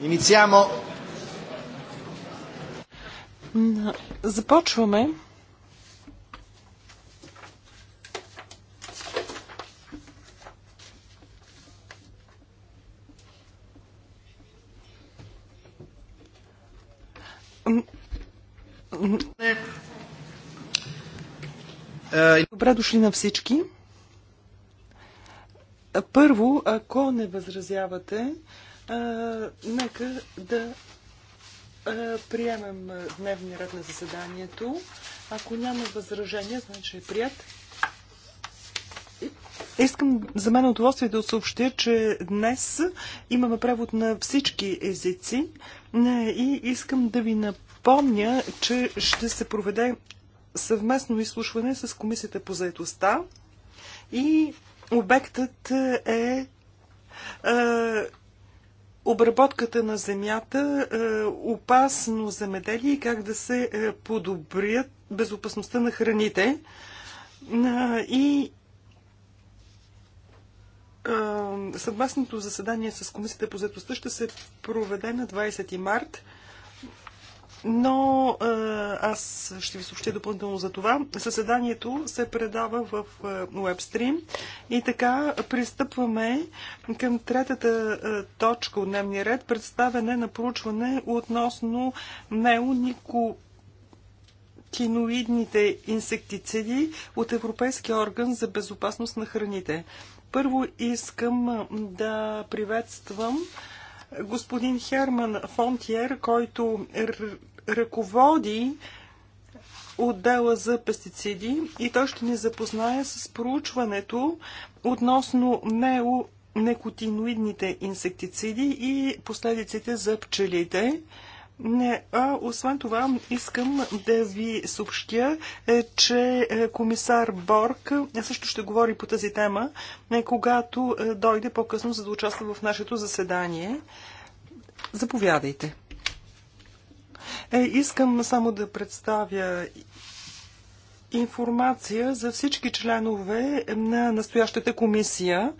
Iniziamo. Започваме. Добре дошли на всички. Първо, ако не възразявате, нека да приемем дневния ред на заседанието. Ако няма възражение, значи е прият. Искам за мен е удоволствие да съобщя, че днес имаме превод на всички езици и искам да ви напомня, че ще се проведе съвместно изслушване с Комисията по заедостта и обектът е обработката на земята, е, опасно земеделие и как да се е, подобрят безопасността на храните. И е, съвместното заседание с Комисията по заедостта ще се проведе на 20 март но е, аз ще ви съобщя допълнително за това. Съседанието се предава в WebStream е, и така пристъпваме към третата е, точка от дневния ред представяне на проучване относно неонико киноидните инсектициди от Европейския орган за безопасност на храните. Първо искам да приветствам господин Херман Фонтиер, който ръководи отдела за пестициди и той ще ни запознае с проучването относно неонекотиноидните инсектициди и последиците за пчелите. Не, а освен това искам да ви съобщя, е, че е, комисар Борг е, също ще говори по тази тема, когато дойде по-късно, за да участва в нашето заседание. Заповядайте. Искам само да представя информация за всички членове на настоящата комисия.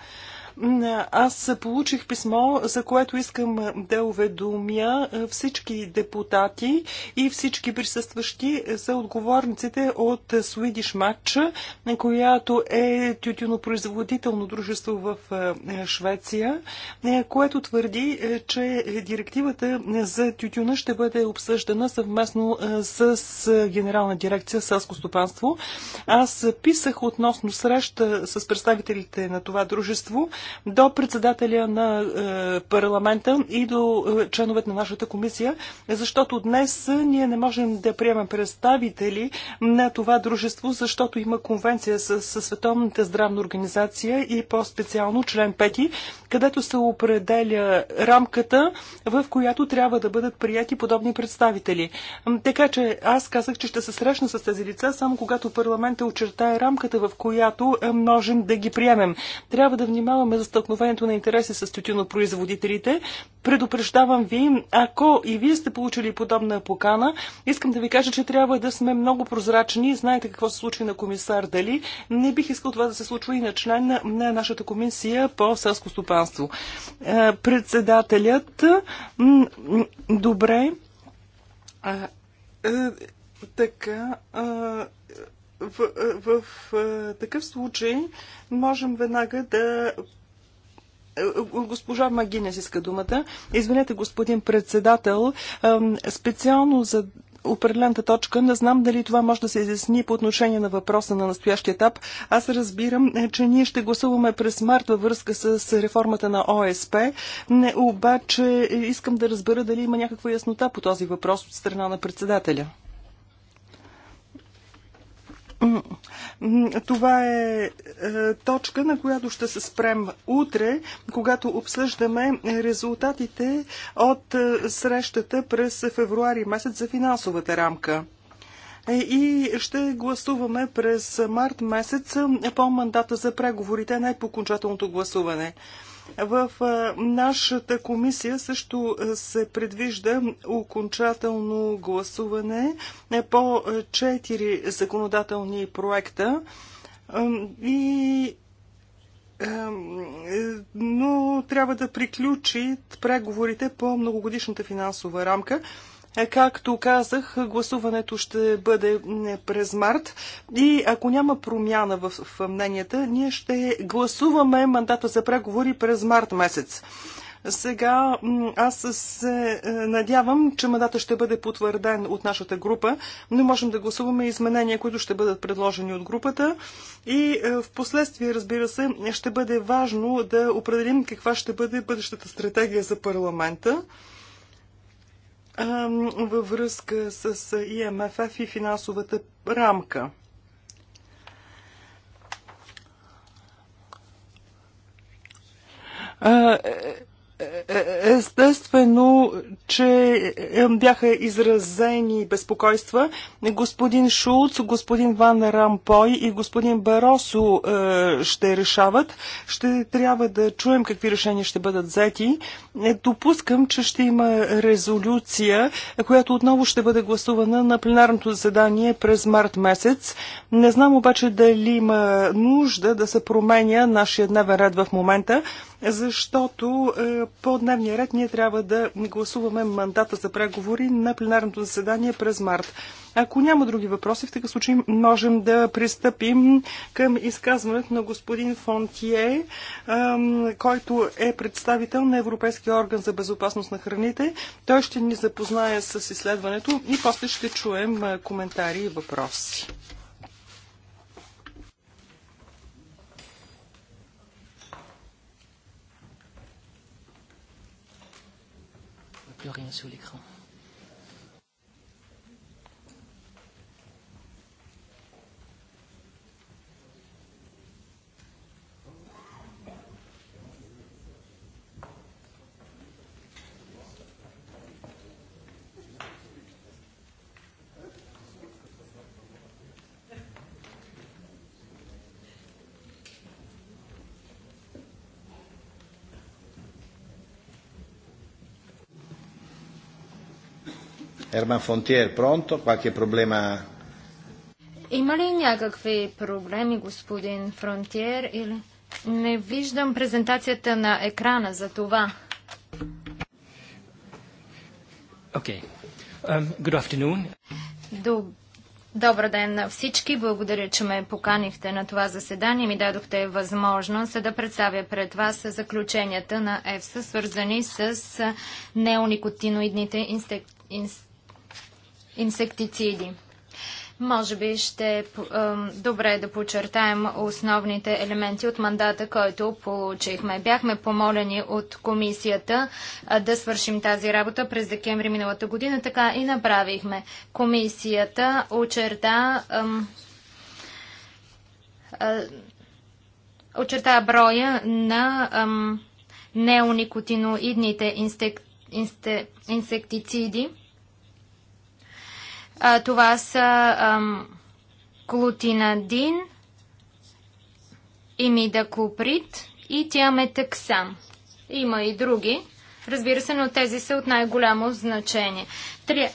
Аз получих писмо, за което искам да уведомя всички депутати и всички присъстващи за отговорниците от Swedish Match, която е тютюнопроизводително дружество в Швеция, което твърди, че директивата за тютюна ще бъде обсъждана съвместно с Генерална дирекция Селско стопанство. Аз писах относно среща с представителите на това дружество, до председателя на е, парламента и до е, членовете на нашата комисия, защото днес ние не можем да приемем представители на това дружество, защото има конвенция с, с Световната здравна организация и по-специално член 5, където се определя рамката, в която трябва да бъдат прияти подобни представители. Така че аз казах, че ще се срещна с тези лица, само когато парламента очертае рамката, в която е, можем да ги приемем. Трябва да внимаваме за стълкновението на интереси с тютюнопроизводителите. Предупреждавам ви, ако и вие сте получили подобна покана, искам да ви кажа, че трябва да сме много прозрачни. Знаете какво се случи на комисар Дали. Не бих искал това да се случва и на член на, на нашата комисия по селско стопанство. Е, председателят. Добре. Е, така. В, в, в, в такъв случай можем веднага да е, е, госпожа Магинес иска думата. Извинете, господин председател, специално за определената точка. Не знам дали това може да се изясни по отношение на въпроса на настоящия етап. Аз разбирам, е, че ние ще гласуваме през март във връзка с реформата на ОСП. Не, обаче искам да разбера дали има някаква яснота по този въпрос от страна на председателя. Това е, е точка, на която ще се спрем утре, когато обсъждаме резултатите от е, срещата през февруари месец за финансовата рамка. Е, и ще гласуваме през март месец по мандата за преговорите, не по окончателното гласуване. В нашата комисия също се предвижда окончателно гласуване по четири законодателни проекта. И но трябва да приключи преговорите по многогодишната финансова рамка. Е, както казах, гласуването ще бъде е, през март и ако няма промяна в, в мненията, ние ще гласуваме мандата за преговори през март месец. Сега аз се е, надявам, че мандата ще бъде потвърден от нашата група, но можем да гласуваме изменения, които ще бъдат предложени от групата и в последствие, разбира се, ще бъде важно да определим каква ще бъде бъдещата стратегия за парламента във връзка с ИМФФ и финансовата рамка. Е, Естествено, че бяха изразени безпокойства. Господин Шулц, господин Ван Рампой и господин Баросо е, ще решават. Ще трябва да чуем какви решения ще бъдат взети. Е, допускам, че ще има резолюция, която отново ще бъде гласувана на пленарното заседание през март месец. Не знам обаче дали има нужда да се променя нашия дневен ред в момента защото е, по дневния ред ние трябва да гласуваме мандата за преговори на пленарното заседание през март. Ако няма други въпроси, в такъв случай можем да пристъпим към изказването на господин Фонтие, който е представител на Европейския орган за безопасност на храните. Той ще ни запознае с изследването и после ще чуем е, коментари и въпроси. plus rien sur l'écran. Ерман Фонтиер, пронто? Qualche проблема? Има ли някакви проблеми, господин Фронтиер? Или... Не виждам презентацията на екрана за това. Okay. Um, good afternoon. Добър ден на всички. Благодаря, че ме поканихте на това заседание. Ми дадохте възможност да представя пред вас заключенията на ЕФСА, свързани с неоникотиноидните инстинкти инст инсектициди. Може би ще е добре да подчертаем основните елементи от мандата, който получихме. Бяхме помолени от комисията да свършим тази работа през декември миналата година. Така и направихме. Комисията очерта очерта броя на неоникотиноидните инсектициди а, това са ам, клутинадин, имидакуприт и тиаметексам. Има и други, разбира се, но тези са от най-голямо значение. Три...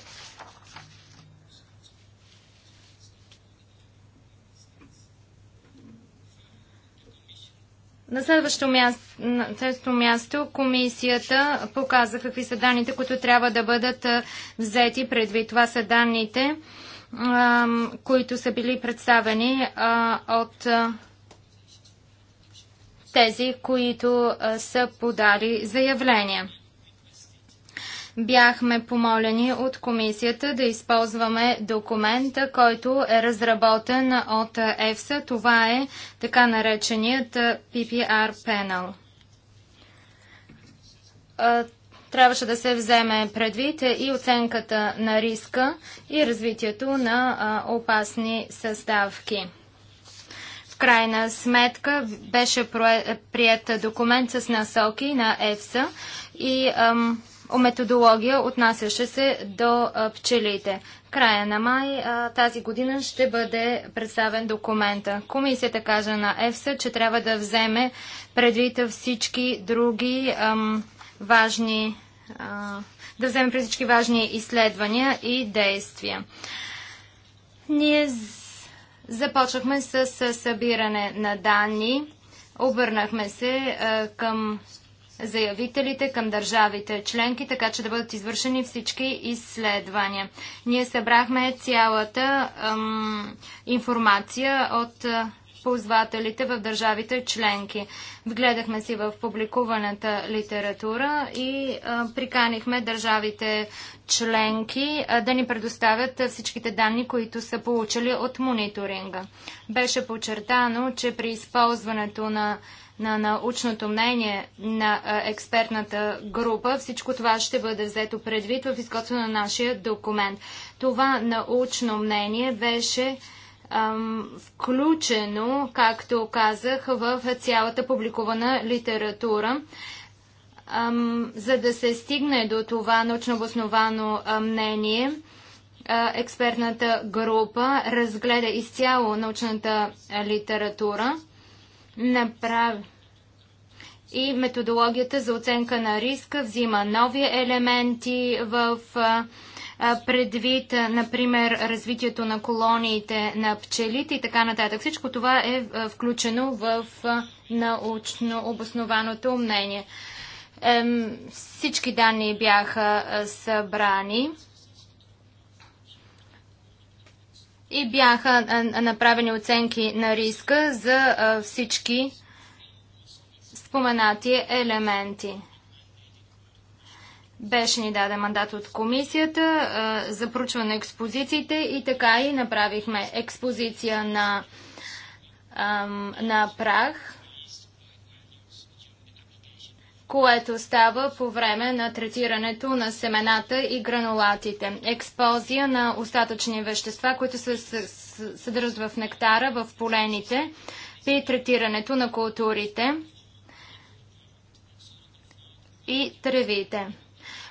На следващо място, на следващо място комисията показа какви са данните, които трябва да бъдат взети предвид. Това са данните, които са били представени от тези, които са подали заявления бяхме помолени от комисията да използваме документа, който е разработен от ЕФСА. Това е така нареченият PPR Panel. Трябваше да се вземе предвид и оценката на риска и развитието на опасни съставки В крайна сметка беше прият документ с насоки на ЕФСА и ам, методология, отнасяше се до пчелите. Края на май тази година ще бъде представен документа. Комисията каза на ЕФСА, че трябва да вземе предвид всички други ам, важни а, да вземе предвид всички важни изследвания и действия. Ние започнахме с събиране на данни. Обърнахме се а, към заявителите към държавите членки, така че да бъдат извършени всички изследвания. Ние събрахме цялата ам, информация от ползвателите в държавите членки. Вгледахме си в публикуваната литература и а, приканихме държавите членки а, да ни предоставят всичките данни, които са получили от мониторинга. Беше подчертано, че при използването на на научното мнение на експертната група. Всичко това ще бъде взето предвид в изготвяне на нашия документ. Това научно мнение беше ам, включено, както казах, в цялата публикувана литература за да се стигне до това научно обосновано мнение, експертната група разгледа изцяло научната литература направи и методологията за оценка на риска взима нови елементи в предвид, например, развитието на колониите на пчелите и така нататък. Всичко това е включено в научно обоснованото мнение. Всички данни бяха събрани. и бяха направени оценки на риска за всички споменати елементи. Беше ни даден мандат от комисията за проучване на експозициите и така и направихме експозиция на, на прах което става по време на третирането на семената и гранулатите. Експозия на остатъчни вещества, които се съдържат в нектара, в полените при третирането на културите и тревите.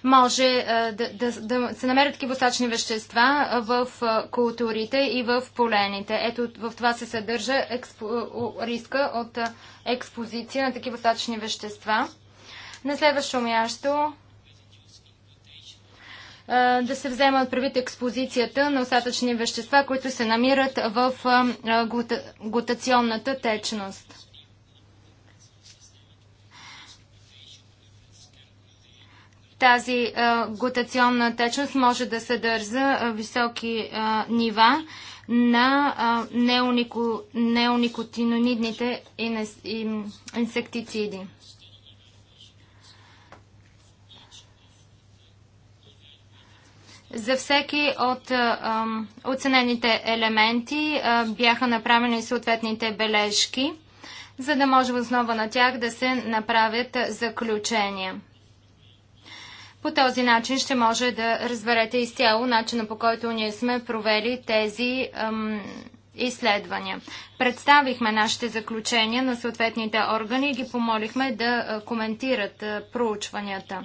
Може е, да, да, да се намерят такива остатъчни вещества в е, културите и в полените. Ето в това се съдържа експо, риска от е, експозиция на такива остатъчни вещества. На следващо място да се вземат правите експозицията на остатъчни вещества, които се намират в глутационната течност. Тази глутационна течност може да съдържа високи нива на неоникотинонидните инсектициди. За всеки от оценените елементи бяха направени съответните бележки, за да може основа на тях да се направят заключения. По този начин ще може да разберете изцяло начина по който ние сме провели тези изследвания. Представихме нашите заключения на съответните органи и ги помолихме да коментират проучванията.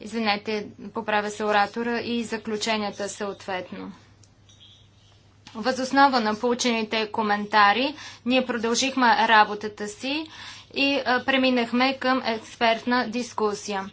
Извинете, поправя се оратора и заключенията съответно. Възоснова на получените коментари, ние продължихме работата си и а, преминахме към експертна дискусия.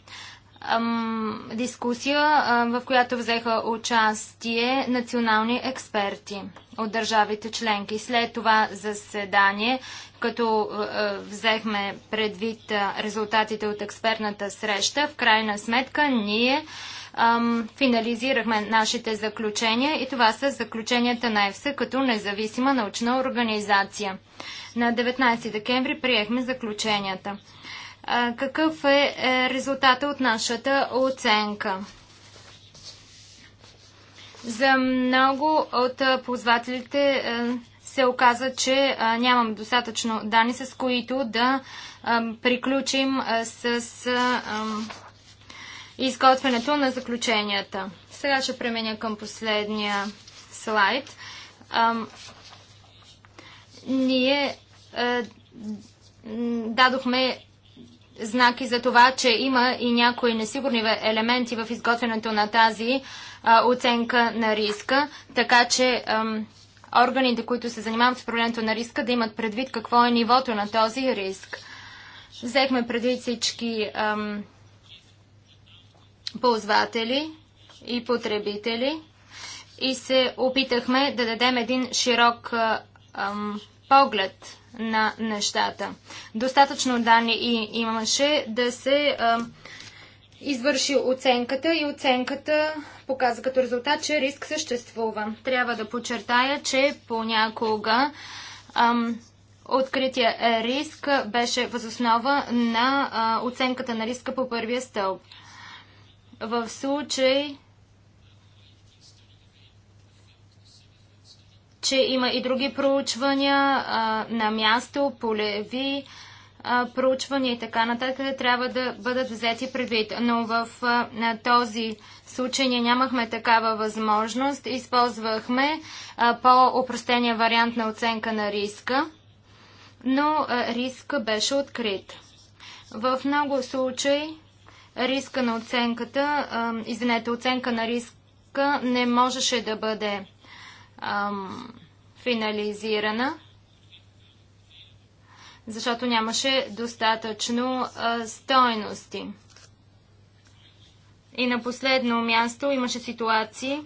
Ам, дискусия, а, в която взеха участие национални експерти от държавите членки. След това заседание, като е, е, взехме предвид е, резултатите от експертната среща, в крайна сметка ние финализирахме нашите заключения и това са заключенията на ЕФСА като независима научна организация. На 19 декември приехме заключенията. какъв е резултата от нашата оценка? За много от ползвателите се оказа, че нямам достатъчно данни, с които да приключим с изготвянето на заключенията. Сега ще пременя към последния слайд. Ние дадохме знаки за това, че има и някои несигурни елементи в изготвянето на тази а, оценка на риска, така че ам, органите, които се занимават с проблемето на риска, да имат предвид какво е нивото на този риск. Взехме предвид всички ам, ползватели и потребители и се опитахме да дадем един широк ам, поглед на нещата. Достатъчно данни и имаше да се а, извърши оценката и оценката показа като резултат, че риск съществува. Трябва да подчертая, че понякога ам, открития риск беше възоснова на а, оценката на риска по първия стълб. В случай че има и други проучвания а, на място, полеви а, проучвания и така нататък, трябва да бъдат взети предвид. Но в а, на този случай ние нямахме такава възможност. Използвахме по-опростения вариант на оценка на риска, но риска беше открит. В много случаи риска на оценката, извинете, оценка на риска не можеше да бъде ам, финализирана, защото нямаше достатъчно а, стойности. И на последно място имаше ситуации,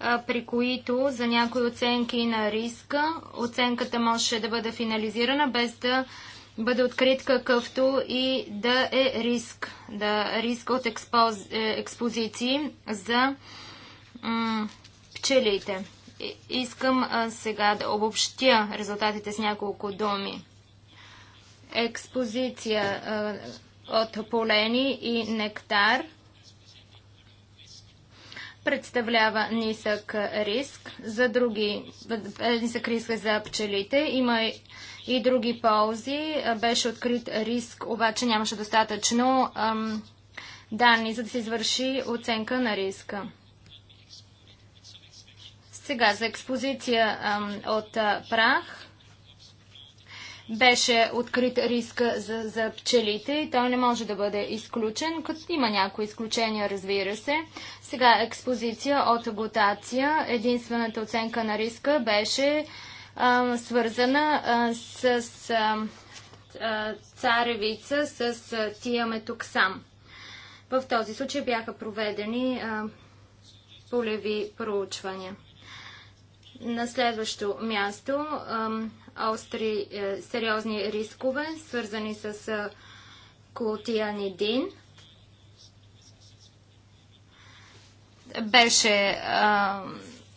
а, при които за някои оценки на риска оценката може да бъде финализирана без да бъде открит какъвто и да е риск. Да, риск от експози... Е, експозиции за пчелите. Искам сега да обобщя резултатите с няколко думи. Експозиция от полени и нектар представлява нисък риск за други, нисък риск за пчелите. Има и други ползи. Беше открит риск, обаче нямаше достатъчно данни, за да се извърши оценка на риска. Сега за експозиция от прах беше открит риск за, за пчелите и той не може да бъде изключен, като има някои изключения, разбира се. Сега експозиция от агутация, Единствената оценка на риска беше а, свързана а, с а, царевица с а, тиаметоксам. В този случай бяха проведени а, полеви проучвания. На следващо място остри е, сериозни рискове, свързани с е, клотианидин. Беше,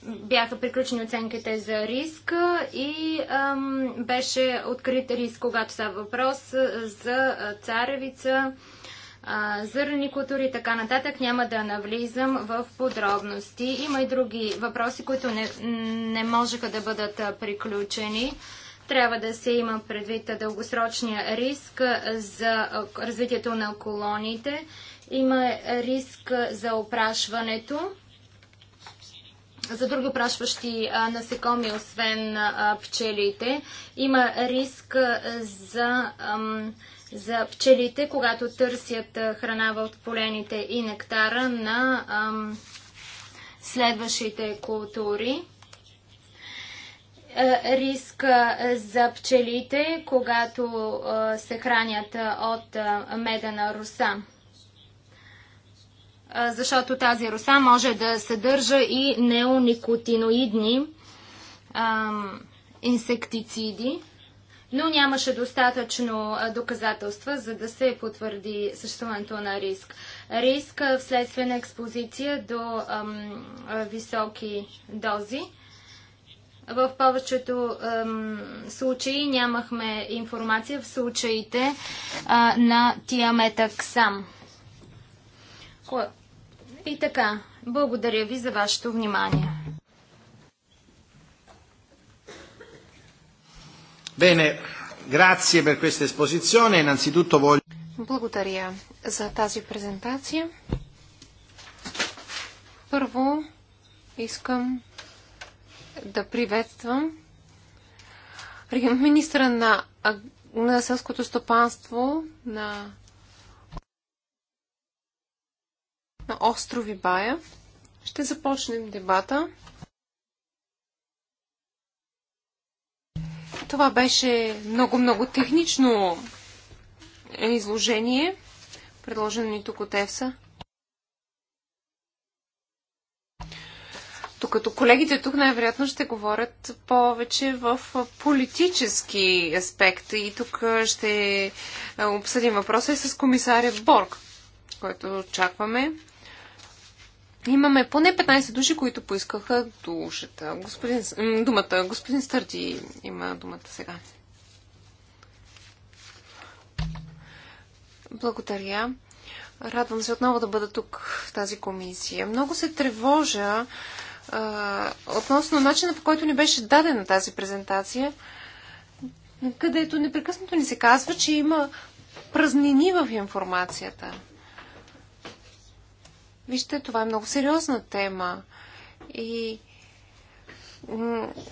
бяха приключени оценките за риск и беше открит риск, когато става въпрос е, за царевица, зърнени култури и така нататък. Няма да навлизам в подробности. Има и други въпроси, които не, не можеха да бъдат приключени. Трябва да се има предвид дългосрочния риск за развитието на колоните. Има риск за опрашването за други опрашващи насекоми, освен пчелите. Има риск за ам, за пчелите, когато търсят храна в полените и нектара на ам, следващите култури. Риск за пчелите, когато се хранят от медена меда на руса. защото тази руса може да съдържа и неоникотиноидни инсектициди но нямаше достатъчно доказателства, за да се потвърди съществуването на риск. Риск вследствие на експозиция до ам, високи дози. В повечето ам, случаи нямахме информация в случаите а, на сам. И така, благодаря ви за вашето внимание. Bene, grazie per questa esposizione. Innanzitutto voglio... Благодаря за тази презентация. Първо искам да приветствам министра на, на селското стопанство на, на острови Бая. Ще започнем дебата. Това беше много-много технично изложение, предложено ни тук от ЕФСА. като колегите тук най-вероятно ще говорят повече в политически аспект. И тук ще обсъдим въпроса и с комисаря Борг, който очакваме. Имаме поне 15 души, които поискаха душата. Господин, думата. Господин Стърди има думата сега. Благодаря. Радвам се отново да бъда тук в тази комисия. Много се тревожа а, относно начина по който ни беше дадена тази презентация, където непрекъснато ни се казва, че има празнини в информацията. Вижте, това е много сериозна тема. И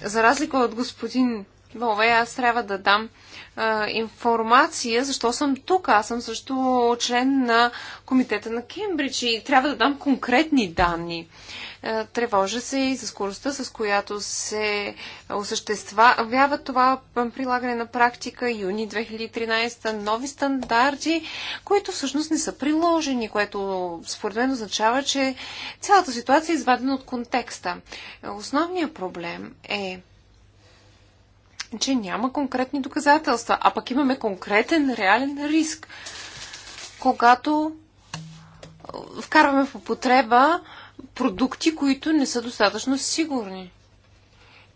за разлика от господин Бове, аз трябва да дам а, информация, защо съм тук. Аз съм също член на комитета на Кембридж и трябва да дам конкретни данни. А, е, тревожа се и за скоростта, с която се осъществява това прилагане на практика юни 2013, нови стандарти, които всъщност не са приложени, което според мен означава, че цялата ситуация е извадена от контекста. Основният проблем е че няма конкретни доказателства, а пък имаме конкретен реален риск. Когато вкарваме в употреба продукти, които не са достатъчно сигурни.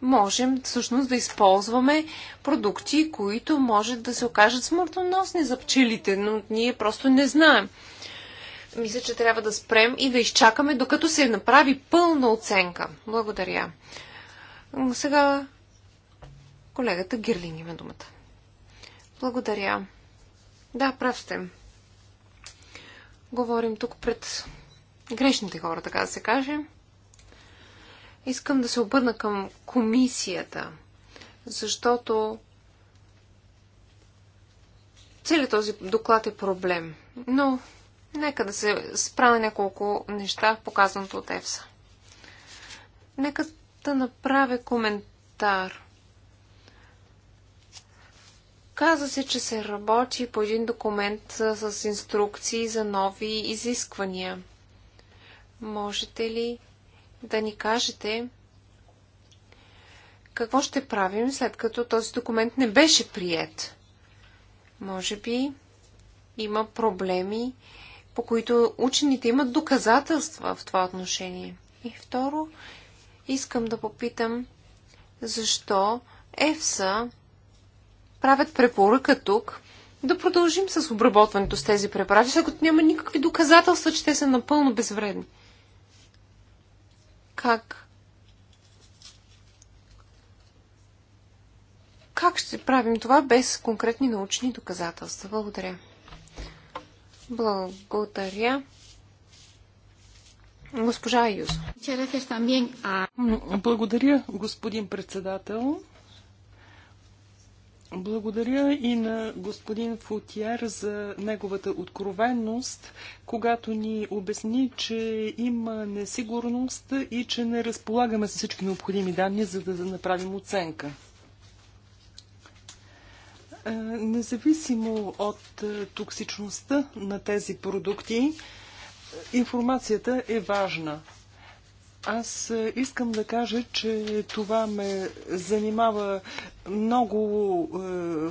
Можем всъщност да използваме продукти, които може да се окажат смъртоносни за пчелите, но ние просто не знаем. Мисля, че трябва да спрем и да изчакаме, докато се направи пълна оценка. Благодаря. Сега колегата Гирлин има думата. Благодаря. Да, прав сте. Говорим тук пред грешните хора, така да се каже. Искам да се обърна към комисията, защото целият този доклад е проблем. Но нека да се спра на няколко неща, показаното от ЕФСА. Нека да направя коментар. Каза се, че се работи по един документ с инструкции за нови изисквания – можете ли да ни кажете какво ще правим след като този документ не беше прият? Може би има проблеми, по които учените имат доказателства в това отношение. И второ, искам да попитам защо ЕФСА правят препоръка тук да продължим с обработването с тези препарати, след като няма никакви доказателства, че те са напълно безвредни как как ще правим това без конкретни научни доказателства? Благодаря. Благодаря. Госпожа Юзо. Благодаря, господин председател. Благодаря и на господин Футиер за неговата откровенност, когато ни обясни, че има несигурност и че не разполагаме с всички необходими данни, за да направим оценка. Е, независимо от е, токсичността на тези продукти, информацията е важна. Аз е, искам да кажа, че това ме занимава много, е,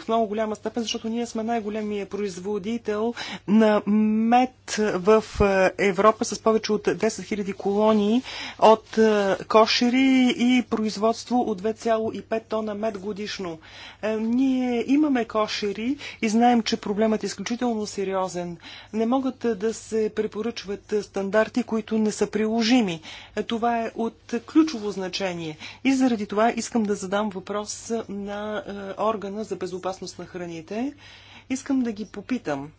в много голяма степен, защото ние сме най-големия производител на мед в е, Европа с повече от 10 000 колонии от е, кошери и производство от 2,5 тона мед годишно. Ние имаме кошери и знаем, че проблемът е изключително сериозен. Не могат да се препоръчват стандарти, които не са приложими. Това е от ключово значение. И заради това искам да задам въпрос на на е, органа за безопасност на храните. Искам да ги попитам.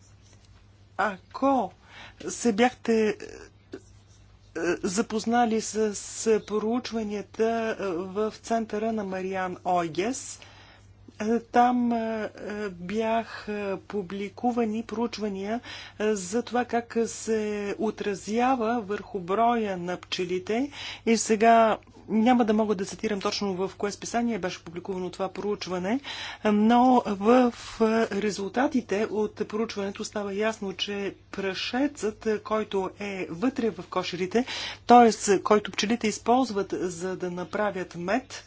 Ако се бяхте е, е, запознали с проучванията в центъра на Мариан Ойгес, там бях публикувани проучвания за това как се отразява върху броя на пчелите и сега няма да мога да цитирам точно в кое списание беше публикувано това проучване, но в резултатите от проучването става ясно, че прашецът, който е вътре в кошерите, т.е. който пчелите използват за да направят мед,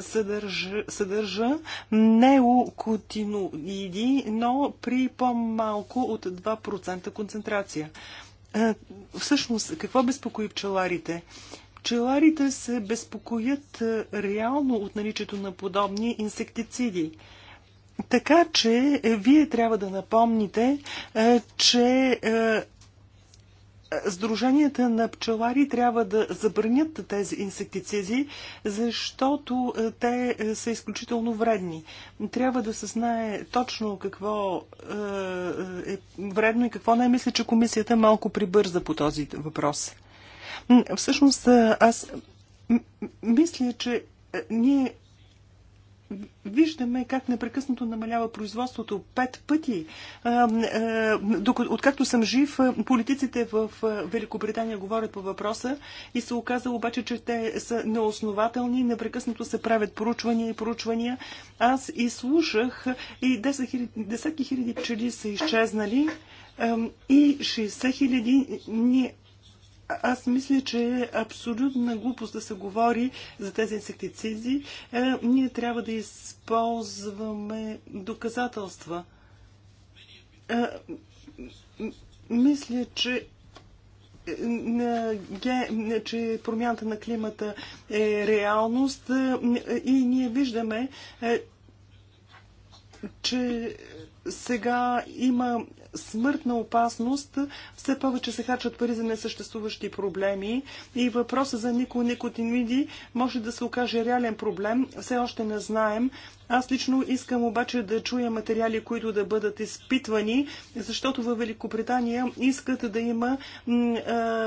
съдържа, съдържа неокотиноиди, но при по-малко от 2% концентрация. Всъщност, какво безпокои пчеларите? Пчеларите се безпокоят е, реално от наличието на подобни инсектициди. Така че е, вие трябва да напомните, е, че Сдруженията на пчелари трябва да забранят тези инсектициди, защото те са изключително вредни. Трябва да се знае точно какво е вредно и какво не. Мисля, че комисията малко прибърза по този въпрос. Всъщност аз мисля, че ние виждаме как непрекъснато намалява производството пет пъти. Откакто съм жив, политиците в Великобритания говорят по въпроса и се оказа обаче, че те са неоснователни, непрекъснато се правят проучвания и проучвания. Аз и слушах и десетки хиляди пчели са изчезнали и 60 хиляди ни аз мисля, че е абсолютна глупост да се говори за тези инсектициди. Е, ние трябва да използваме доказателства. Е, мисля, че е, че промяната на климата е реалност е, и ние виждаме, е, че сега има смъртна опасност. Все повече се харчат пари за несъществуващи проблеми и въпроса за никотиниди може да се окаже реален проблем. Все още не знаем. Аз лично искам обаче да чуя материали, които да бъдат изпитвани, защото във Великобритания искат да има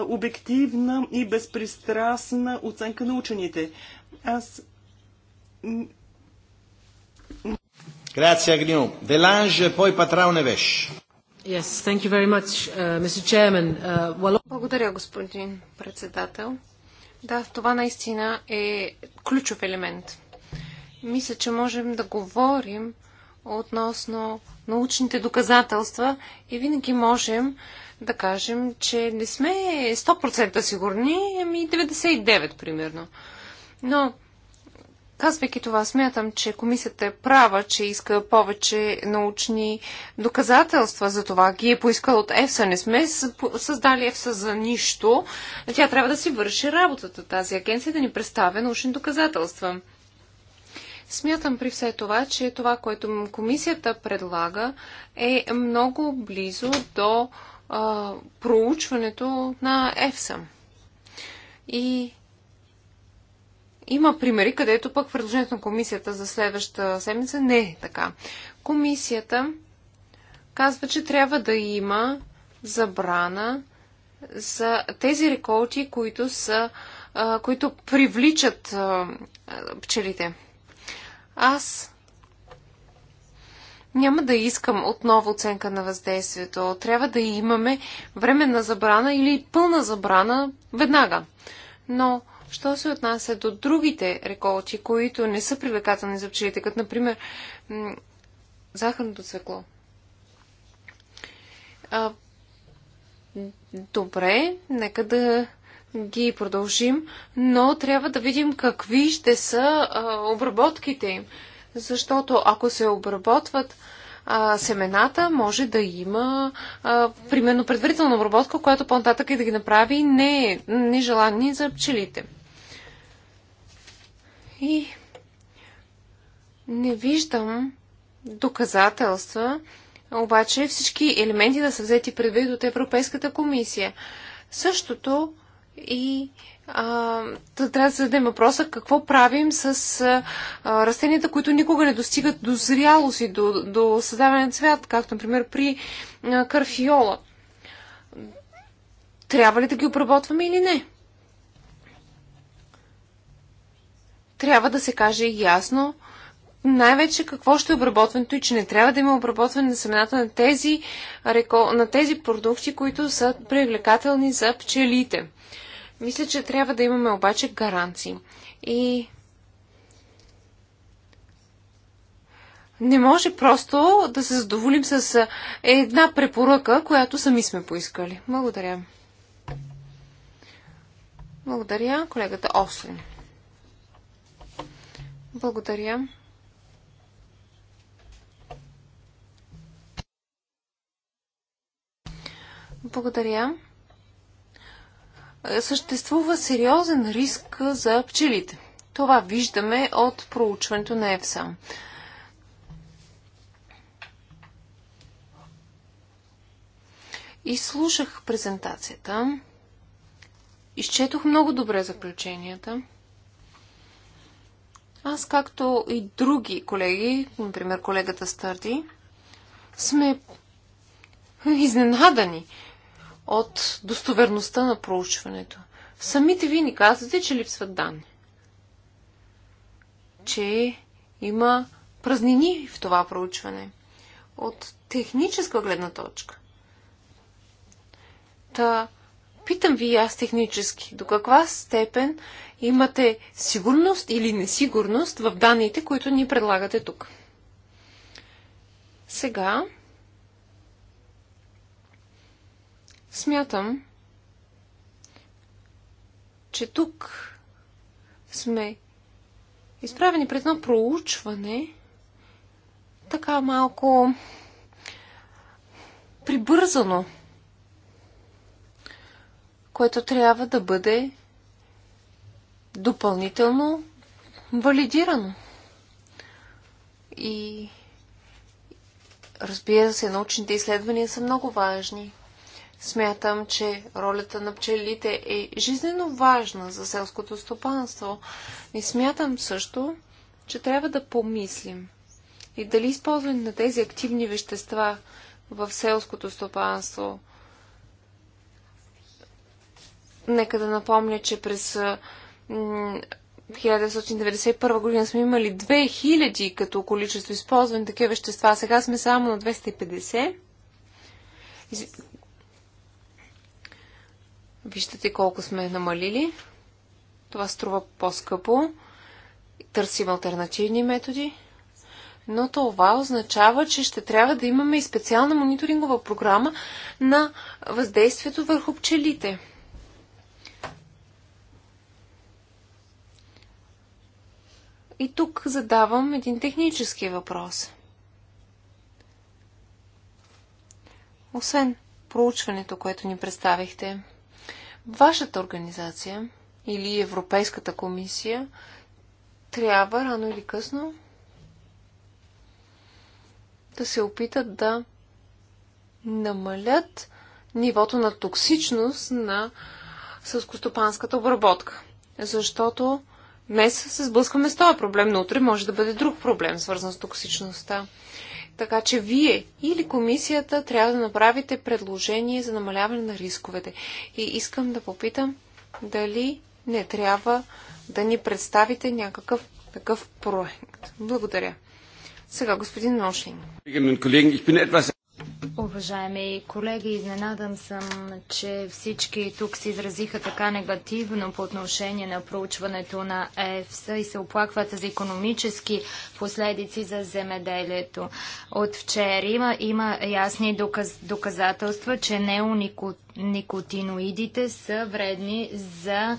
обективна и безпристрастна оценка на учените. Аз Grazie Agnew. Delange e poi Patrao Neves. Uh, uh, Благодаря, господин председател. Да, това наистина е ключов елемент. Мисля, че можем да говорим относно научните доказателства и винаги можем да кажем, че не сме 100% сигурни, ами 99% примерно. Но Казвайки това, смятам, че комисията е права, че иска повече научни доказателства за това. Ги е поискал от ЕФСА. Не сме създали ЕФСА за нищо. Тя трябва да си върши работата, тази агенция, да ни представя научни доказателства. Смятам при все това, че това, което комисията предлага, е много близо до а, проучването на ЕФСА. И има примери, където пък предложението на комисията за следващата седмица не е така. Комисията казва, че трябва да има забрана за тези реколти, които, са, които привличат пчелите. Аз няма да искам отново оценка на въздействието. Трябва да имаме временна забрана или пълна забрана веднага. Но Що се отнася до другите реколти, които не са привлекателни за пчелите, като например захарното цвекло? А, добре, нека да ги продължим, но трябва да видим какви ще са а, обработките им. Защото ако се обработват а, семената, може да има а, примерно предварителна обработка, която по-нататък и да ги направи не, нежелани за пчелите. И не виждам доказателства, обаче всички елементи да са взети предвид от Европейската комисия. Същото и а, трябва да се зададем въпроса какво правим с а, растенията, които никога не достигат до зрялост и до, до създаване на цвят, както например при а, карфиола. Трябва ли да ги обработваме или не? трябва да се каже ясно най-вече какво ще е обработването и че не трябва да има обработване на семената на тези, на тези продукти, които са привлекателни за пчелите. Мисля, че трябва да имаме обаче гаранции. И не може просто да се задоволим с една препоръка, която сами сме поискали. Благодаря. Благодаря, колегата Ослин. Благодаря. Благодаря. Съществува сериозен риск за пчелите. Това виждаме от проучването на ЕФСА. Изслушах презентацията. Изчетох много добре заключенията. Аз, както и други колеги, например колегата Стърди, сме изненадани от достоверността на проучването. Самите ви ни казвате, че липсват данни. Че има празнини в това проучване. От техническа гледна точка. Та, питам ви аз технически, до каква степен имате сигурност или несигурност в данните, които ни предлагате тук. Сега смятам, че тук сме изправени пред едно проучване, така малко прибързано, което трябва да бъде допълнително валидирано. И разбира се, научните изследвания са много важни. Смятам, че ролята на пчелите е жизненно важна за селското стопанство. И смятам също, че трябва да помислим и дали използване на тези активни вещества в селското стопанство. Нека да напомня, че през 1991 година сме имали 2000 като количество използвани такива вещества. Сега сме само на 250. Виждате колко сме намалили. Това струва по-скъпо. Търсим альтернативни методи. Но това означава, че ще трябва да имаме и специална мониторингова програма на въздействието върху пчелите. И тук задавам един технически въпрос. Освен проучването, което ни представихте, вашата организация или Европейската комисия трябва рано или късно да се опитат да намалят нивото на токсичност на сълскостопанската обработка. Защото Днес се сблъскваме с този проблем, но утре може да бъде друг проблем, свързан с токсичността. Така че вие или комисията трябва да направите предложение за намаляване на рисковете. И искам да попитам дали не трябва да ни представите някакъв такъв проект. Благодаря. Сега господин Ношин. Уважаеми колеги, изненадан съм, че всички тук се изразиха така негативно по отношение на проучването на ЕФСА и се оплакват за економически последици за земеделието. От вчера има, има ясни доказ, доказателства, че неоникотиноидите са вредни за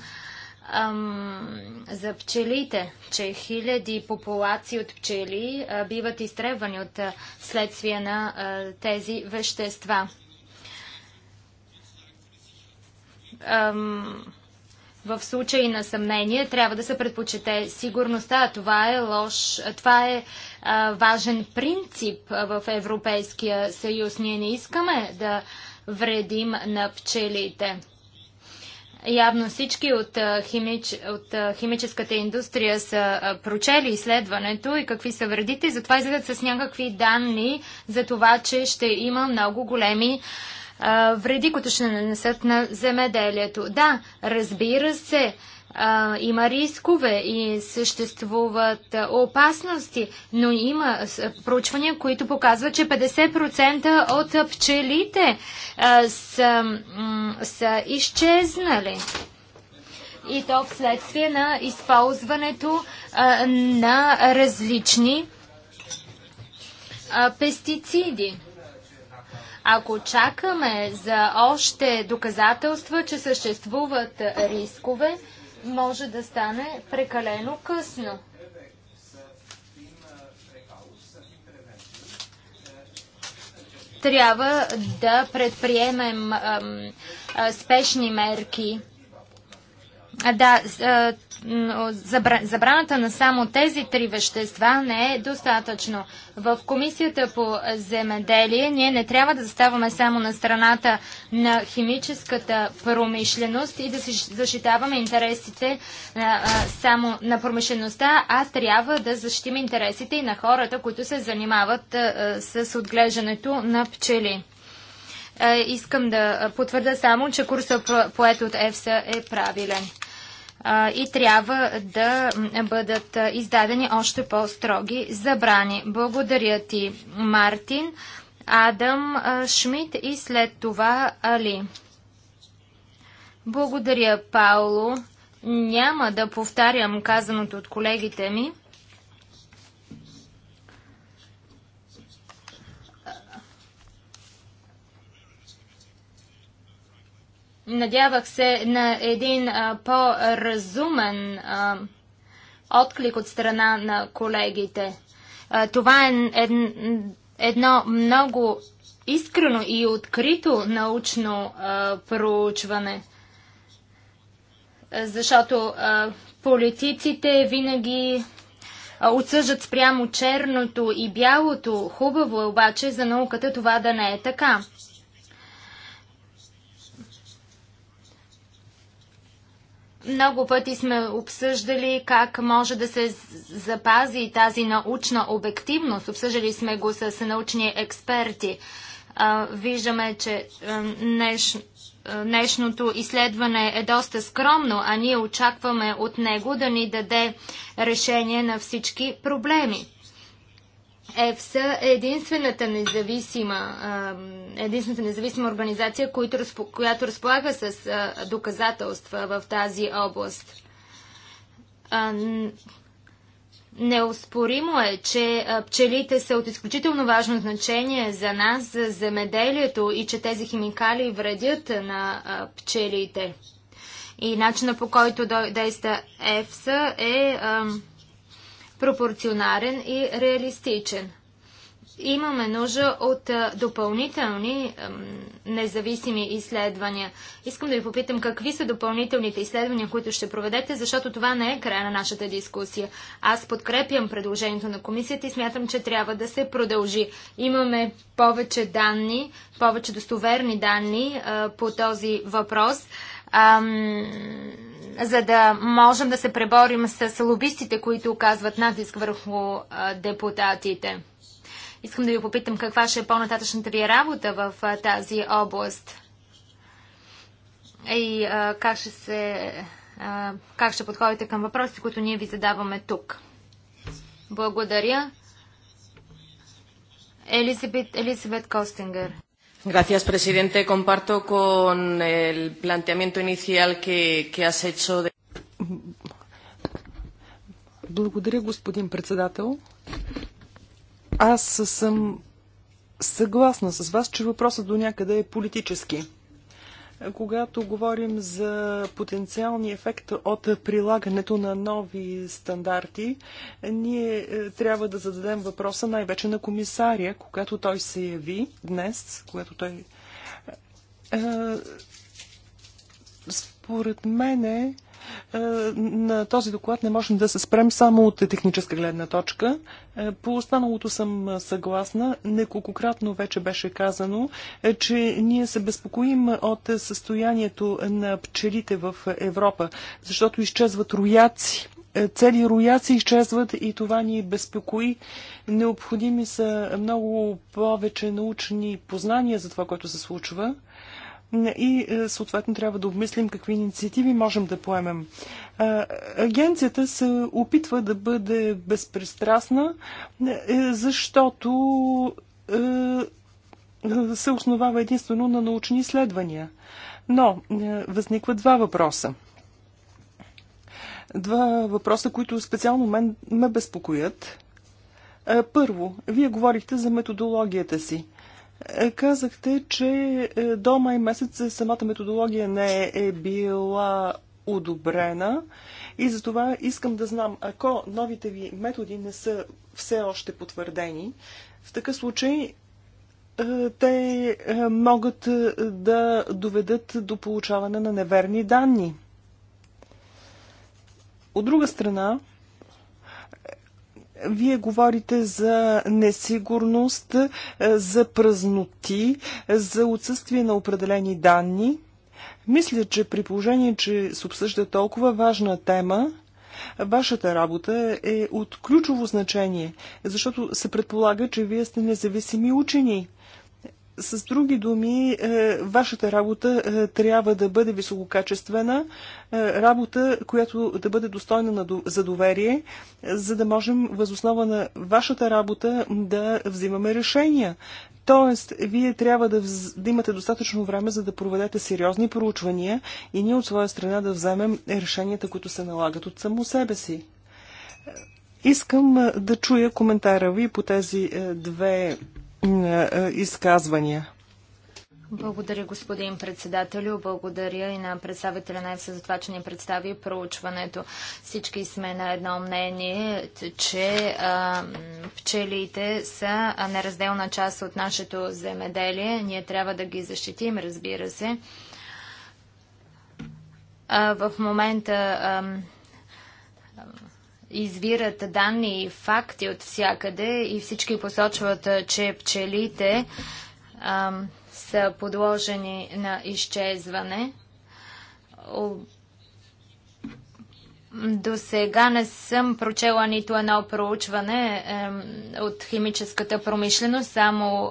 ам, за пчелите, че хиляди популации от пчели а, биват изтребвани от а, следствие на а, тези вещества. Ам, в случай на съмнение трябва да се предпочете сигурността. Това е лош, това е а, важен принцип в Европейския съюз. Ние не искаме да вредим на пчелите. Явно всички от, химич, от химическата индустрия са прочели изследването и какви са вредите, и затова излизат с някакви данни за това, че ще има много големи вреди, които ще нанесат на земеделието. Да, разбира се, има рискове и съществуват опасности, но има проучвания, които показват, че 50% от пчелите са, са изчезнали. И то вследствие на използването на различни пестициди. Ако чакаме за още доказателства, че съществуват рискове, може да стане прекалено късно. Трябва да предприемем спешни мерки да, забраната на само тези три вещества не е достатъчно. В Комисията по земеделие ние не трябва да заставаме само на страната на химическата промишленост и да си защитаваме интересите само на промишлеността, а трябва да защитим интересите и на хората, които се занимават с отглеждането на пчели. Искам да потвърда само, че курсът поет от ЕФСА е правилен и трябва да бъдат издадени още по-строги забрани. Благодаря ти, Мартин, Адам Шмидт и след това Али. Благодаря, Пауло. Няма да повтарям казаното от колегите ми. Надявах се на един по-разумен отклик от страна на колегите. А, това е ед, едно много искрено и открито научно а, проучване. Защото а, политиците винаги отсъждат спрямо черното и бялото. Хубаво е обаче за науката това да не е така. Много пъти сме обсъждали как може да се запази тази научна обективност. Обсъждали сме го с научни експерти. Виждаме, че днеш, днешното изследване е доста скромно, а ние очакваме от него да ни даде решение на всички проблеми. ЕФСА е единствената независима, единствената независима организация, която разполага с доказателства в тази област. Неоспоримо е, че пчелите са от изключително важно значение за нас, за земеделието и че тези химикали вредят на пчелите. И начина по който действа ЕФСА е ам, Пропорционален и реалистичен. Имаме нужда от допълнителни независими изследвания. Искам да ви попитам какви са допълнителните изследвания, които ще проведете, защото това не е края на нашата дискусия. Аз подкрепям предложението на комисията и смятам, че трябва да се продължи. Имаме повече данни, повече достоверни данни по този въпрос. Ам за да можем да се преборим с лобистите, които оказват натиск върху депутатите. Искам да ви попитам каква ще е по-нататъчната ви работа в тази област и как ще се как ще подходите към въпросите, които ние ви задаваме тук. Благодаря. Елизабет, Елизабет Костингер. Señor presidente. Comparto con el planteamiento inicial que, que has hecho. De... Благодаря, господин председател. Аз съм съгласна с вас, че въпросът до някъде е политически когато говорим за потенциалния ефект от прилагането на нови стандарти, ние е, трябва да зададем въпроса най-вече на комисаря, когато той се яви днес, когато той... Е, е, според мен е, на този доклад не можем да се спрем само от техническа гледна точка. Е, по останалото съм е, съгласна. Неколкократно вече беше казано, че ние се безпокоим от състоянието на пчелите в Европа, защото изчезват рояци цели рояци изчезват и това ни безпокои. Необходими са много повече научни познания за това, което се случва и е, съответно трябва да обмислим какви инициативи можем да поемем. Е, агенцията се опитва да бъде безпристрастна, е, защото се основава единствено на научни изследвания. Но възникват два въпроса. Два въпроса, които специално мен ме безпокоят. Първо, вие говорихте за методологията си. Е, казахте, че е, до май месец самата методология не е била одобрена и затова искам да знам, ако новите ви методи не са все още потвърдени, в такъв случай е, те могат да доведат до получаване на неверни данни. От друга страна, вие говорите за несигурност, е, за празноти, е, за отсъствие на определени данни. Мисля, че при положение, че се обсъжда толкова важна тема, Вашата работа е от ключово значение, защото се предполага, че вие сте независими учени. С други думи, е, вашата работа е, трябва да бъде висококачествена, е, работа, която да бъде достойна за доверие, за да можем възоснова на вашата работа да взимаме решения. Тоест, вие трябва да, вз... да имате достатъчно време, за да проведете сериозни проучвания и ние от своя страна да вземем решенията, които се налагат от само себе си. Искам да чуя коментара ви по тези две изказвания. Благодаря, господин председателю. Благодаря и на представителя на ЕФСА за това, че ни представи проучването. Всички сме на едно мнение, че а, пчелите са неразделна част от нашето земеделие. Ние трябва да ги защитим, разбира се. А, в момента а, извират данни и факти от всякъде и всички посочват, че пчелите а, са подложени на изчезване. До сега не съм прочела нито едно проучване е, от химическата промишленост, само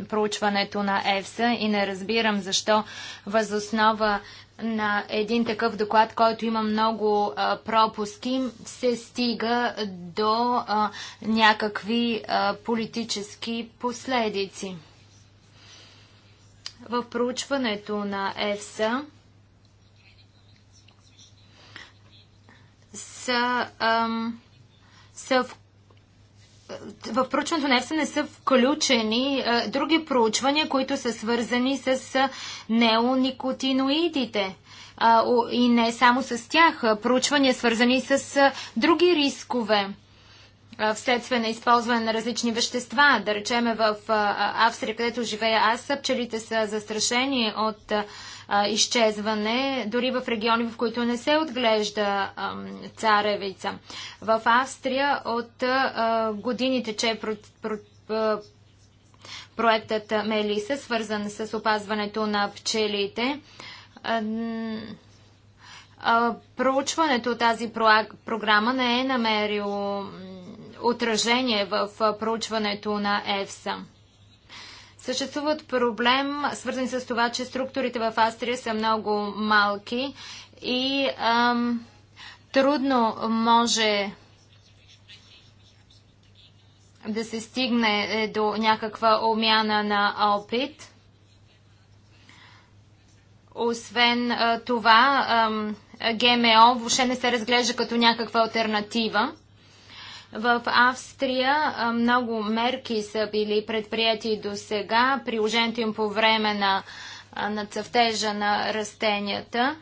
е, проучването на ЕФСА и не разбирам защо възоснова на един такъв доклад, който има много а, пропуски, се стига до а, някакви а, политически последици. В проучването на ЕФСА са, ам, са в в проучването на ЕФСА не са включени а, други проучвания, които са свързани с неоникотиноидите. А, о, и не само с тях. Проучвания свързани с а, други рискове вследствие на използване на различни вещества. Да речеме в Австрия, където живея аз, пчелите са застрашени от а, изчезване, дори в региони, в които не се отглежда а, царевица. В Австрия от а, годините, че е про, про, а, проектът Мелиса, свързан с опазването на пчелите, а, проучването тази програма не е намерило отражение в проучването на ЕФСА. Съществуват проблем, свързан с това, че структурите в Австрия са много малки и ам, трудно може да се стигне е, до някаква омяна на опит. Освен това, ГМО въобще не се разглежда като някаква альтернатива. В Австрия много мерки са били предприяти до сега, приложението им по време на, на цъфтежа на растенията.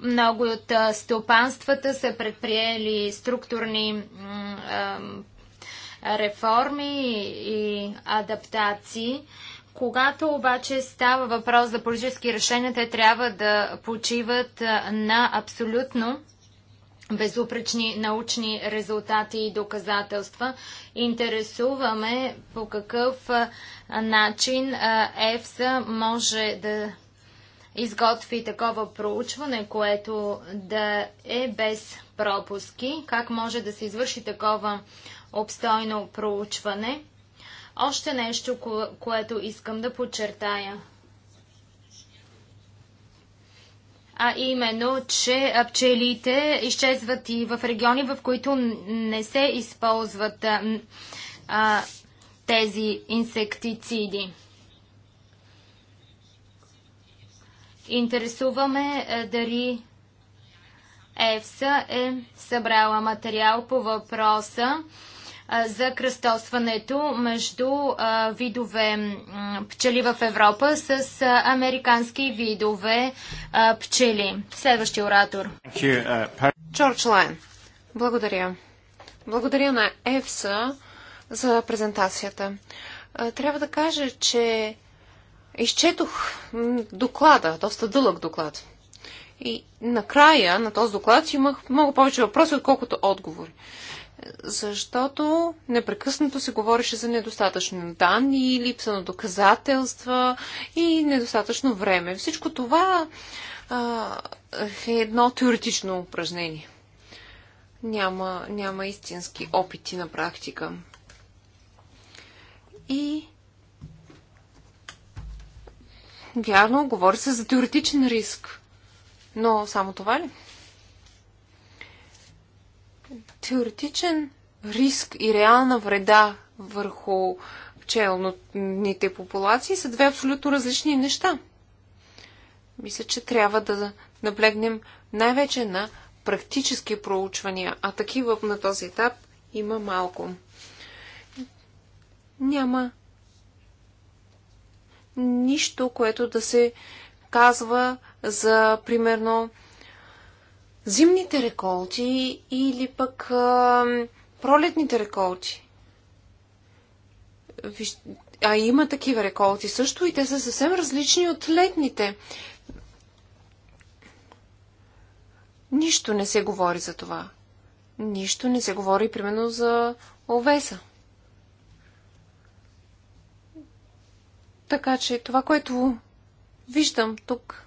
Много от стопанствата са предприели структурни реформи и адаптации. Когато обаче става въпрос за политически решения, те трябва да почиват на абсолютно безупречни научни резултати и доказателства. Интересуваме по какъв начин ЕФСА може да изготви такова проучване, което да е без пропуски. Как може да се извърши такова обстойно проучване? Още нещо, което искам да подчертая – а именно, че пчелите изчезват и в региони, в които не се използват а, тези инсектициди. Интересуваме дали ЕФСА е събрала материал по въпроса за кръстосването между видове пчели в Европа с американски видове пчели. Следващия оратор. Uh, Джордж Лайн. Благодаря. Благодаря на ЕФСА за презентацията. Трябва да кажа, че изчетох доклада, доста дълъг доклад. И накрая на този доклад имах много повече въпроси, отколкото отговори защото непрекъснато се говореше за недостатъчно данни, липса на доказателства и недостатъчно време. Всичко това а, е едно теоретично упражнение. Няма, няма истински опити на практика. И вярно, говори се за теоретичен риск. Но само това ли? теоретичен риск и реална вреда върху пчелните популации са две абсолютно различни неща. Мисля, че трябва да наблегнем най-вече на практически проучвания, а такива на този етап има малко. Няма нищо, което да се казва за, примерно, зимните реколти или пък а, пролетните реколти. А има такива реколти също и те са съвсем различни от летните. Нищо не се говори за това. Нищо не се говори, примерно, за овеса. Така че това, което виждам тук,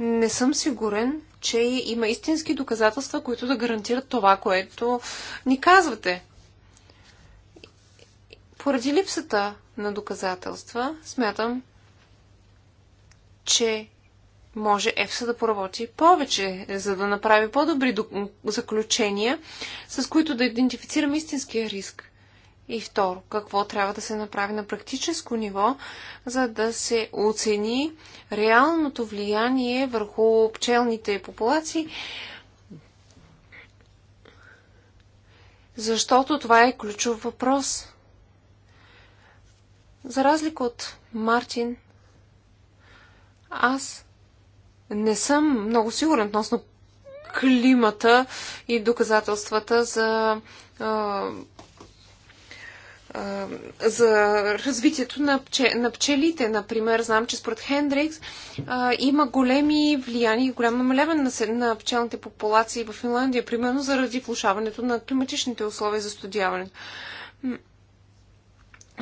не съм сигурен, че има истински доказателства, които да гарантират това, което ни казвате. Поради липсата на доказателства, смятам, че може ЕФСА да поработи повече, за да направи по-добри заключения, с които да идентифицираме истинския риск. И второ, какво трябва да се направи на практическо ниво, за да се оцени реалното влияние върху пчелните популации, защото това е ключов въпрос. За разлика от Мартин, аз не съм много сигурен относно климата и доказателствата за за развитието на, пче, на пчелите. Например, знам, че според Хендрикс а, има големи влияния и голям намаляване на, на пчелните популации в Финландия, примерно заради влушаването на климатичните условия за студяването.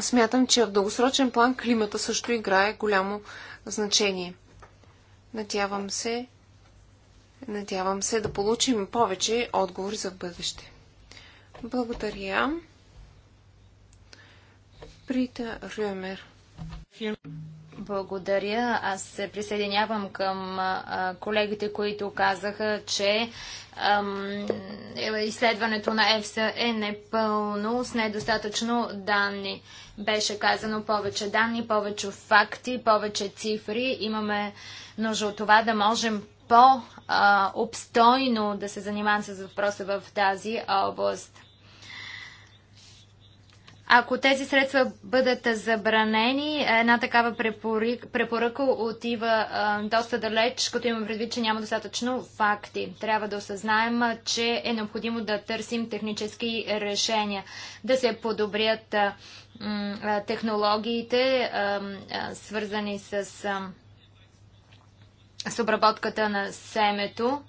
Смятам, че в дългосрочен план климата също играе голямо значение. Надявам се, надявам се да получим повече отговори за бъдеще. Благодаря. Прита Рюмер. Благодаря. Аз се присъединявам към колегите, които казаха, че изследването на ЕФСА е непълно, с недостатъчно данни. Беше казано повече данни, повече факти, повече цифри. Имаме нужда от това да можем по-обстойно да се занимаваме с въпроса в тази област. Ако тези средства бъдат забранени, една такава препоръка отива доста далеч, като имам предвид, че няма достатъчно факти. Трябва да осъзнаем, че е необходимо да търсим технически решения, да се подобрят технологиите, свързани с, с обработката на семето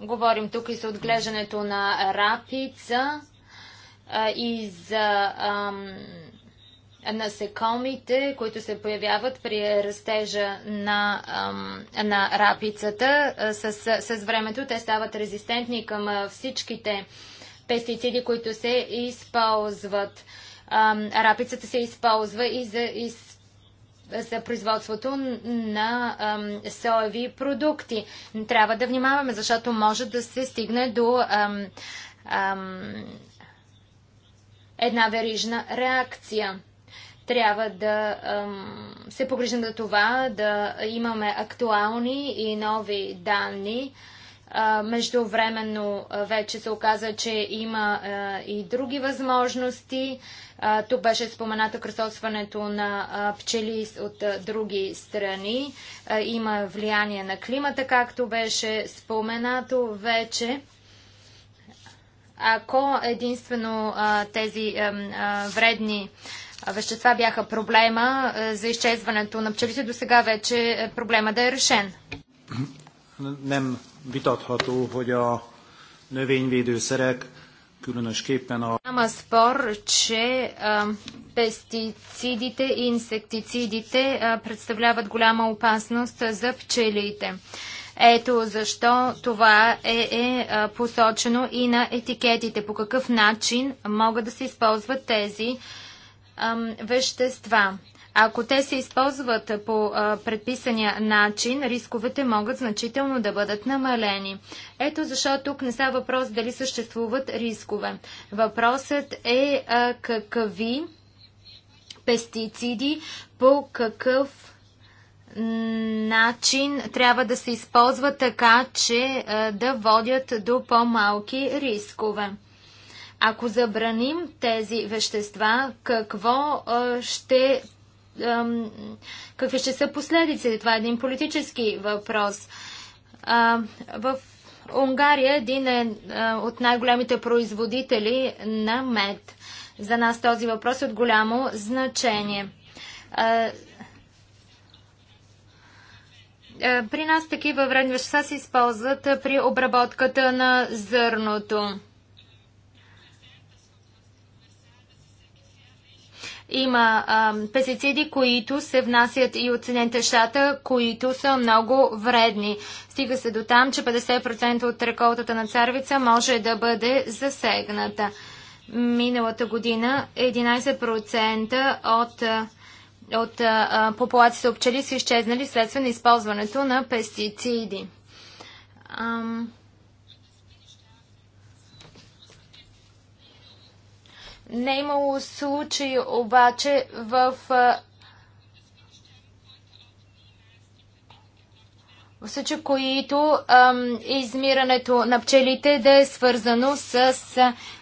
Говорим тук и за отглеждането на рапица а, и за ам, насекомите, които се появяват при растежа на, ам, на рапицата. С, с времето те стават резистентни към всичките пестициди, които се използват. Ам, рапицата се използва и за из, за производството на ам, соеви продукти. Трябва да внимаваме, защото може да се стигне до ам, ам, една верижна реакция. Трябва да ам, се погрижим за това, да имаме актуални и нови данни, Междувременно вече се оказа, че има и други възможности. Тук беше споменато кръсосването на пчели от други страни. Има влияние на климата, както беше споменато вече. Ако единствено тези вредни вещества бяха проблема за изчезването на пчелите, до сега вече е, проблема да е решен vitatható, hogy a növényvédőszerek különösképpen a... Няма спор, че а, пестицидите и инсектицидите а, представляват голяма опасност за пчелите. Ето защо това е, е, е посочено и на етикетите. По какъв начин могат да се използват тези ам, вещества. Ако те се използват по предписания начин, рисковете могат значително да бъдат намалени. Ето защо тук не става въпрос дали съществуват рискове. Въпросът е какви пестициди по какъв начин трябва да се използва така, че да водят до по-малки рискове. Ако забраним тези вещества, какво ще какви ще са последици. Това е един политически въпрос. В Унгария един е от най-големите производители на мед. За нас този въпрос е от голямо значение. При нас такива вредни вещества се използват при обработката на зърното. Има пестициди, които се внасят и от Съединените щата, които са много вредни. Стига се до там, че 50% от реколтата на царвица може да бъде засегната. Миналата година 11% от а, от а, популацията пчели са изчезнали следствие на използването на пестициди. Ам... Не е имало случаи обаче в в случаи, които ам, измирането на пчелите да е свързано с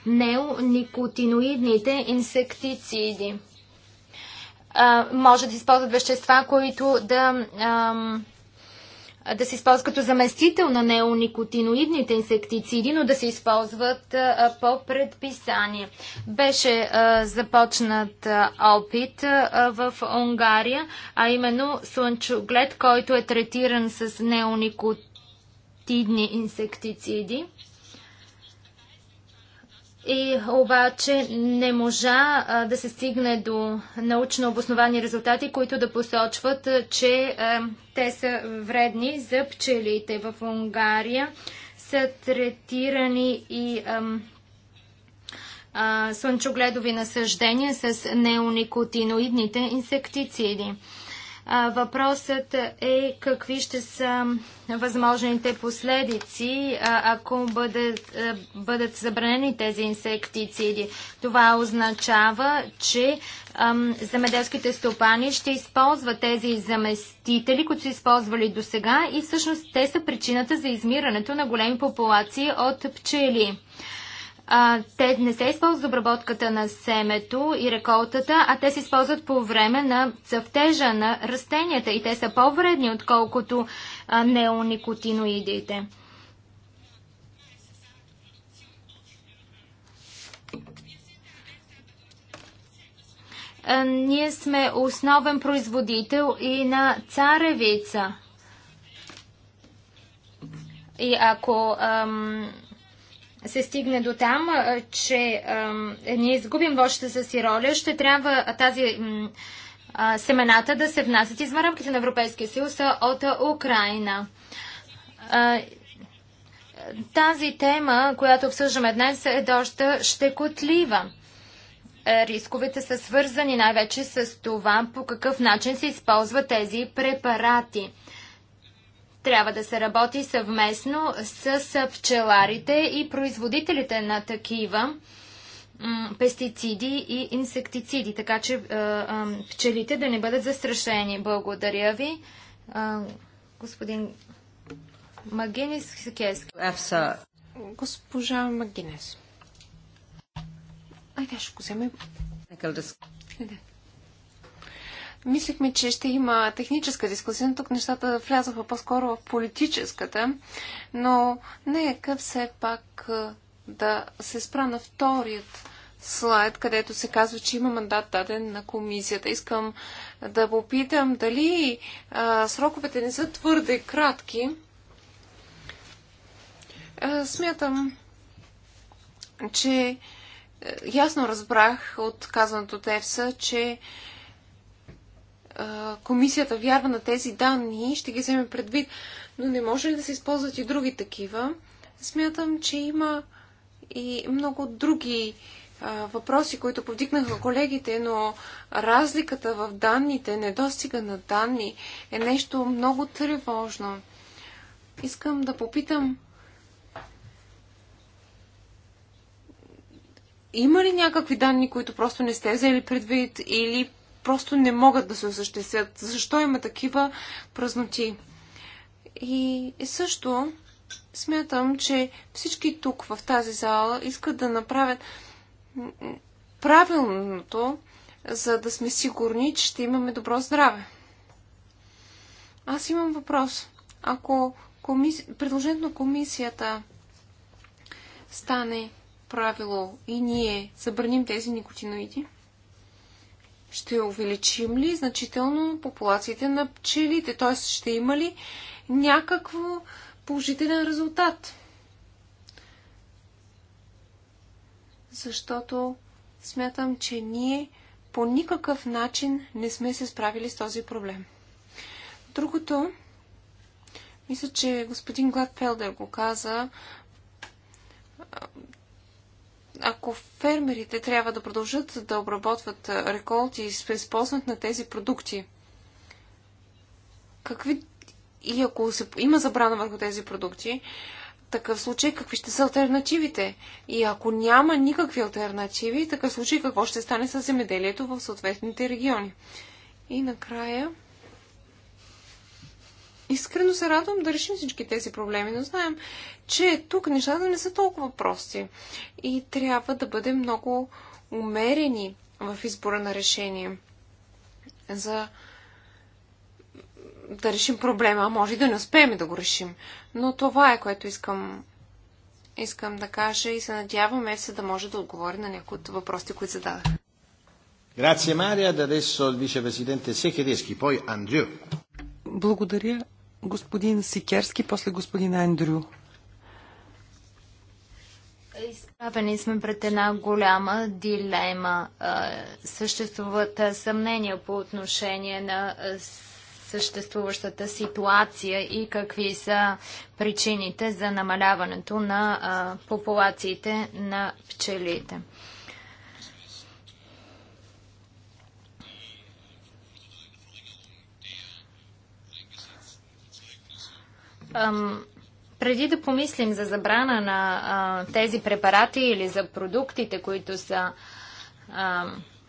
неоникотиноидните инсектициди. А, може да използват вещества, които да ам, да се използват като заместител на неоникотиноидните инсектициди, но да се използват по предписание. Беше започнат опит в Унгария, а именно слънчоглед, който е третиран с неоникотидни инсектициди. И обаче не можа да се стигне до научно обосновани резултати, които да посочват, че те са вредни за пчелите. В Унгария са третирани и слънчогледови насъждения с неоникотиноидните инсектициди въпросът е какви ще са възможните последици, ако бъдат, бъдат забранени тези инсектициди. Това означава, че земеделските стопани ще използват тези заместители, които са използвали до сега и всъщност те са причината за измирането на големи популации от пчели. А, те не се използват за обработката на семето и реколтата, а те се използват по време на цъфтежа на растенията и те са по-вредни, отколкото а, неоникотиноидите. ние сме основен производител и на царевица. И ако ам, се стигне до там, че ние изгубим вощата си роля, ще трябва тази семената да се внасят извън рамките на Европейския съюз от Украина. Тази тема, която обсъждаме днес, е доста щекотлива. Е, рисковете са свързани най-вече с това по какъв начин се използват тези препарати – трябва да се работи съвместно с пчеларите и производителите на такива пестициди и инсектициди, така че пчелите да не бъдат застрашени. Благодаря ви, господин Магинес Хисекески. Госпожа Магинес. Ай, да ще го вземе. Да. Мислихме, че ще има техническа дискусия, но тук нещата влязоха по-скоро в политическата. Но нека все пак да се спра на вторият слайд, където се казва, че има мандат даден на комисията. Искам да попитам дали а, сроковете не са твърде кратки. А, смятам, че ясно разбрах от казаното Тевса, че комисията вярва на тези данни, ще ги вземе предвид, но не може ли да се използват и други такива? Смятам, че има и много други въпроси, които повдигнаха колегите, но разликата в данните, недостига на данни е нещо много тревожно. Искам да попитам, има ли някакви данни, които просто не сте взели предвид или просто не могат да се осъществят. Защо има такива празноти? И, също смятам, че всички тук в тази зала искат да направят правилното, за да сме сигурни, че ще имаме добро здраве. Аз имам въпрос. Ако комиси... предложението на комисията стане правило и ние забраним тези никотиноиди, ще увеличим ли значително популациите на пчелите? Т.е. ще има ли някакво положителен резултат? Защото смятам, че ние по никакъв начин не сме се справили с този проблем. Другото, мисля, че господин Гладпелдер го каза, ако фермерите трябва да продължат да обработват реколти и се използват на тези продукти, какви и ако се, има забрана върху тези продукти, такъв случай какви ще са альтернативите? И ако няма никакви альтернативи, такъв случай какво ще стане с земеделието в съответните региони? И накрая искрено се радвам да решим всички тези проблеми, но знаем, че тук нещата не са толкова прости и трябва да бъдем много умерени в избора на решение за да решим проблема, а може и да не успеем да го решим. Но това е, което искам, искам да кажа и се надяваме се да може да отговори на някои от въпросите, които зададах. Grazie Maria, adesso Благодаря, господин Сикерски, после господин Андрю. Изправени сме пред една голяма дилема. Съществуват съмнения по отношение на съществуващата ситуация и какви са причините за намаляването на популациите на пчелите. Ам, преди да помислим за забрана на а, тези препарати или за продуктите, които са а,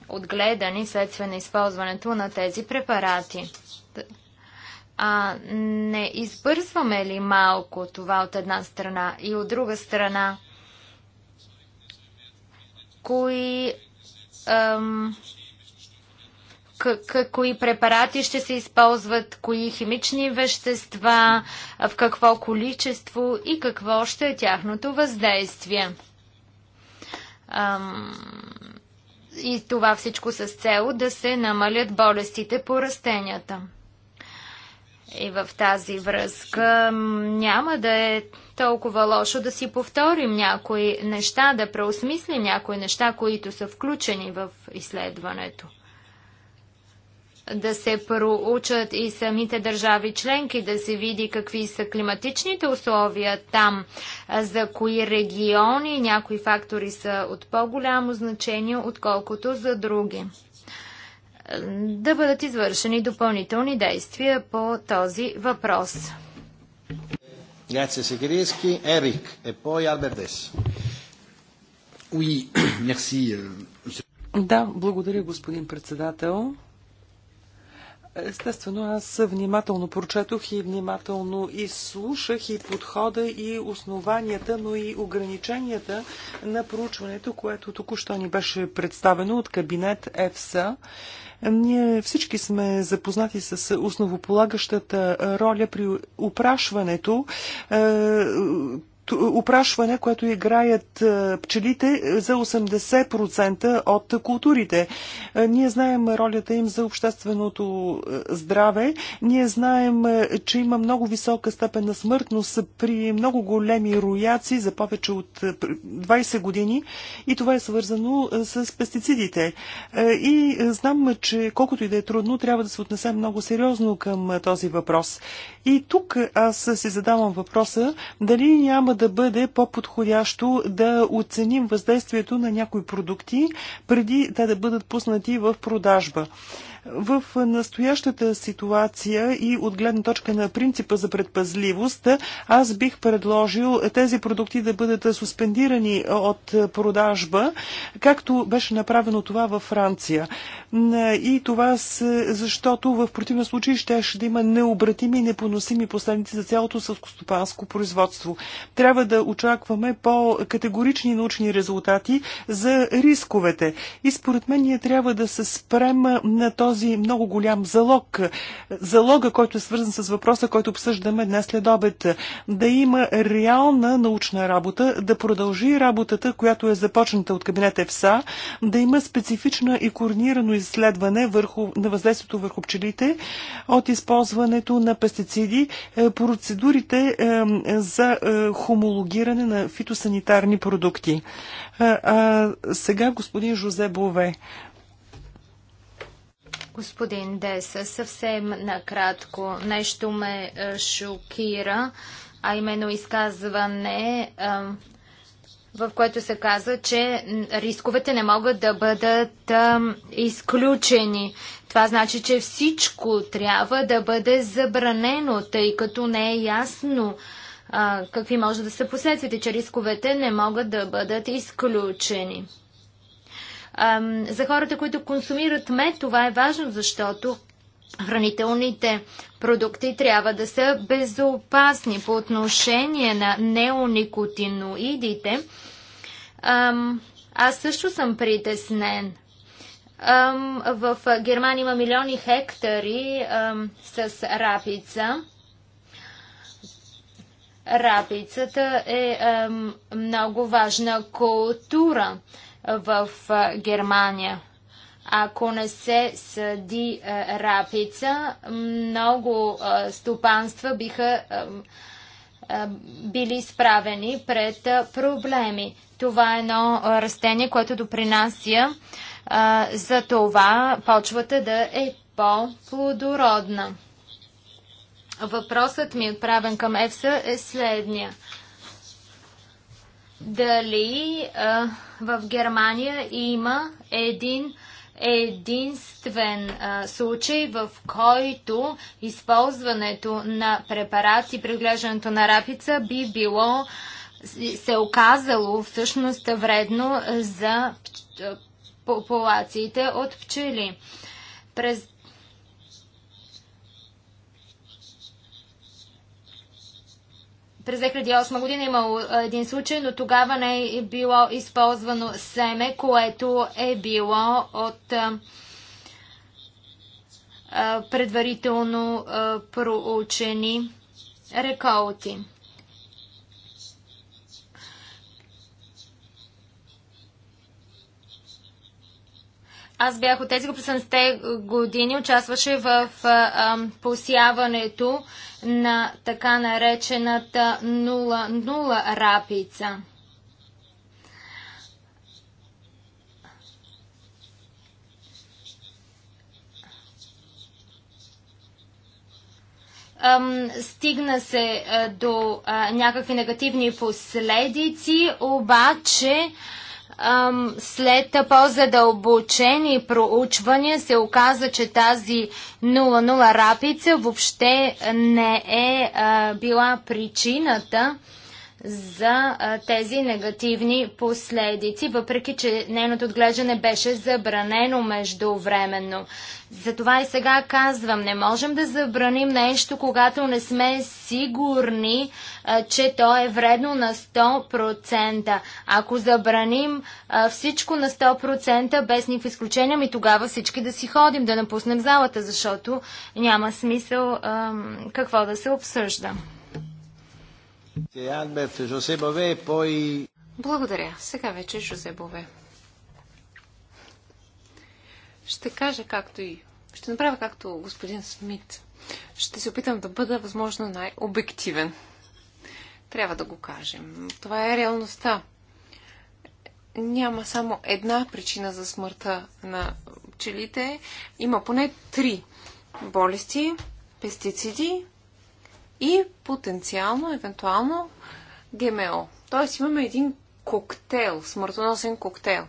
отгледани следствие на използването на тези препарати, а не избързваме ли малко това от една страна и от друга страна, кои ам, как, кои препарати ще се използват, кои химични вещества, в какво количество и какво ще е тяхното въздействие. И това всичко с цел да се намалят болестите по растенията. И в тази връзка няма да е толкова лошо да си повторим някои неща, да преосмислим някои неща, които са включени в изследването да се проучат и самите държави членки, да се види какви са климатичните условия там, за кои региони някои фактори са от по-голямо значение, отколкото за други. Да бъдат извършени допълнителни действия по този въпрос. Grazie Segresti, Eric e poi Albertes. Oui, merci. Euh, да, благодаря, господин председател. Естествено, аз внимателно прочетох и внимателно изслушах и подхода и основанията, но и ограниченията на проучването, което току-що ни беше представено от кабинет ЕФСА. Ние всички сме запознати с основополагащата роля при опрашването е, е, опрашване, което играят е, пчелите е, за 80% от културите. Ние знаем ролята им за общественото здраве. Ние знаем, че има много висока степен на смъртност при много големи рояци за повече от 20 години и това е свързано с пестицидите. И знам, че колкото и да е трудно, трябва да се отнесем много сериозно към този въпрос. И тук аз си задавам въпроса дали няма да бъде по-подходящо да оценим въздействието на някои продукти преди те да бъдат пуснати в продажба. В настоящата ситуация и от гледна точка на принципа за предпазливост, аз бих предложил тези продукти да бъдат суспендирани от продажба, както беше направено това във Франция. И това защото в противен случай ще, ще има необратими и непоносими последници за цялото съвкостопанско производство. Трябва да очакваме по-категорични научни резултати за рисковете. И според мен ние трябва да се спрем на този този много голям залог. Залога, който е свързан с въпроса, който обсъждаме днес след обед. Да има реална научна работа, да продължи работата, която е започната от кабинет ЕФСА, да има специфично и координирано изследване върху, на въздействието върху пчелите от използването на пестициди, е, процедурите е, за е, хомологиране на фитосанитарни продукти. А, а, сега господин Жозе Бове. Господин Деса, съвсем накратко нещо ме е, шокира, а именно изказване, е, в което се каза, че рисковете не могат да бъдат е, изключени. Това значи, че всичко трябва да бъде забранено, тъй като не е ясно какви може да са последствията, че рисковете не могат да бъдат изключени. За хората, които консумират мед, това е важно, защото хранителните продукти трябва да са безопасни по отношение на неоникотиноидите. Аз също съм притеснен. В Германия има милиони хектари с рапица. Рапицата е много важна култура в Германия. Ако не се съди рапица, много стопанства биха били справени пред проблеми. Това е едно растение, което допринася за това почвата да е по-плодородна. Въпросът ми, отправен към ЕФСА, е следния дали а, в Германия има един единствен а, случай, в който използването на препарати при на рапица би било се оказало всъщност вредно за популациите от пчели. През През 2008 година е имало един случай, но тогава не е било използвано семе, което е било от предварително проучени реколти. Аз бях от тези 80 години, участваше в а, посяването на така наречената 0-0 рапица. стигна се до някакви негативни последици, обаче след по-задълбочени проучвания се оказа, че тази 00 рапица въобще не е била причината за а, тези негативни последици, въпреки че нейното отглеждане беше забранено междувременно. Затова и сега казвам, не можем да забраним нещо, когато не сме сигурни, а, че то е вредно на 100%. Ако забраним а, всичко на 100%, без никакви изключения, ми тогава всички да си ходим, да напуснем залата, защото няма смисъл какво да се обсъжда. Благодаря. Сега вече Жозе Бове. Ще кажа както и... Ще направя както господин Смит. Ще се опитам да бъда възможно най-обективен. Трябва да го кажем. Това е реалността. Няма само една причина за смъртта на пчелите. Има поне три болести, пестициди и потенциално, евентуално ГМО. Тоест имаме един коктейл, смъртоносен коктейл.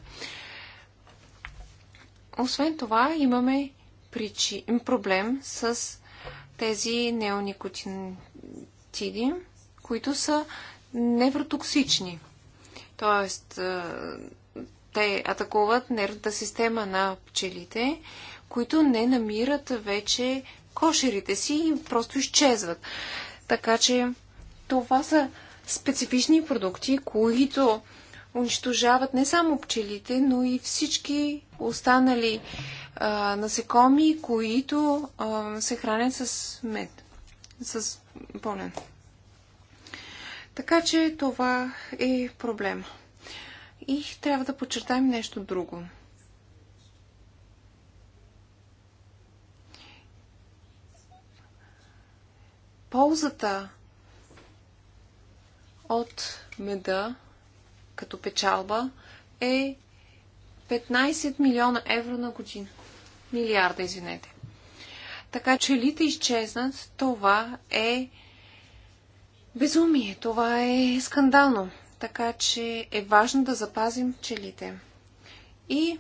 Освен това имаме причи, проблем с тези неоникотиди, които са невротоксични. Тоест, те атакуват нервната система на пчелите, които не намират вече кошерите си и просто изчезват. Така че това са специфични продукти, които унищожават не само пчелите, но и всички останали а, насекоми, които а, се хранят с мед, с пълнен. Така че това е проблема. И трябва да подчертаем нещо друго. ползата от меда като печалба е 15 милиона евро на година. Милиарда, извинете. Така че лите изчезнат, това е безумие, това е скандално. Така че е важно да запазим пчелите. И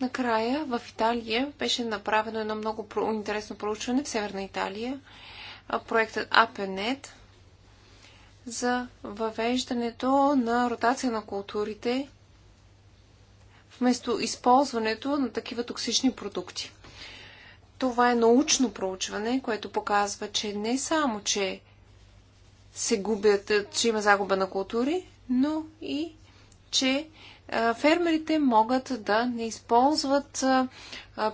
Накрая в Италия беше направено едно много интересно проучване в Северна Италия, проектът APNET за въвеждането на ротация на културите вместо използването на такива токсични продукти. Това е научно проучване, което показва, че не само, че се губят, че има загуба на култури, но и че фермерите могат да не използват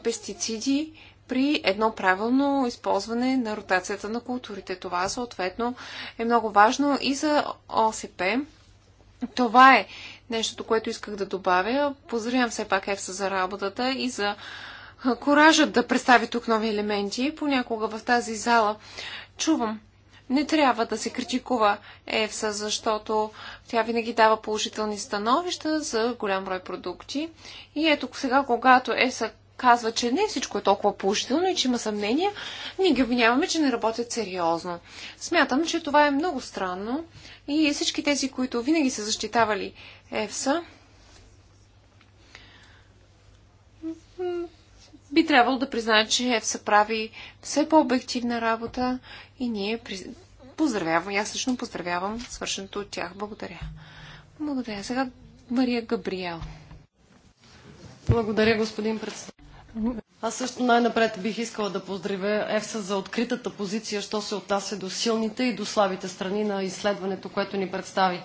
пестициди при едно правилно използване на ротацията на културите. Това съответно е много важно и за ОСП. Това е нещото, което исках да добавя. Поздравям все пак Евса за работата и за коражът да представи тук нови елементи. Понякога в тази зала чувам не трябва да се критикува ЕФСА, защото тя винаги дава положителни становища за голям брой продукти. И ето сега, когато ЕФСА казва, че не всичко е толкова положително и че има съмнения, ние ги обвиняваме, че не работят сериозно. Смятам, че това е много странно и всички тези, които винаги са защитавали ЕФСА, би трябвало да признаят, че ЕФСА прави все по-обективна работа и ние приз... поздравявам, аз лично поздравявам свършеното от тях. Благодаря. Благодаря. Сега Мария Габриел. Благодаря, господин председател. Аз също най-напред бих искала да поздравя ЕФСА за откритата позиция, що се отнася до силните и до слабите страни на изследването, което ни представи.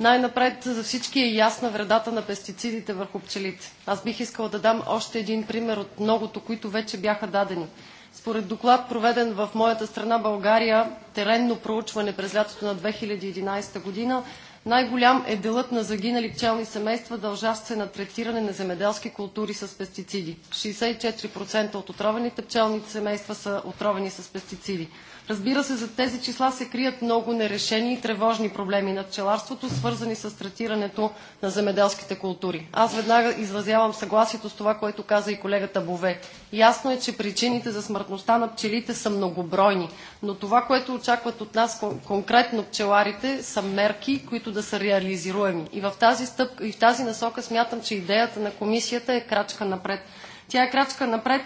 Най-напред за всички е ясна вредата на пестицидите върху пчелите. Аз бих искала да дам още един пример от многото, които вече бяха дадени. Според доклад, проведен в моята страна България, теренно проучване през лятото на 2011 година, най-голям е делът на загинали пчелни семейства, дължащ се на третиране на земеделски култури с пестициди. 64% от отровените пчелни семейства са отровени с пестициди. Разбира се, за тези числа се крият много нерешени и тревожни проблеми на пчеларството, свързани с третирането на земеделските култури. Аз веднага изразявам съгласието с това, което каза и колегата Бове. Ясно е, че причините за смъртността на пчелите са многобройни, но това, което очакват от нас конкретно пчеларите, са мерки, които да са реализируеми. И в тази, стъпка, и в тази насока смятам, че идеята на комисията е крачка напред. Тя е крачка напред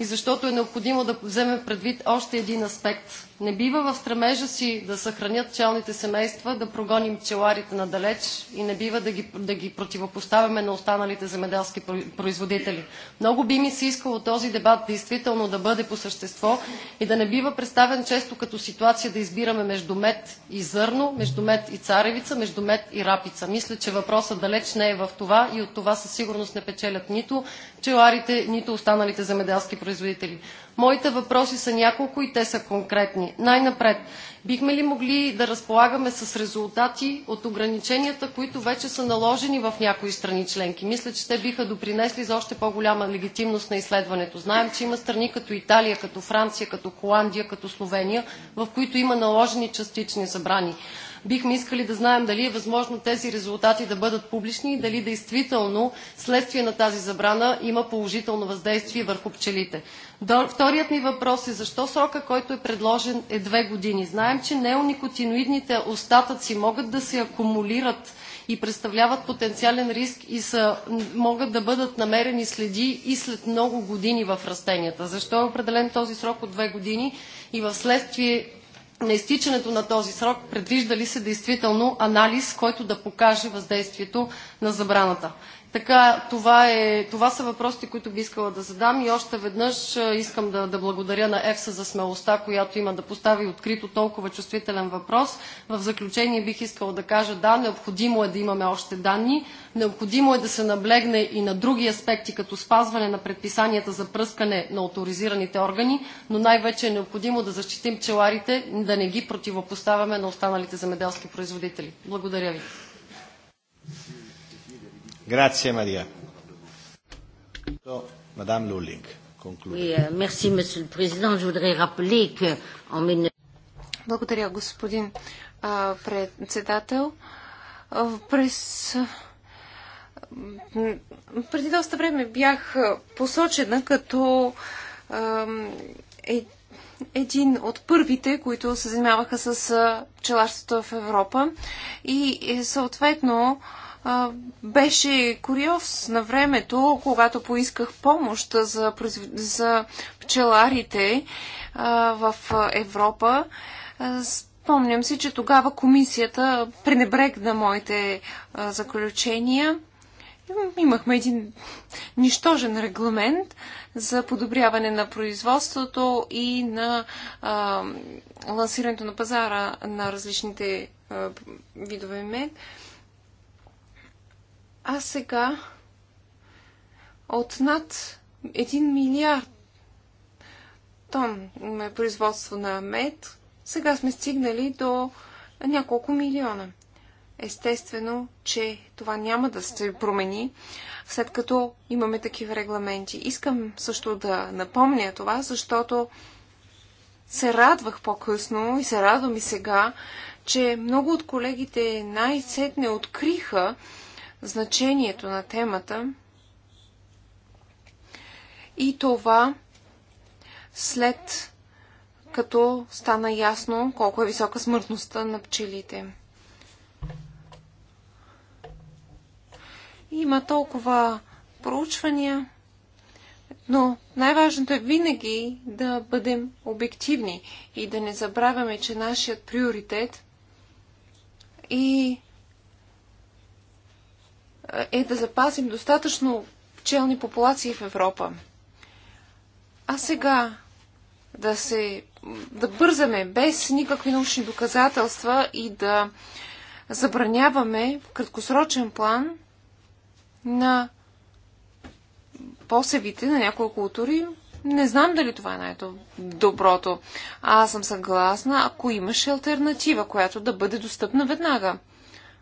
и защото е необходимо да вземем предвид още един аспект не бива в стремежа си да съхранят челните семейства, да прогоним пчеларите надалеч и не бива да ги, да ги противопоставяме на останалите земеделски производители. Много би ми се искало този дебат действително да бъде по същество и да не бива представен често като ситуация да избираме между мед и зърно, между мед и царевица, между мед и рапица. Мисля, че въпросът далеч не е в това и от това със сигурност не печелят нито пчеларите, нито останалите земеделски производители. Моите въпроси са няколко и те са конкретни. Най-напред, бихме ли могли да разполагаме с резултати от ограниченията, които вече са наложени в някои страни членки? Мисля, че те биха допринесли за още по-голяма легитимност на изследването. Знаем, че има страни като Италия, като Франция, като Холандия, като Словения, в които има наложени частични забрани бихме искали да знаем дали е възможно тези резултати да бъдат публични и дали действително следствие на тази забрана има положително въздействие върху пчелите. Вторият ми въпрос е защо срока, който е предложен е две години? Знаем, че неоникотиноидните остатъци могат да се акумулират и представляват потенциален риск и са, могат да бъдат намерени следи и след много години в растенията. Защо е определен този срок от две години и в следствие на изтичането на този срок предвижда ли се действително анализ, който да покаже въздействието на забраната? Така, това, е, това са въпросите, които би искала да задам и още веднъж искам да, да благодаря на ЕФСА за смелостта, която има да постави открито толкова чувствителен въпрос. В заключение бих искала да кажа, да, необходимо е да имаме още данни, необходимо е да се наблегне и на други аспекти, като спазване на предписанията за пръскане на авторизираните органи, но най-вече е необходимо да защитим пчеларите, да не ги противопоставяме на останалите земеделски производители. Благодаря ви. Grazie Maria. Madame Lulling, conclude. Euh, Благодаря, господин председател. През преди доста време бях посочена като е, един от първите, които се занимаваха с пчеларството в Европа и е, съответно беше куриоз на времето, когато поисках помощ за, за пчеларите в Европа. спомням си, че тогава комисията пренебрегна моите заключения. Имахме един нищожен регламент за подобряване на производството и на а, лансирането на пазара на различните а, видове мед. А, а сега от над 1 милиард тон производство на мед, сега сме стигнали до няколко милиона. Естествено, че това няма да се промени, след като имаме такива регламенти. Искам също да напомня това, защото се радвах по-късно и се радвам и сега, че много от колегите най-сетне откриха, значението на темата и това след като стана ясно колко е висока смъртността на пчелите. Има толкова проучвания, но най-важното е винаги да бъдем обективни и да не забравяме, че нашият приоритет и е да запазим достатъчно пчелни популации в Европа. А сега да се да бързаме без никакви научни доказателства и да забраняваме в краткосрочен план на посевите на някои култури. Не знам дали това е най-доброто. Аз съм съгласна, ако имаше альтернатива, която да бъде достъпна веднага.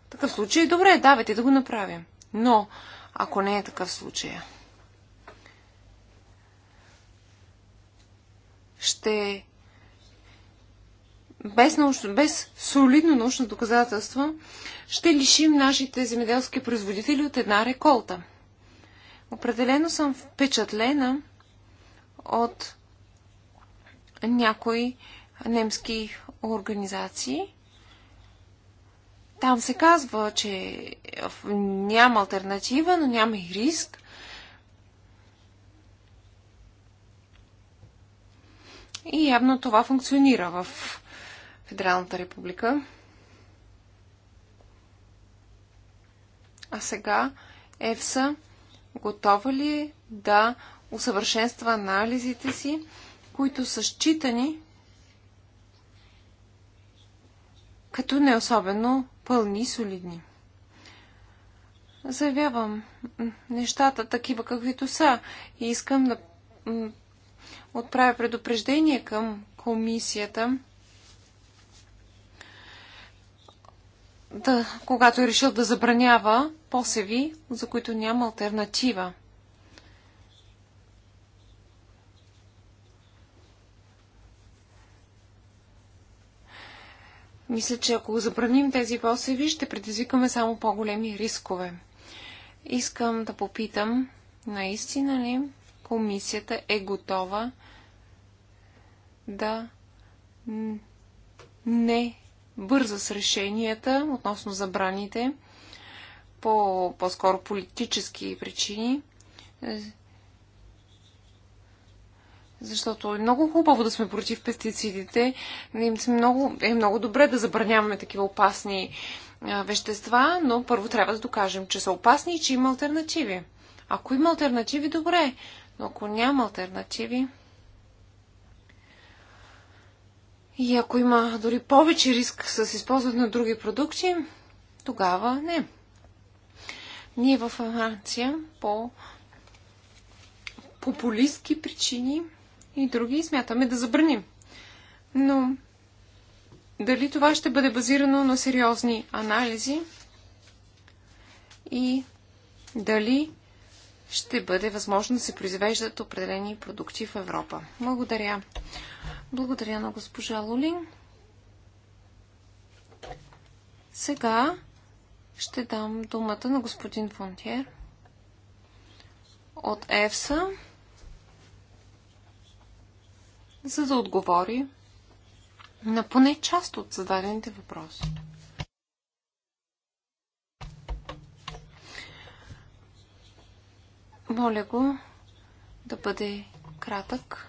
В такъв случай, добре, давайте да го направим. Но, ако не е такъв случая, ще без, научно, без солидно научно доказателство ще лишим нашите земеделски производители от една реколта. Определено съм впечатлена от някои немски организации, там се казва, че няма альтернатива, но няма и риск. И явно това функционира в Федералната република. А сега ЕФСА готова ли е да усъвършенства анализите си, които са считани като не особено пълни и солидни. Заявявам нещата такива каквито са и искам да отправя предупреждение към комисията, да, когато е решил да забранява посеви, за които няма альтернатива. Мисля, че ако забраним тези посеви, ще предизвикаме само по-големи рискове. Искам да попитам, наистина ли комисията е готова да не бърза с решенията относно забраните по по-скоро политически причини, защото е много хубаво да сме против пестицидите. Е много, е много добре да забраняваме такива опасни вещества, но първо трябва да докажем, че са опасни и че има альтернативи. Ако има альтернативи, добре. Но ако няма альтернативи. И ако има дори повече риск с използването на други продукти, тогава не. Ние във Франция по популистски причини и други смятаме да забраним. Но дали това ще бъде базирано на сериозни анализи и дали ще бъде възможно да се произвеждат определени продукти в Европа. Благодаря. Благодаря на госпожа Лулин. Сега ще дам думата на господин Фонтиер от ЕФСА за да отговори на поне част от зададените въпроси. Моля го да бъде кратък.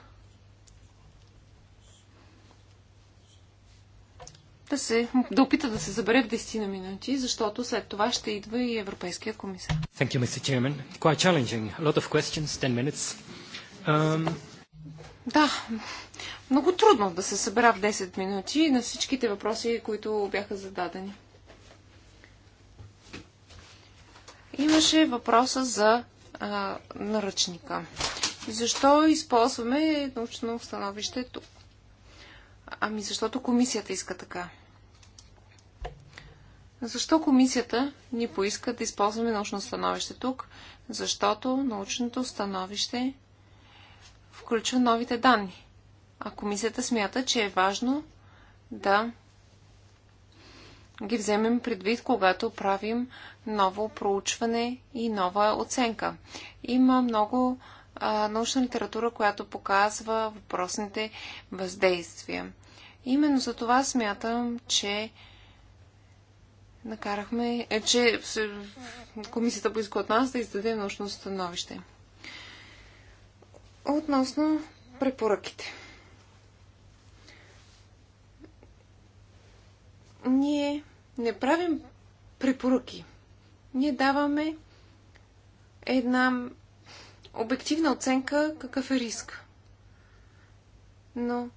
Да, се, да опита да се забере в 10 на минути, защото след това ще идва и Европейския комисар. Thank you, Mr. Chairman. Quite challenging. A lot of questions, 10 minutes. Um... Да, много трудно да се събера в 10 минути на всичките въпроси, които бяха зададени. Имаше въпроса за а, наръчника. Защо използваме научно становище тук? Ами защото комисията иска така. Защо комисията ни поиска да използваме научно становище тук? Защото научното становище включва новите данни. А комисията смята, че е важно да ги вземем предвид, когато правим ново проучване и нова оценка. Има много а, научна литература, която показва въпросните въздействия. Именно за това смятам, че накарахме, е, че комисията поиска от нас да издаде научно становище. Относно препоръките. Ние не правим препоръки. Ние даваме една обективна оценка какъв е риск. Но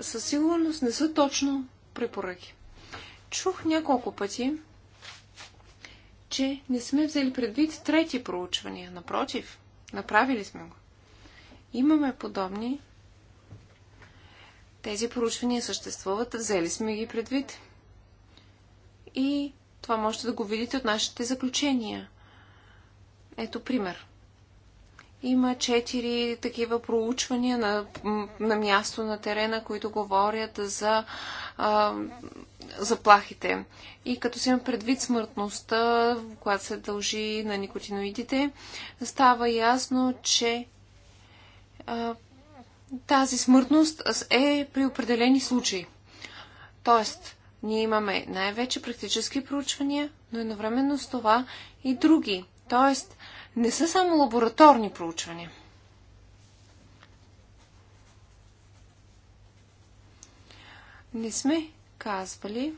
със сигурност не са точно препоръки. Чух няколко пъти, че не сме взели предвид трети проучвания. Напротив, направили сме го. Имаме подобни. Тези поручвания съществуват, взели сме ги предвид. И това можете да го видите от нашите заключения. Ето пример. Има четири такива проучвания на, на място на терена, които говорят за а, заплахите. И като се има предвид смъртността, която се дължи на никотиноидите, става ясно, че тази смъртност е при определени случаи. Тоест, ние имаме най-вече практически проучвания, но едновременно с това и други. Тоест, не са само лабораторни проучвания. Не сме казвали.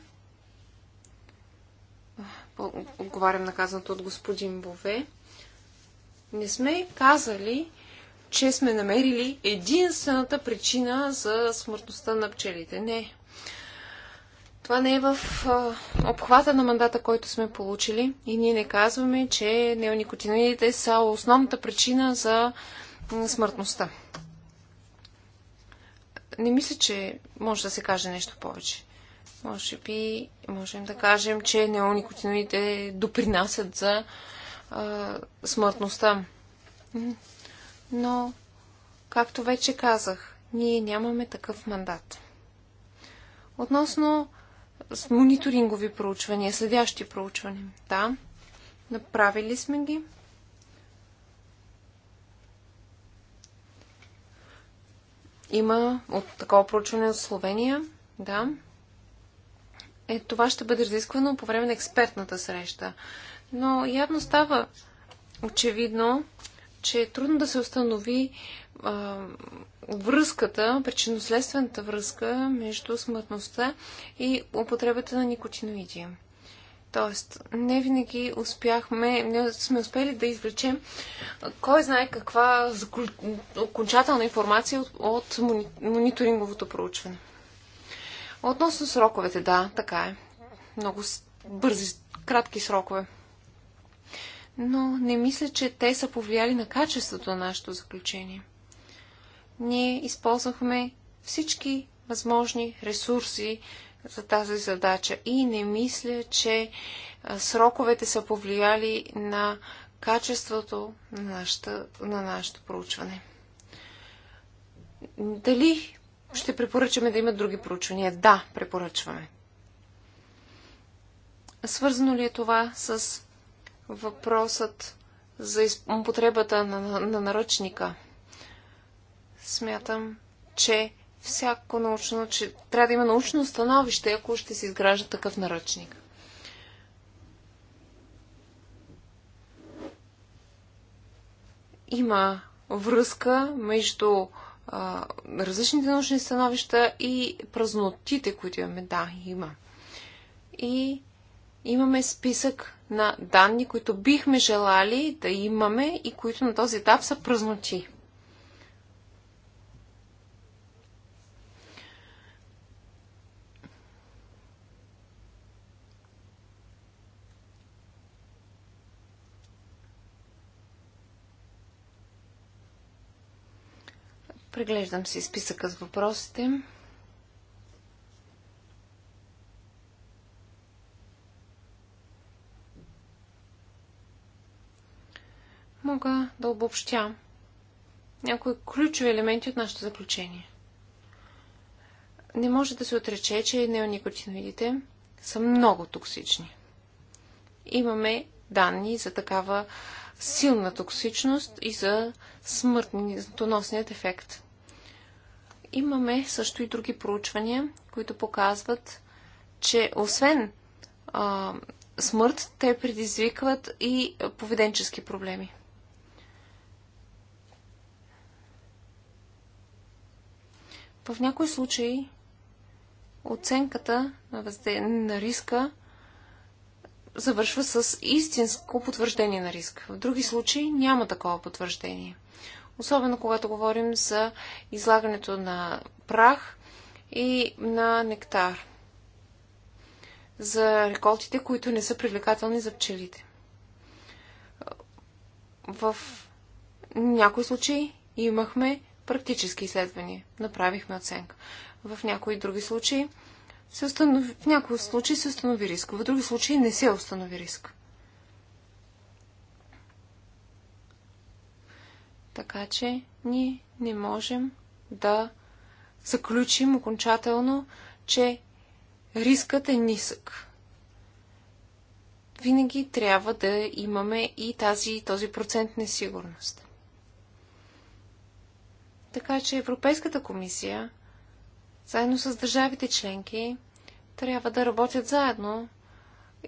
Отговарям на казаното от господин Бове. Не сме казали, че сме намерили единствената причина за смъртността на пчелите. Не. Това не е в а, обхвата на мандата, който сме получили. И ние не казваме, че неоникотиноидите са основната причина за смъртността. Не мисля, че може да се каже нещо повече. Може би можем да кажем, че неоникотиноидите допринасят за а, смъртността но, както вече казах, ние нямаме такъв мандат. Относно с мониторингови проучвания, следящи проучвания. Да, направили сме ги. Има от такова проучване от Словения. Да. Е, това ще бъде разисквано по време на експертната среща. Но явно става очевидно, че е трудно да се установи а, връзката, причинно-следствената връзка между смъртността и употребата на никотиноиди. Тоест, не винаги успяхме, не сме успели да извлечем кой знае каква окончателна информация от, от мониторинговото проучване. Относно сроковете, да, така е. Много бързи, кратки срокове но не мисля, че те са повлияли на качеството на нашето заключение. Ние използвахме всички възможни ресурси за тази задача и не мисля, че сроковете са повлияли на качеството на, нашата, на нашето проучване. Дали ще препоръчаме да има други проучвания? Да, препоръчваме. Свързано ли е това с въпросът за употребата на, на наръчника. Смятам, че всяко научно, че трябва да има научно становище, ако ще се изгражда такъв наръчник. Има връзка между а, различните научни становища и празнотите, които имаме. Да, има. И имаме списък на данни, които бихме желали да имаме и които на този етап са празноти. Преглеждам си списъка с въпросите. обобщя някои ключови елементи от нашето заключение. Не може да се отрече, че неоникотиноидите са много токсични. Имаме данни за такава силна токсичност и за смъртоносният ефект. Имаме също и други проучвания, които показват, че освен а, смърт, те предизвикват и поведенчески проблеми. В някои случаи оценката на, възде... на риска завършва с истинско потвърждение на риск. В други случаи няма такова потвърждение. Особено когато говорим за излагането на прах и на нектар. За реколтите, които не са привлекателни за пчелите. В някои случаи имахме практически изследвания. Направихме оценка. В някои други случаи се установи, в някои случаи се установи риск, в други случаи не се установи риск. Така че ние не можем да заключим окончателно, че рискът е нисък. Винаги трябва да имаме и тази, този процент несигурност. Така че Европейската комисия, заедно с държавите членки, трябва да работят заедно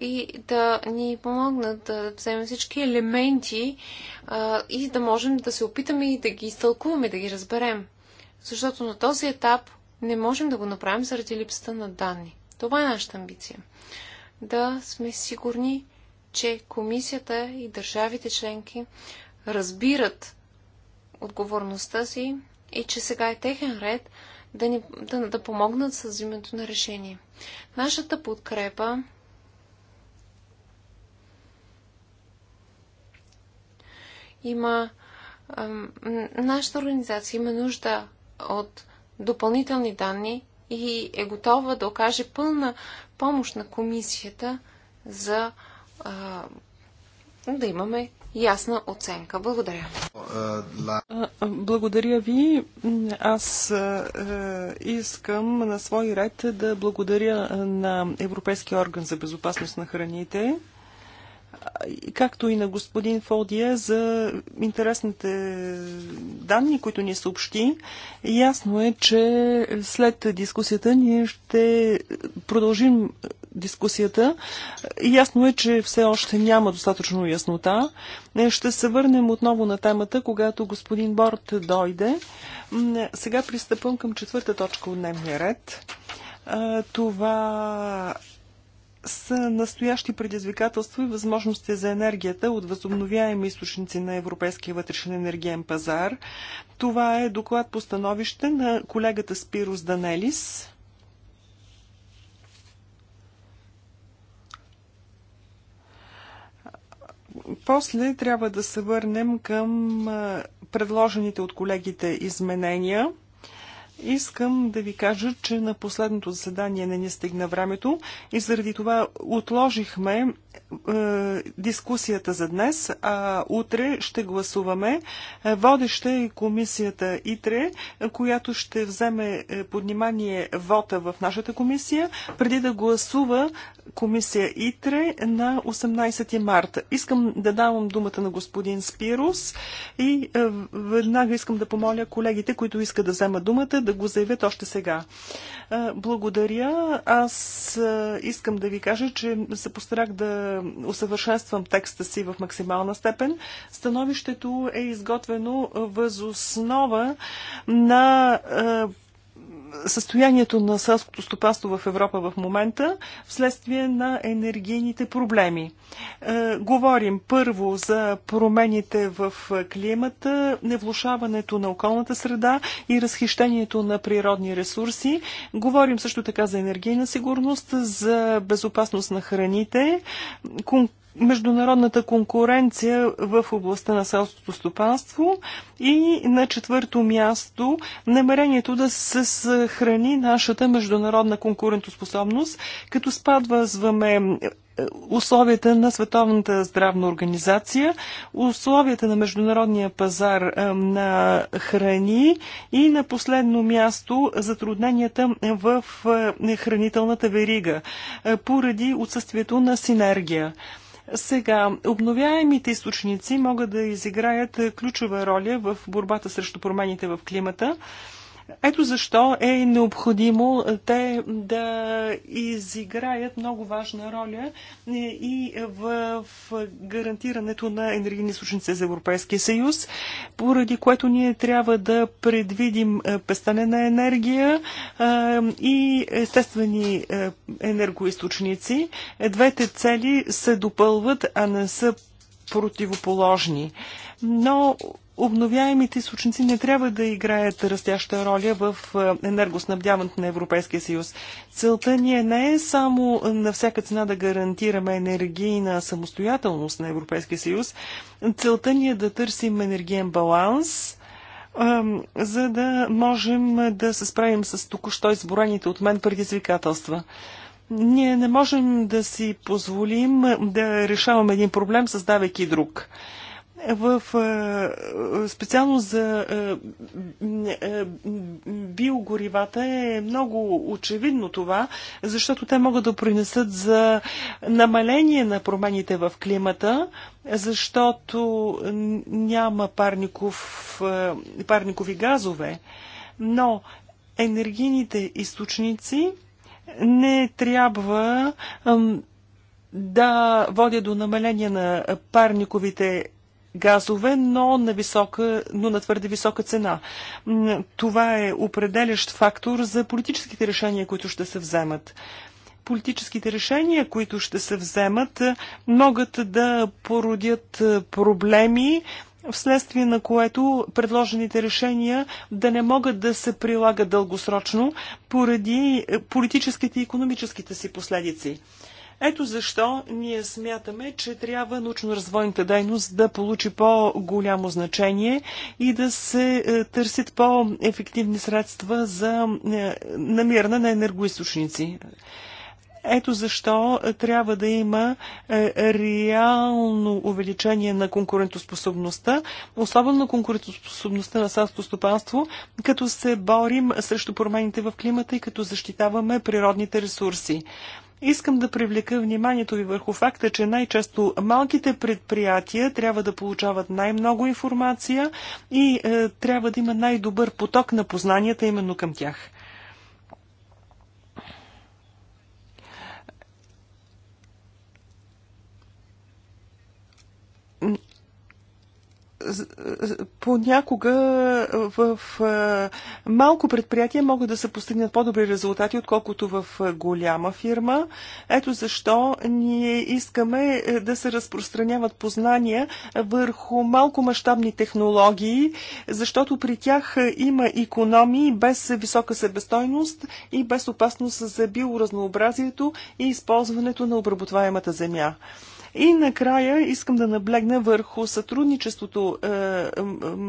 и да ни помогнат да вземем всички елементи а, и да можем да се опитаме и да ги изтълкуваме, да ги разберем. Защото на този етап не можем да го направим заради липсата на данни. Това е нашата амбиция. Да сме сигурни, че комисията и държавите членки разбират отговорността си и че сега е техен ред да, ни, да, да помогнат с взимането на решение. Нашата подкрепа има. Ам, нашата организация има нужда от допълнителни данни и е готова да окаже пълна помощ на комисията за а, да имаме ясна оценка. Благодаря. Благодаря ви. Аз е, искам на свой ред да благодаря на Европейския орган за безопасност на храните както и на господин Фодия за интересните данни, които ни съобщи. Ясно е, че след дискусията ние ще продължим дискусията. Ясно е, че все още няма достатъчно яснота. Ще се върнем отново на темата, когато господин Борт дойде. Сега пристъпвам към четвърта точка от дневния ред. Това са настоящи предизвикателства и възможности за енергията от възобновяеми източници на Европейския вътрешен енергиен пазар. Това е доклад по становище на колегата Спирос Данелис. После трябва да се върнем към предложените от колегите изменения – Искам да ви кажа, че на последното заседание не ни стигна времето и заради това отложихме е, дискусията за днес, а утре ще гласуваме. Е, водеща е комисията ИТРЕ, която ще вземе е, под внимание вота в нашата комисия, преди да гласува комисия ИТРЕ на 18 марта. Искам да давам думата на господин Спирус и е, веднага искам да помоля колегите, които искат да вземат думата, да да го заявят още сега. Благодаря. Аз искам да ви кажа, че се постарах да усъвършенствам текста си в максимална степен. Становището е изготвено възоснова на състоянието на селското стопанство в Европа в момента вследствие на енергийните проблеми. Е, говорим първо за промените в климата, невлушаването на околната среда и разхищението на природни ресурси. Говорим също така за енергийна сигурност, за безопасност на храните, конкуренция международната конкуренция в областта на селското стопанство и на четвърто място намерението да се съхрани нашата международна конкурентоспособност, като спадвазваме е, условията на Световната здравна организация, условията на международния пазар е, на храни и на последно място затрудненията в е, хранителната верига поради отсъствието на синергия. Сега, обновяемите източници могат да изиграят ключова роля в борбата срещу промените в климата. Ето защо е необходимо е, те да изиграят много важна роля е, и в гарантирането на енергийни източници за Европейския съюз, поради което ние трябва да предвидим е, пестане на енергия и естествени енергоисточници. Двете цели се допълват, а не са противоположни. Но Обновяемите източници не трябва да играят растяща роля в е, енергоснабдяването на Европейския съюз. Целта ни е не е само на всяка цена да гарантираме енергийна самостоятелност на Европейския съюз. Целта ни е да търсим енергиен баланс, е, за да можем да се справим с току-що изборените от мен предизвикателства. Ние не можем да си позволим да решаваме един проблем, създавайки друг в, специално за биогоривата е много очевидно това, защото те могат да принесат за намаление на промените в климата, защото няма парников, парникови газове, но енергийните източници не трябва да водя до намаление на парниковите газове, но на, висока, но на твърде висока цена. Това е определящ фактор за политическите решения, които ще се вземат политическите решения, които ще се вземат, е, могат да породят е, проблеми, вследствие на което предложените решения да не могат да се прилагат дългосрочно поради е, политическите и економическите си последици. Ето защо ние смятаме, че трябва научно-развойната дейност да получи по-голямо значение и да се е, търсят по-ефективни средства за е, намиране на енергоисточници. Ето защо трябва да има е, реално увеличение на конкурентоспособността, особено на конкурентоспособността на селското стопанство, като се борим срещу промените в климата и като защитаваме природните ресурси. Искам да привлека вниманието ви върху факта, че най-често малките предприятия трябва да получават най-много информация и е, трябва да има най-добър поток на познанията именно към тях. понякога в малко предприятие могат да се постигнат по-добри резултати, отколкото в голяма фирма. Ето защо ние искаме е, да се разпространяват познания върху малко мащабни технологии, защото при тях е, има економии без висока себестойност и без опасност за биоразнообразието и използването на обработваемата земя. И накрая искам да наблегна върху сътрудничеството е,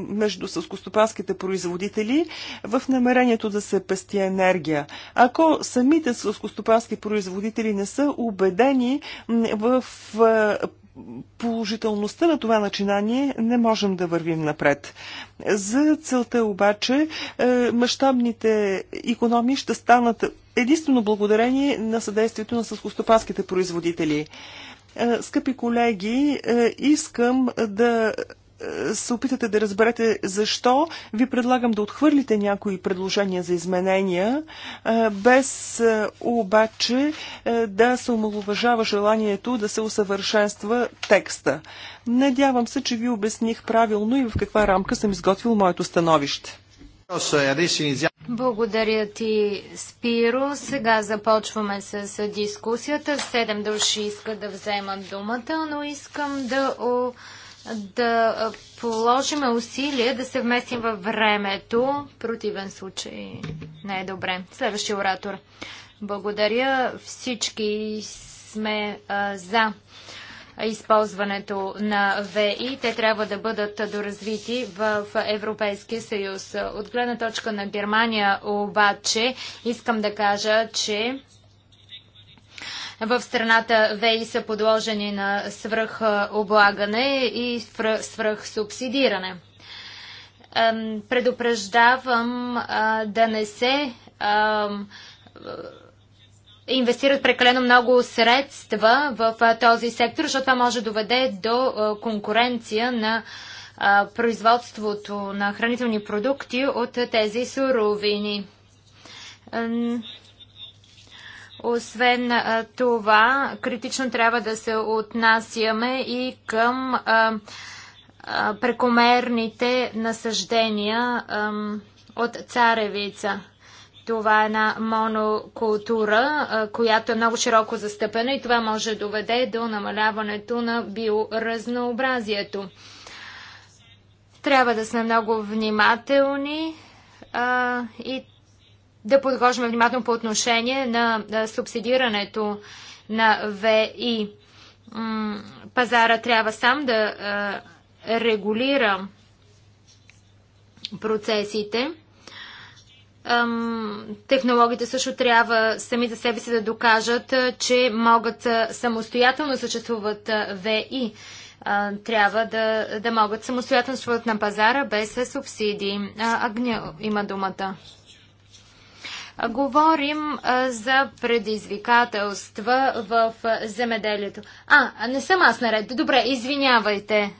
между съскостопанските производители в намерението да се пести енергия. Ако самите съскостопански производители не са убедени в е, положителността на това начинание не можем да вървим напред. За целта обаче е, мащабните економии ще станат единствено благодарение на съдействието на съскостопанските производители. Е, скъпи колеги, е, искам да е, се опитате да разберете защо ви предлагам да отхвърлите някои предложения за изменения, без обаче да се омалуважава желанието да се усъвършенства текста. Надявам се, че ви обясних правилно и в каква рамка съм изготвил моето становище. E благодаря ти, Спиро. Сега започваме с дискусията. Седем души иска да вземат думата, но искам да, да положим усилия да се вместим във времето. противен случай не е добре. Следващия оратор. Благодаря. Всички сме а, за използването на ВИ. Те трябва да бъдат доразвити в Европейския съюз. От гледна точка на Германия обаче искам да кажа, че в страната ВИ са подложени на свръхоблагане и субсидиране. Предупреждавам да не се инвестират прекалено много средства в този сектор, защото това може да доведе до конкуренция на производството на хранителни продукти от тези суровини. Освен това, критично трябва да се отнасяме и към прекомерните насъждения от царевица. Това е една монокултура, която е много широко застъпена и това може да доведе до намаляването на биоразнообразието. Трябва да сме много внимателни а, и да подхождаме внимателно по отношение на субсидирането на ВИ. Пазара трябва сам да регулира процесите технологите също трябва сами за себе си да докажат, че могат самостоятелно съществуват ВИ. Трябва да, да могат самостоятелно съществуват на пазара без субсидии. Агня има думата. Говорим за предизвикателства в земеделието. А, не съм аз наред. Добре, извинявайте.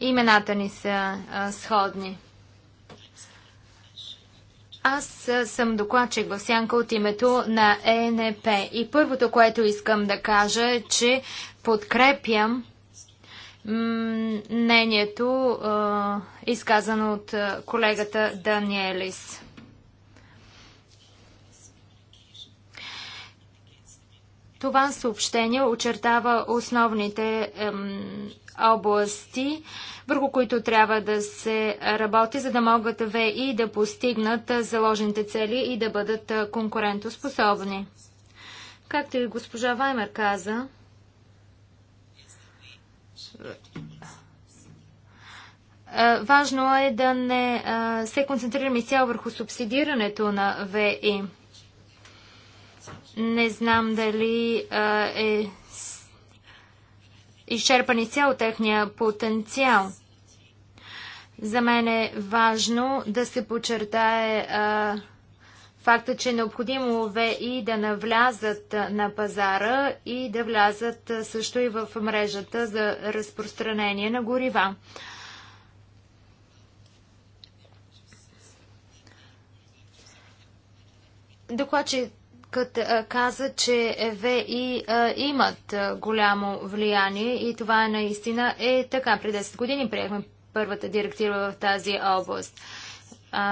Имената ни са сходни. Аз съм докладчик в сянка от името на ЕНП и първото, което искам да кажа е, че подкрепям мнението, изказано от колегата Даниелис. Това съобщение очертава основните области, върху които трябва да се работи, за да могат ВИ да постигнат заложените цели и да бъдат конкурентоспособни. Както и госпожа Ваймер каза, Важно е да не се концентрираме цяло върху субсидирането на ВИ. Не знам дали е изчерпан цял техния потенциал. За мен е важно да се почертае а, факта, че е необходимо и да навлязат на пазара и да влязат също и в мрежата за разпространение на горива. Докладчик Кът, е, каза, че е ВИ е, имат голямо влияние и това наистина е така. При 10 години приехме първата директива в тази област.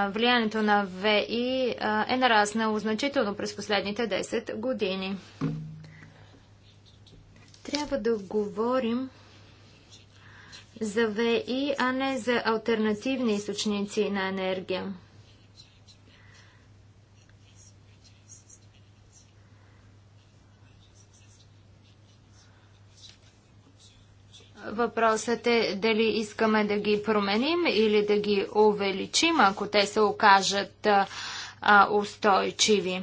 Влиянието на ВИ е нараснало значително през последните 10 години. Трябва да говорим за ВИ, а не за альтернативни източници на енергия. Въпросът е дали искаме да ги променим или да ги увеличим, ако те се окажат а, устойчиви.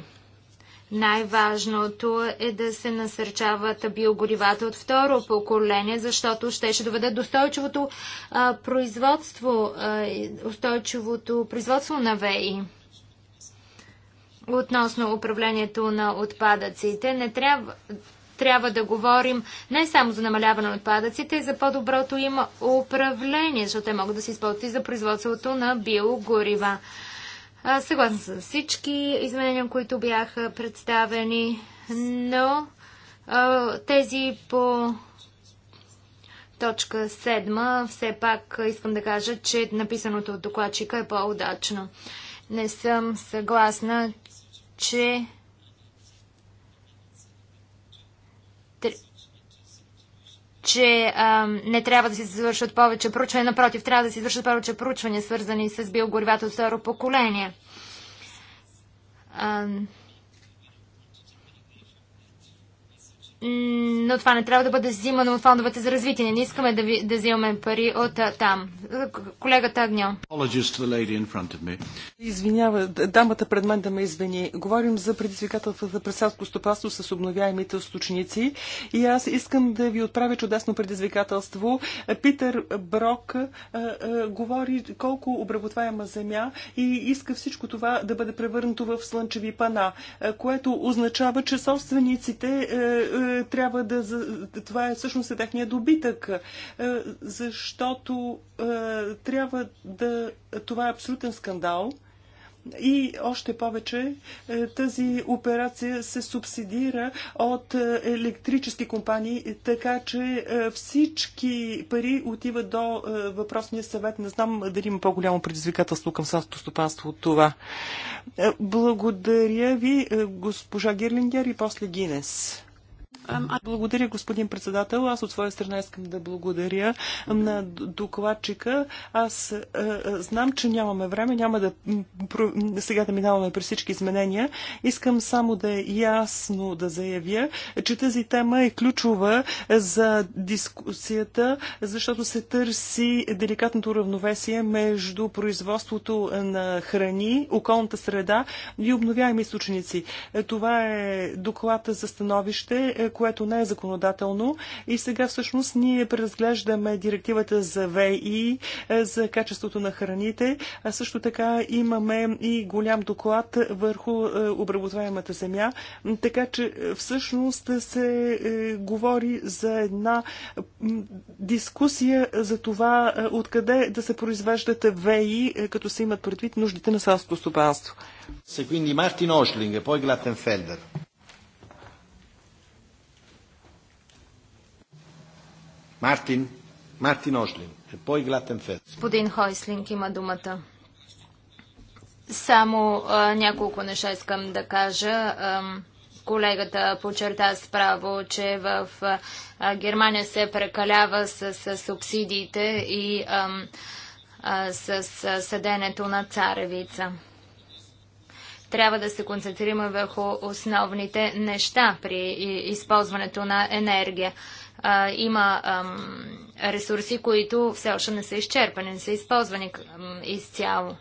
Най-важното е да се насърчават биогоривата от второ поколение, защото ще ще доведе до устойчивото а, производство, а, устойчивото производство на ВЕИ. Относно управлението на отпадъците, не трябва трябва да говорим не само за намаляване на отпадъците, и за по-доброто им управление, защото те могат да се използват и за производството на биогорива. Съгласна с всички изменения, които бяха представени, но тези по точка 7 все пак искам да кажа, че написаното от докладчика е по-удачно. Не съм съгласна, че че а, не трябва да се извършват повече проучвания, напротив, трябва да се извършват повече проучвания, свързани с биогоривата от второ поколение. А, но това не трябва да бъде взимано от фондовете за развитие. Не, искаме да, ви, да взимаме пари от а, там. Колегата Агнял. Извинява, дамата пред мен да ме извини. Говорим за предизвикателствата за преселско стопанство с обновяемите източници и аз искам да ви отправя чудесно предизвикателство. Питър Брок а, а, говори колко обработваема земя и иска всичко това да бъде превърнато в слънчеви пана, а, което означава, че собствениците а, е, трябва да... Това е всъщност е техния добитък, е, защото е, трябва да... Това е абсолютен скандал. И още повече тази операция се субсидира от електрически компании, така че всички пари отиват до въпросния съвет. Не знам дали има по-голямо предизвикателство към самото стопанство от това. Благодаря ви, госпожа Герлингер и после Гинес. Благодаря, господин председател. Аз от своя страна искам да благодаря на докладчика. Аз знам, че нямаме време, няма да сега да минаваме през всички изменения. Искам само да е ясно да заявя, че тази тема е ключова за дискусията, защото се търси деликатното равновесие между производството на храни, околната среда и обновяеми източници. Това е доклад за становище, което не е законодателно. И сега всъщност ние преразглеждаме директивата за ВИ, е, за качеството на храните. А също така имаме и голям доклад върху е, обработваемата земя. Така че е, всъщност се говори за една дискусия за това откъде да се произвеждат ВИ, като се имат предвид нуждите на селското стопанство. Quindi Martin Oschling poi Glattenfelder. Мартин, Мартин Ошлин. Е по-иглатен Господин Хойслинг има думата. Само а, няколко неща искам да кажа. колегата почерта справо, че в Германия се прекалява с, с субсидиите и а, с, съденето на царевица. Трябва да се концентрираме върху основните неща при използването на енергия а, има ам, ресурси, които все още не са изчерпани, не са използвани ам, изцяло.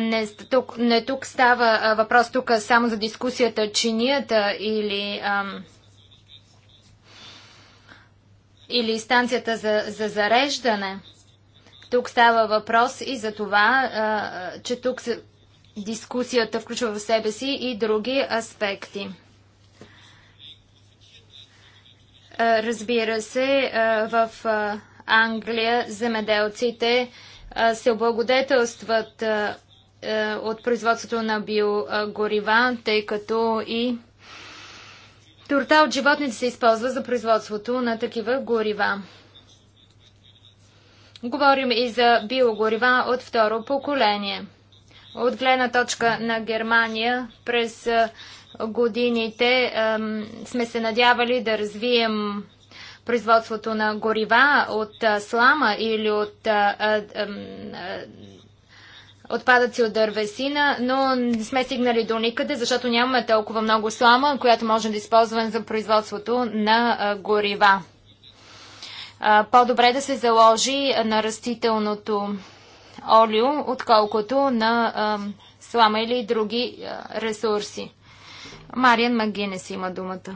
Не тук, не тук става а, въпрос тук само за дискусията чинията или, ам, или станцията за, за зареждане. Тук става въпрос и за това, а, че тук дискусията включва в себе си и други аспекти. Разбира се, в Англия земеделците се облагодетелстват от производството на биогорива, тъй като и Турта от животните се използва за производството на такива горива. Говорим и за биогорива от второ поколение. От гледна точка на Германия през годините сме се надявали да развием производството на горива от слама или от отпадъци от дървесина, но не сме стигнали до никъде, защото нямаме толкова много слама, която можем да е използваме за производството на горива. По-добре да се заложи на растителното олио, отколкото на слама или други ресурси. Мариан Магенес има думата.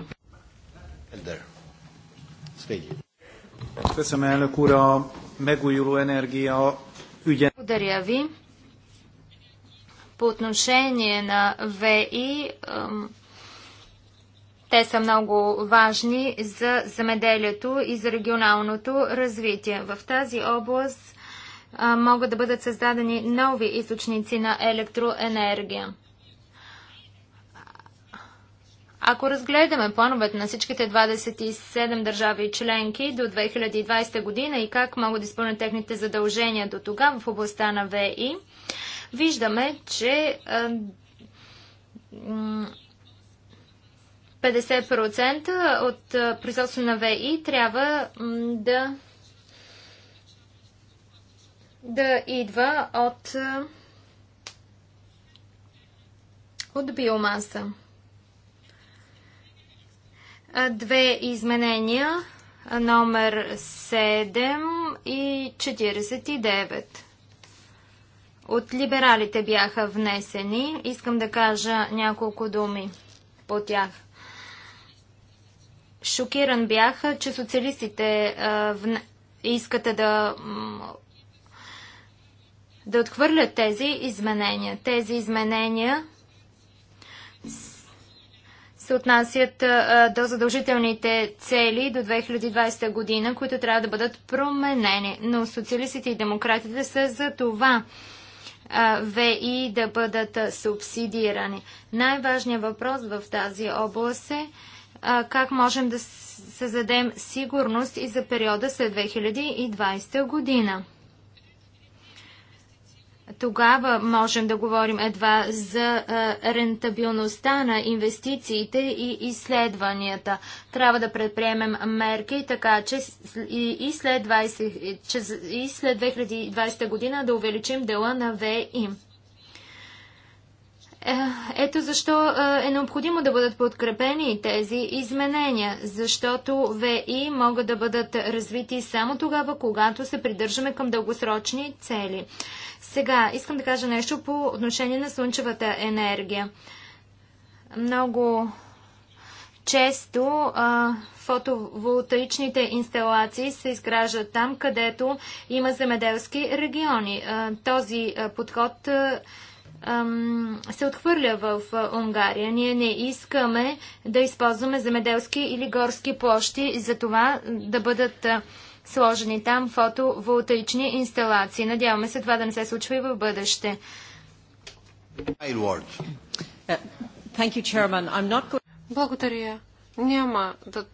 Благодаря ви. По отношение на ВИ, те са много важни за замеделието и за регионалното развитие. В тази област могат да бъдат създадени нови източници на електроенергия. Ако разгледаме плановете на всичките 27 държави и членки до 2020 година и как могат да изпълнят техните задължения до тогава в областта на ВИ, виждаме, че 50% от производство на ВИ трябва да, да идва от, от биомаса. Две изменения, номер 7 и 49 от либералите бяха внесени. Искам да кажа няколко думи по тях. Шокиран бях, че социалистите а, искате да да отхвърлят тези изменения. Тези изменения се отнасят до задължителните цели до 2020 година, които трябва да бъдат променени. Но социалистите и демократите са за това ВИ да бъдат субсидирани. Най-важният въпрос в тази област е как можем да създадем сигурност и за периода след 2020 година тогава можем да говорим едва за рентабилността на инвестициите и изследванията. Трябва да предприемем мерки, така че и след, 20, и след 2020 година да увеличим дела на ВИ. Е, ето защо е, е необходимо да бъдат подкрепени тези изменения, защото ВИ могат да бъдат развити само тогава, когато се придържаме към дългосрочни цели. Сега искам да кажа нещо по отношение на слънчевата енергия. Много често фотоволтаичните инсталации се изграждат там, където има земеделски региони. този подход е се отхвърля в Унгария. Ние не искаме да използваме земеделски или горски площи за това да бъдат сложени там фотоволтаични инсталации. Надяваме се това да не се случва и в бъдеще. Uh, Благодаря. Няма да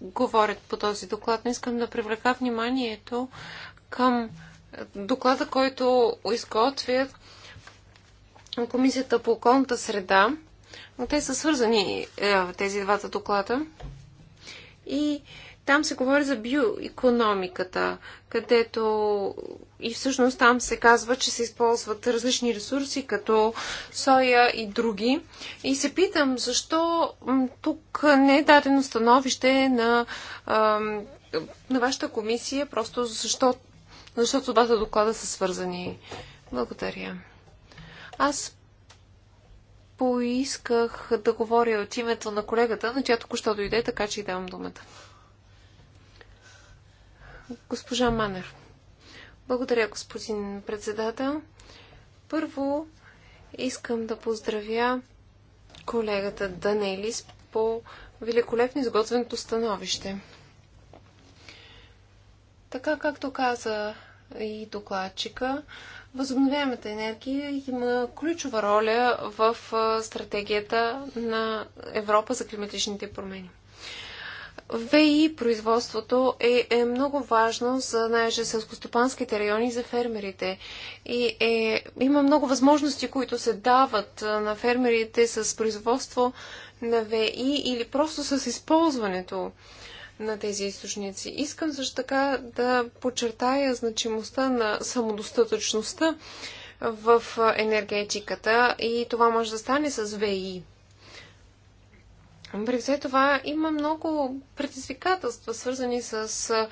говорят по този доклад, но искам да привлека вниманието към доклада, който изготвят Комисията по околната среда, но те са свързани е, тези двата доклада. И там се говори за биоекономиката, където и всъщност там се казва, че се използват различни ресурси, като соя и други. И се питам, защо тук не е дадено становище на, на вашата комисия, просто защо, защото двата доклада са свързани. Благодаря. Аз поисках да говоря от името на колегата, на чиято току-що дойде, така че и давам думата. Госпожа Манер. Благодаря, господин председател. Първо искам да поздравя колегата Данелис по великолепно изготвеното становище. Така както каза и докладчика, Възобновяемата енергия има ключова роля в стратегията на Европа за климатичните промени. ВИ производството е, е много важно за най-же селскостопанските райони за фермерите. И е, има много възможности, които се дават на фермерите с производство на ВИ или просто с използването на тези източници. Искам също така да подчертая значимостта на самодостатъчността в енергетиката и това може да стане с ВИ. При все това има много предизвикателства, свързани с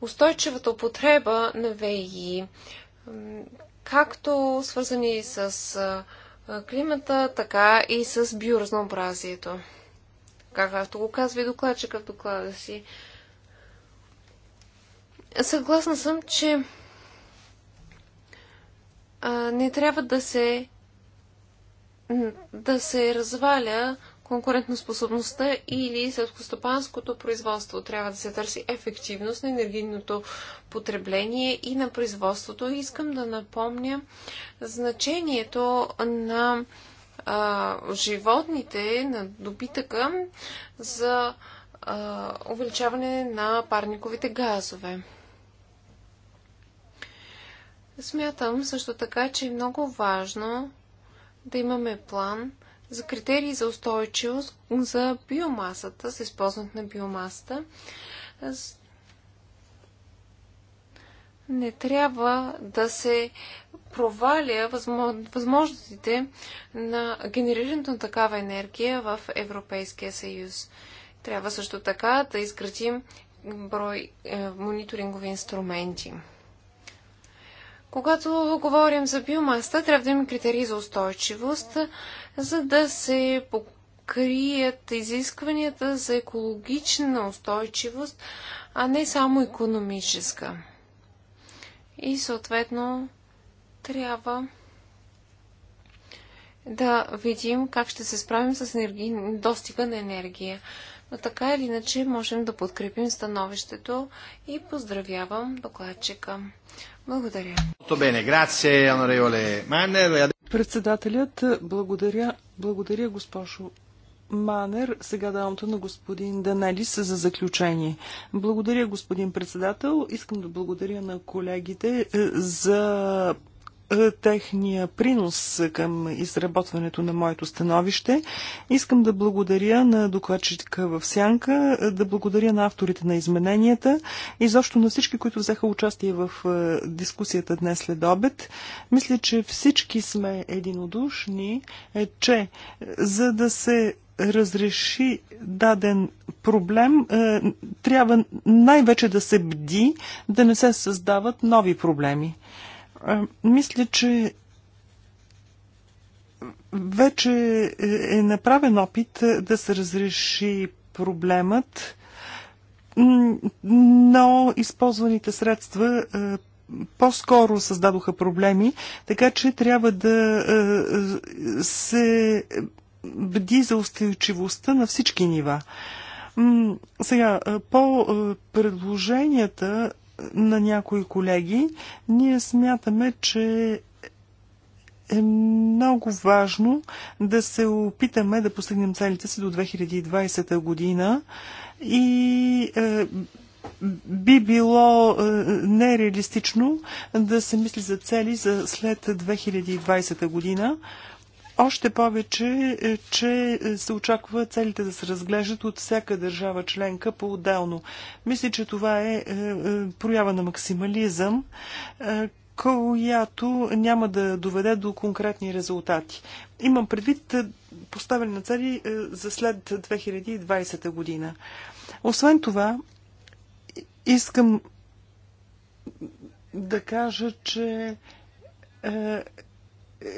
устойчивата употреба на ВИ, както свързани с климата, така и с биоразнообразието както го казва и докладчика в доклада си. Съгласна съм, че не трябва да се да се разваля конкурентоспособността или селскостопанското производство. Трябва да се търси ефективност на енергийното потребление и на производството. Искам да напомня значението на а, животните, на добитъка за а, увеличаване на парниковите газове. Смятам също така, че е много важно да имаме план за критерии за устойчивост за биомасата, за използването на биомасата, не трябва да се проваля възможностите на генерирането на такава енергия в Европейския съюз. Трябва също така да изградим брой е, мониторингови инструменти. Когато говорим за биомаста, трябва да имаме критерии за устойчивост, за да се покрият изискванията за екологична устойчивост, а не само економическа. И съответно трябва да видим как ще се справим с енерги... достига на енергия. Но така или иначе можем да подкрепим становището и поздравявам докладчика. Благодаря. Председателят, благодаря, благодаря госпожо Манер, сега давамто на господин Данелис за заключение. Благодаря, господин председател. Искам да благодаря на колегите е, за е, техния принос към изработването на моето становище. Искам да благодаря на докладчика в Сянка, е, да благодаря на авторите на измененията и защо на всички, които взеха участие в дискусията днес след обед. Мисля, че всички сме единодушни, че за да се разреши даден проблем, е, трябва най-вече да се бди, да не се създават нови проблеми. Е, мисля, че вече е направен опит е, да се разреши проблемът, но използваните средства по-скоро създадоха проблеми, така че трябва да се бди за устойчивостта на всички нива. Сега, по предложенията на някои колеги, ние смятаме, че е много важно да се опитаме да постигнем целите си до 2020 година и е, би било е, нереалистично да се мисли за цели за след 2020 година. Още повече, е, че се очаква целите да се разглеждат от всяка държава членка по-отделно. Мисля, че това е, е, е проява на максимализъм, която няма да доведе до конкретни резултати. Имам предвид поставяне на цели за след 2020 година. Освен това, искам да кажа, че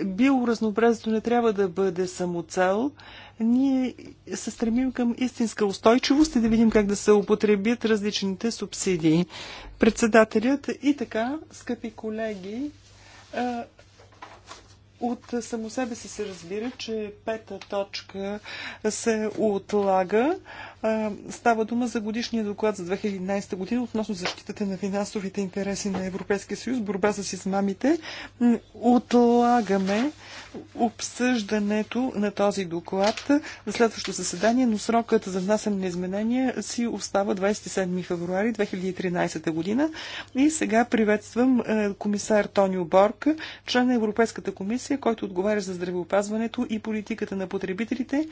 биоразнообразието не трябва да бъде самоцел. Ние се стремим към истинска устойчивост и да видим как да се употребят различните субсидии. Председателят и така, скъпи колеги, от само себе си се разбира, че пета точка се отлага. Става дума за годишния доклад за 2011 година относно защитата на финансовите интереси на Европейския съюз, борба с измамите. Отлагаме обсъждането на този доклад на следващото заседание, но срокът за внасяне на изменения си остава 27 февруари 2013 година. И сега приветствам е, комисар Тонио Борг, член на Европейската комисия, който отговаря за здравеопазването и политиката на потребителите,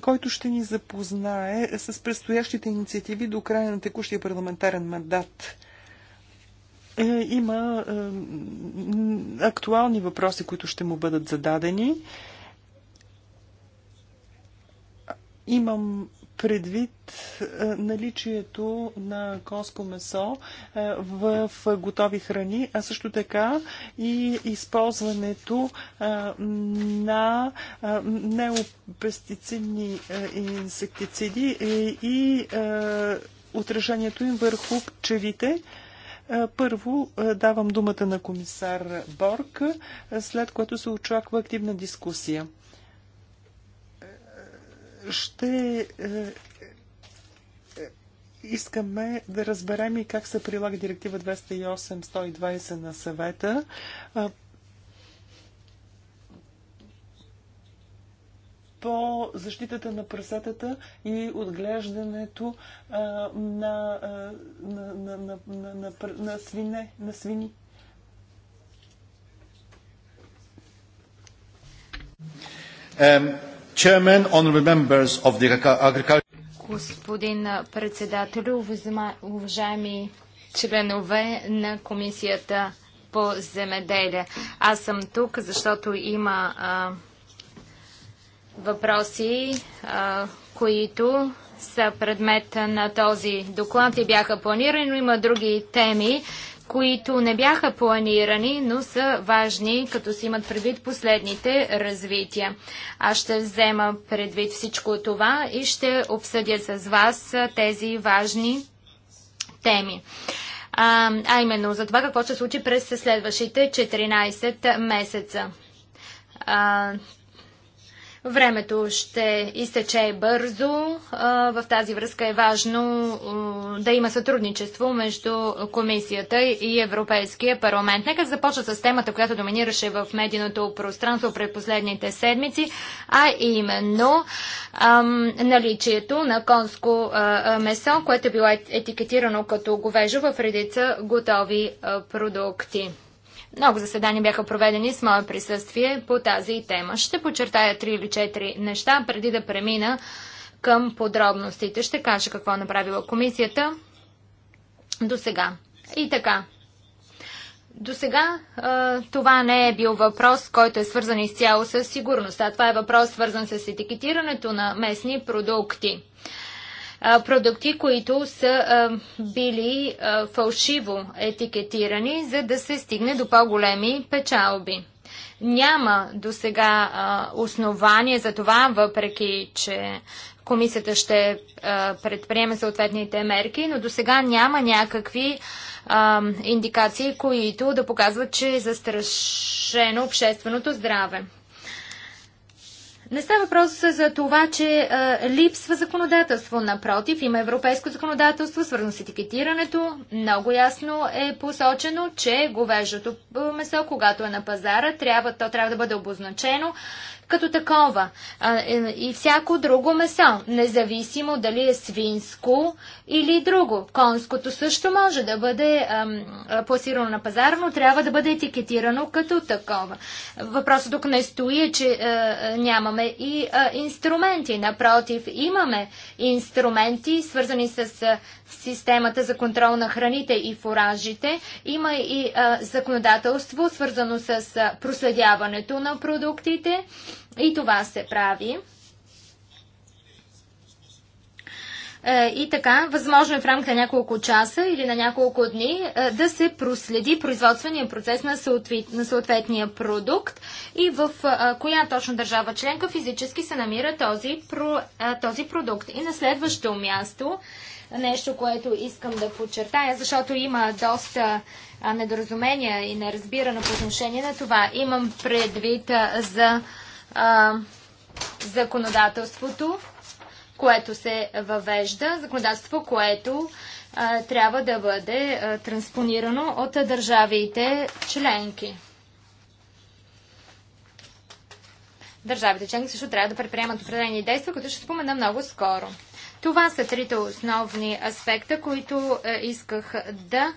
който ще ни запознае с предстоящите инициативи до края на текущия парламентарен мандат. Е, има е, актуални въпроси, които ще му бъдат зададени. Имам предвид е, наличието на конско месо е, в готови храни, а също така и използването е, на неопестицидни инсектициди и отражението им върху пчелите. Първо давам думата на комисар Борг, след което се очаква активна дискусия ще е, е, искаме да разберем и как се прилага директива 208-120 на съвета. по защитата на прасетата и отглеждането а, на, а, на, на, на, на, на, на, свине, на свини. Um, Chairman, honorable members of the agriculture. Господин председател, уважаеми членове на комисията по земеделие. Аз съм тук, защото има а, въпроси, а, които са предмет на този доклад и бяха планирани, но има други теми, които не бяха планирани, но са важни, като си имат предвид последните развития. Аз ще взема предвид всичко това и ще обсъдя с вас тези важни теми. А, а именно за това какво ще случи през следващите 14 месеца. А, Времето ще изтече бързо. В тази връзка е важно да има сътрудничество между комисията и Европейския парламент. Нека започна с темата, която доминираше в медийното пространство пред последните седмици, а именно ам, наличието на конско а, месо, което е било е, етикетирано като говежо в редица готови а, продукти. Много заседания бяха проведени с мое присъствие по тази тема. Ще подчертая три или четири неща, преди да премина към подробностите. Ще кажа какво е направила комисията до сега. И така. До сега това не е бил въпрос, който е свързан изцяло с сигурността. Това е въпрос свързан с етикетирането на местни продукти продукти, които са били фалшиво етикетирани, за да се стигне до по-големи печалби. Няма до сега основание за това, въпреки че комисията ще предприеме съответните мерки, но до сега няма някакви индикации, които да показват, че е застрашено общественото здраве. Не става въпрос за това, че а, липсва законодателство. Напротив, има европейско законодателство, свързано с етикетирането. Много ясно е посочено, че говеждото месо, когато е на пазара, трябва, то трябва да бъде обозначено като такова е, и всяко друго месо, независимо дали е свинско или друго. Конското също може да бъде пласирано на пазар, но трябва да бъде етикетирано като такова. Въпросът тук не стои, е, че нямаме и инструменти. Напротив, имаме инструменти, свързани с системата за контрол на храните и фуражите. Има и законодателство, свързано с проследяването на продуктите. И това се прави. Е, и така, възможно е в рамките на няколко часа или на няколко дни е, да се проследи производствения процес на, съответ, на съответния продукт и в е, коя точно държава членка физически се намира този, този продукт. И на следващо място, нещо, което искам да подчертая, защото има доста недоразумения и неразбиране по отношение на това. Имам предвид за а, законодателството, което се въвежда, законодателство, което а, трябва да бъде а, транспонирано от държавите членки. Държавите членки също трябва да предприемат определени действия, които ще спомена много скоро. Това са трите основни аспекта, които а, е, исках да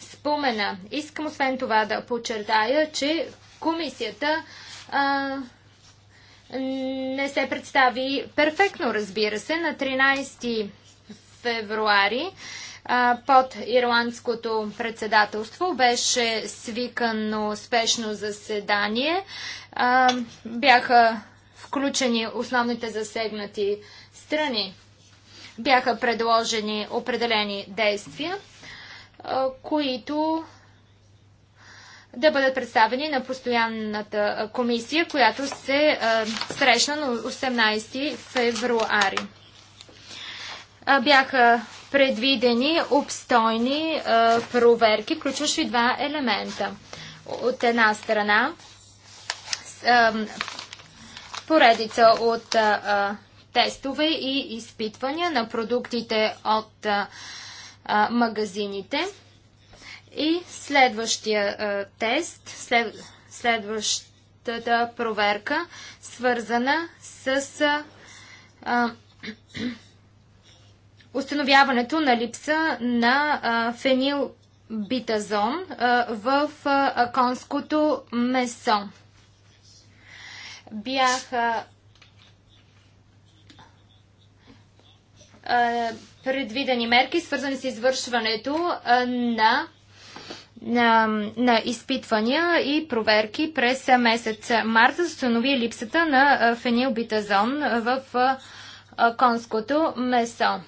спомена. Искам освен това да подчертая, че комисията а, не се представи перфектно, разбира се, на 13 февруари а, под ирландското председателство беше свикано спешно заседание. А, бяха включени основните засегнати страни. Бяха предложени определени действия, а, които да бъдат представени на постоянната комисия, която се срещна на 18 февруари. бяха предвидени обстойни проверки, включващи два елемента. От една страна поредица от тестове и изпитвания на продуктите от магазините – и следващия а, тест, след, следващата проверка, свързана с а, установяването на липса на а, а, в а, конското месо. Бяха предвидени мерки, свързани с извършването на на, на изпитвания и проверки през месец март установи липсата на фенилбитазон в конското месо.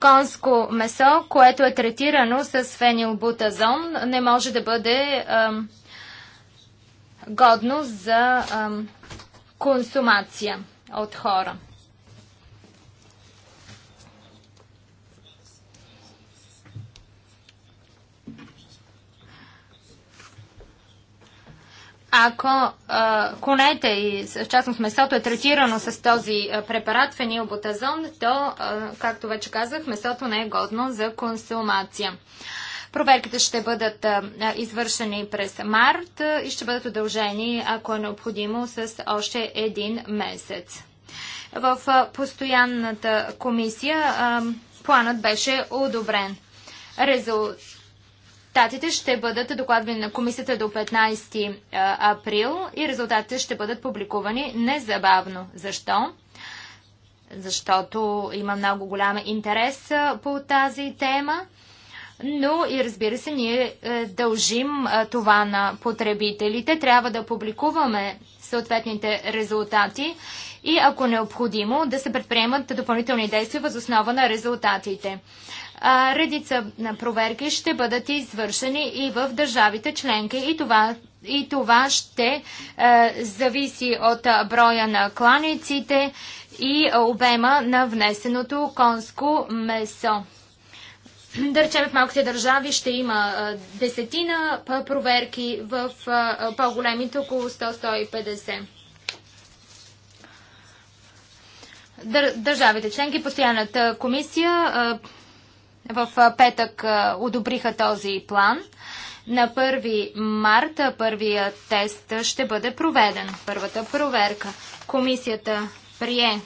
Конско месо, което е третирано с фенилбутазон, не може да бъде ам, годно за ам, консумация от хора. Ако а, конете и в частност месото е третирано с този препарат фенилботазон, то, а, както вече казах, месото не е годно за консумация. Проверките ще бъдат а, извършени през март а, и ще бъдат удължени, ако е необходимо, с още един месец. В а, постоянната комисия планът беше одобрен. Резултат Резултатите ще бъдат докладвани на комисията до 15 април и резултатите ще бъдат публикувани незабавно. Защо? Защото има много голям интерес по тази тема. Но и разбира се, ние е, дължим това на потребителите. Трябва да публикуваме съответните резултати и ако е необходимо да се предприемат допълнителни действия въз основа на резултатите редица на проверки ще бъдат извършени и в държавите членки и това и това ще е, зависи от броя на кланиците и обема на внесеното конско месо. Да речем, в малките държави ще има десетина проверки, в по-големите около 100-150. държавите членки, постоянната комисия в петък одобриха този план. На 1 марта първия тест ще бъде проведен, първата проверка. Комисията прие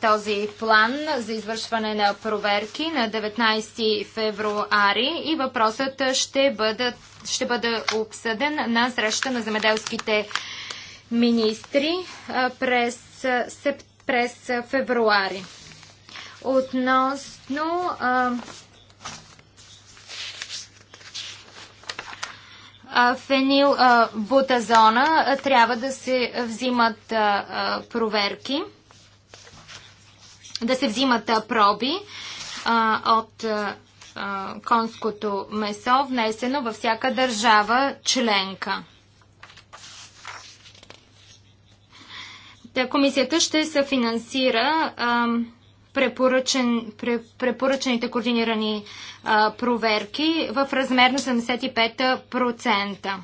този план за извършване на проверки на 19 февруари и въпросът ще, бъде, ще бъде обсъден на среща на земеделските министри през, през февруари. Относно а, фенил а, бутазона а, трябва да се взимат а, проверки, да се взимат проби от конското месо, внесено във всяка държава членка. комисията ще се финансира препоръчен, препоръчените координирани а, проверки в размер на 75%.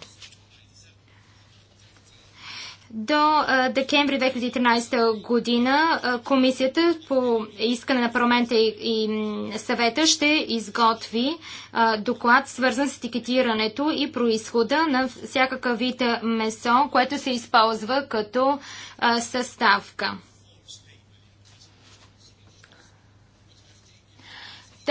До декември 2013 година комисията по искане на парламента и, и съвета ще изготви а, доклад свързан с етикетирането и происхода на всякакъв вид месо, което се използва като а, съставка.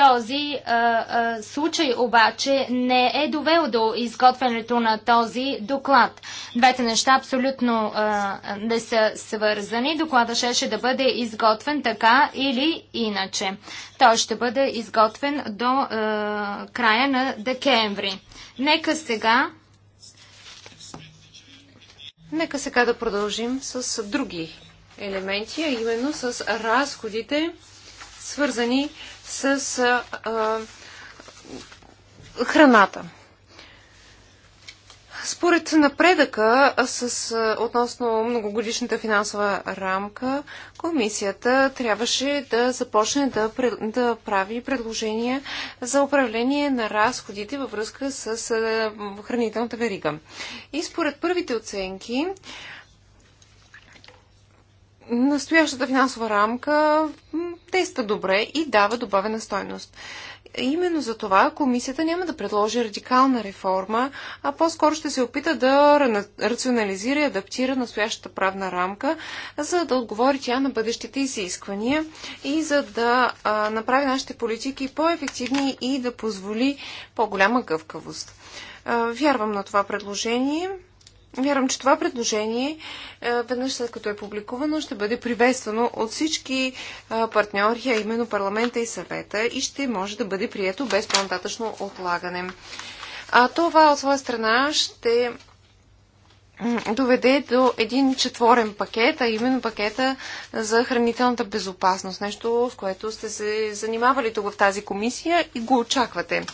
Този а, а, случай обаче не е довел до изготвянето на този доклад. Двете неща абсолютно а, не са свързани. Докладът ще да бъде изготвен така или иначе. Той ще бъде изготвен до а, края на декември. Нека сега. Нека сега да продължим с други елементи, а именно с разходите, свързани с а, а, храната. Според напредъка с, относно многогодишната финансова рамка, комисията трябваше да започне да, да прави предложения за управление на разходите във връзка с хранителната верига. И според първите оценки, настоящата финансова рамка действа добре и дава добавена стойност. Именно за това комисията няма да предложи радикална реформа, а по-скоро ще се опита да рационализира и адаптира настоящата правна рамка, за да отговори тя на бъдещите изисквания и за да направи нашите политики по-ефективни и да позволи по-голяма гъвкавост. вярвам на това предложение Вярвам, че това предложение, е, веднъж след като е публикувано, ще бъде приветствано от всички е, партньори, а именно парламента и съвета и ще може да бъде прието без по-нататъчно отлагане. А това от своя страна ще доведе до един четворен пакет, а именно пакета за хранителната безопасност. Нещо, с което сте се занимавали тук в тази комисия и го очаквате.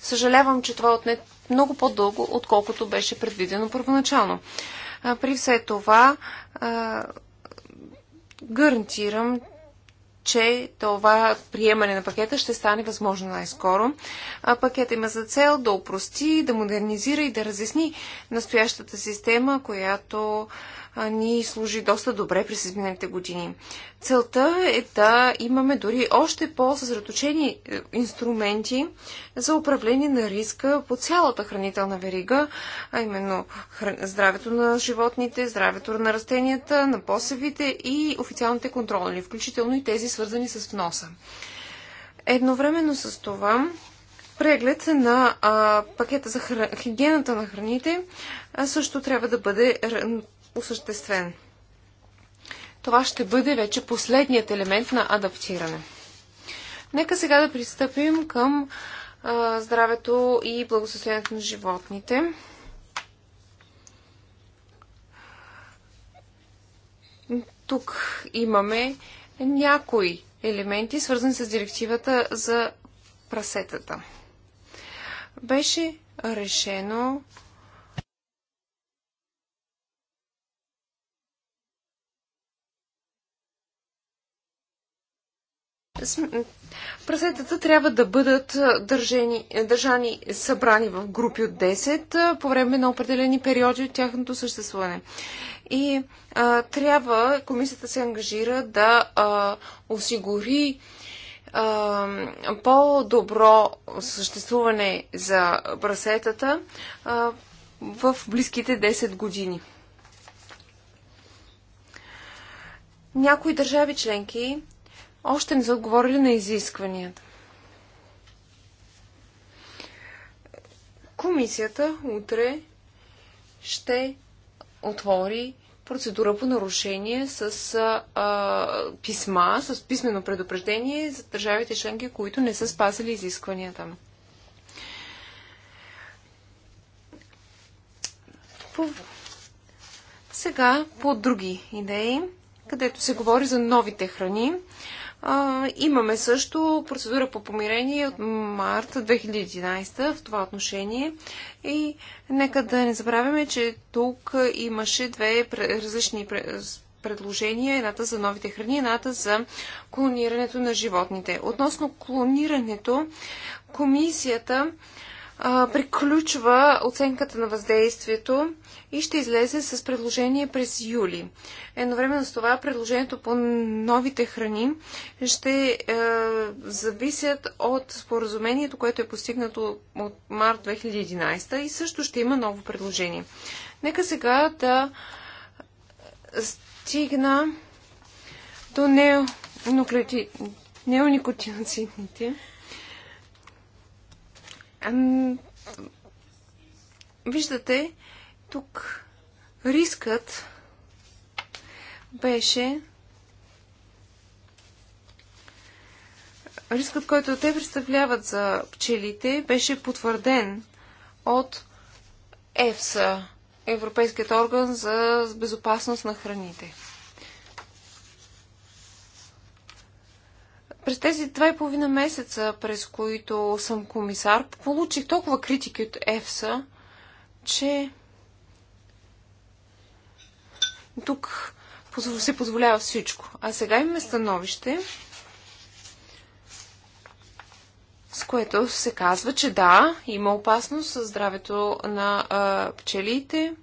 Съжалявам, че това отне много по-дълго, отколкото беше предвидено първоначално. При все това гарантирам, че това приемане на пакета ще стане възможно най-скоро. Пакет има за цел да упрости, да модернизира и да разясни настоящата система, която ни служи доста добре през изминалите години. Целта е да имаме дори още по-съсредоточени е, инструменти за управление на риска по цялата хранителна верига, а именно здравето на животните, здравето на растенията, на посевите и официалните контролни, включително и тези свързани с вноса. Едновременно с това преглед на а, пакета за хигиената на храните а, също трябва да бъде осъществен. Това ще бъде вече последният елемент на адаптиране. Нека сега да пристъпим към а, здравето и благосъстоянието на животните. Тук имаме някои елементи, свързани с директивата за прасетата. Беше решено Прасетата трябва да бъдат държени, държани, събрани в групи от 10 по време на определени периоди от тяхното съществуване. И а, трябва, комисията се ангажира да а, осигури а, по-добро съществуване за прасетата а, в близките 10 години. Някои държави членки още не са отговорили на изискванията. Комисията утре ще отвори процедура по нарушение с а, писма, с писмено предупреждение за държавите членки, които не са спазили изискванията. По... Сега по други идеи, където се говори за новите храни. А, имаме също процедура по помирение от март 2011 в това отношение. И нека да не забравяме, че тук имаше две различни предложения. Едната за новите храни, едната за клонирането на животните. Относно клонирането, комисията а, приключва оценката на въздействието и ще излезе с предложение през юли. Едновременно с това предложението по новите храни ще е, зависят от споразумението, което е постигнато от март 2011 и също ще има ново предложение. Нека сега да стигна до неонуклети... Виждате, тук рискът беше рискът, който те представляват за пчелите, беше потвърден от ЕФСА, Европейският орган за безопасност на храните. През тези два и половина месеца, през които съм комисар, получих толкова критики от ЕФСА, че тук се позволява всичко. А сега имаме становище, с което се казва, че да, има опасност за здравето на а, пчелите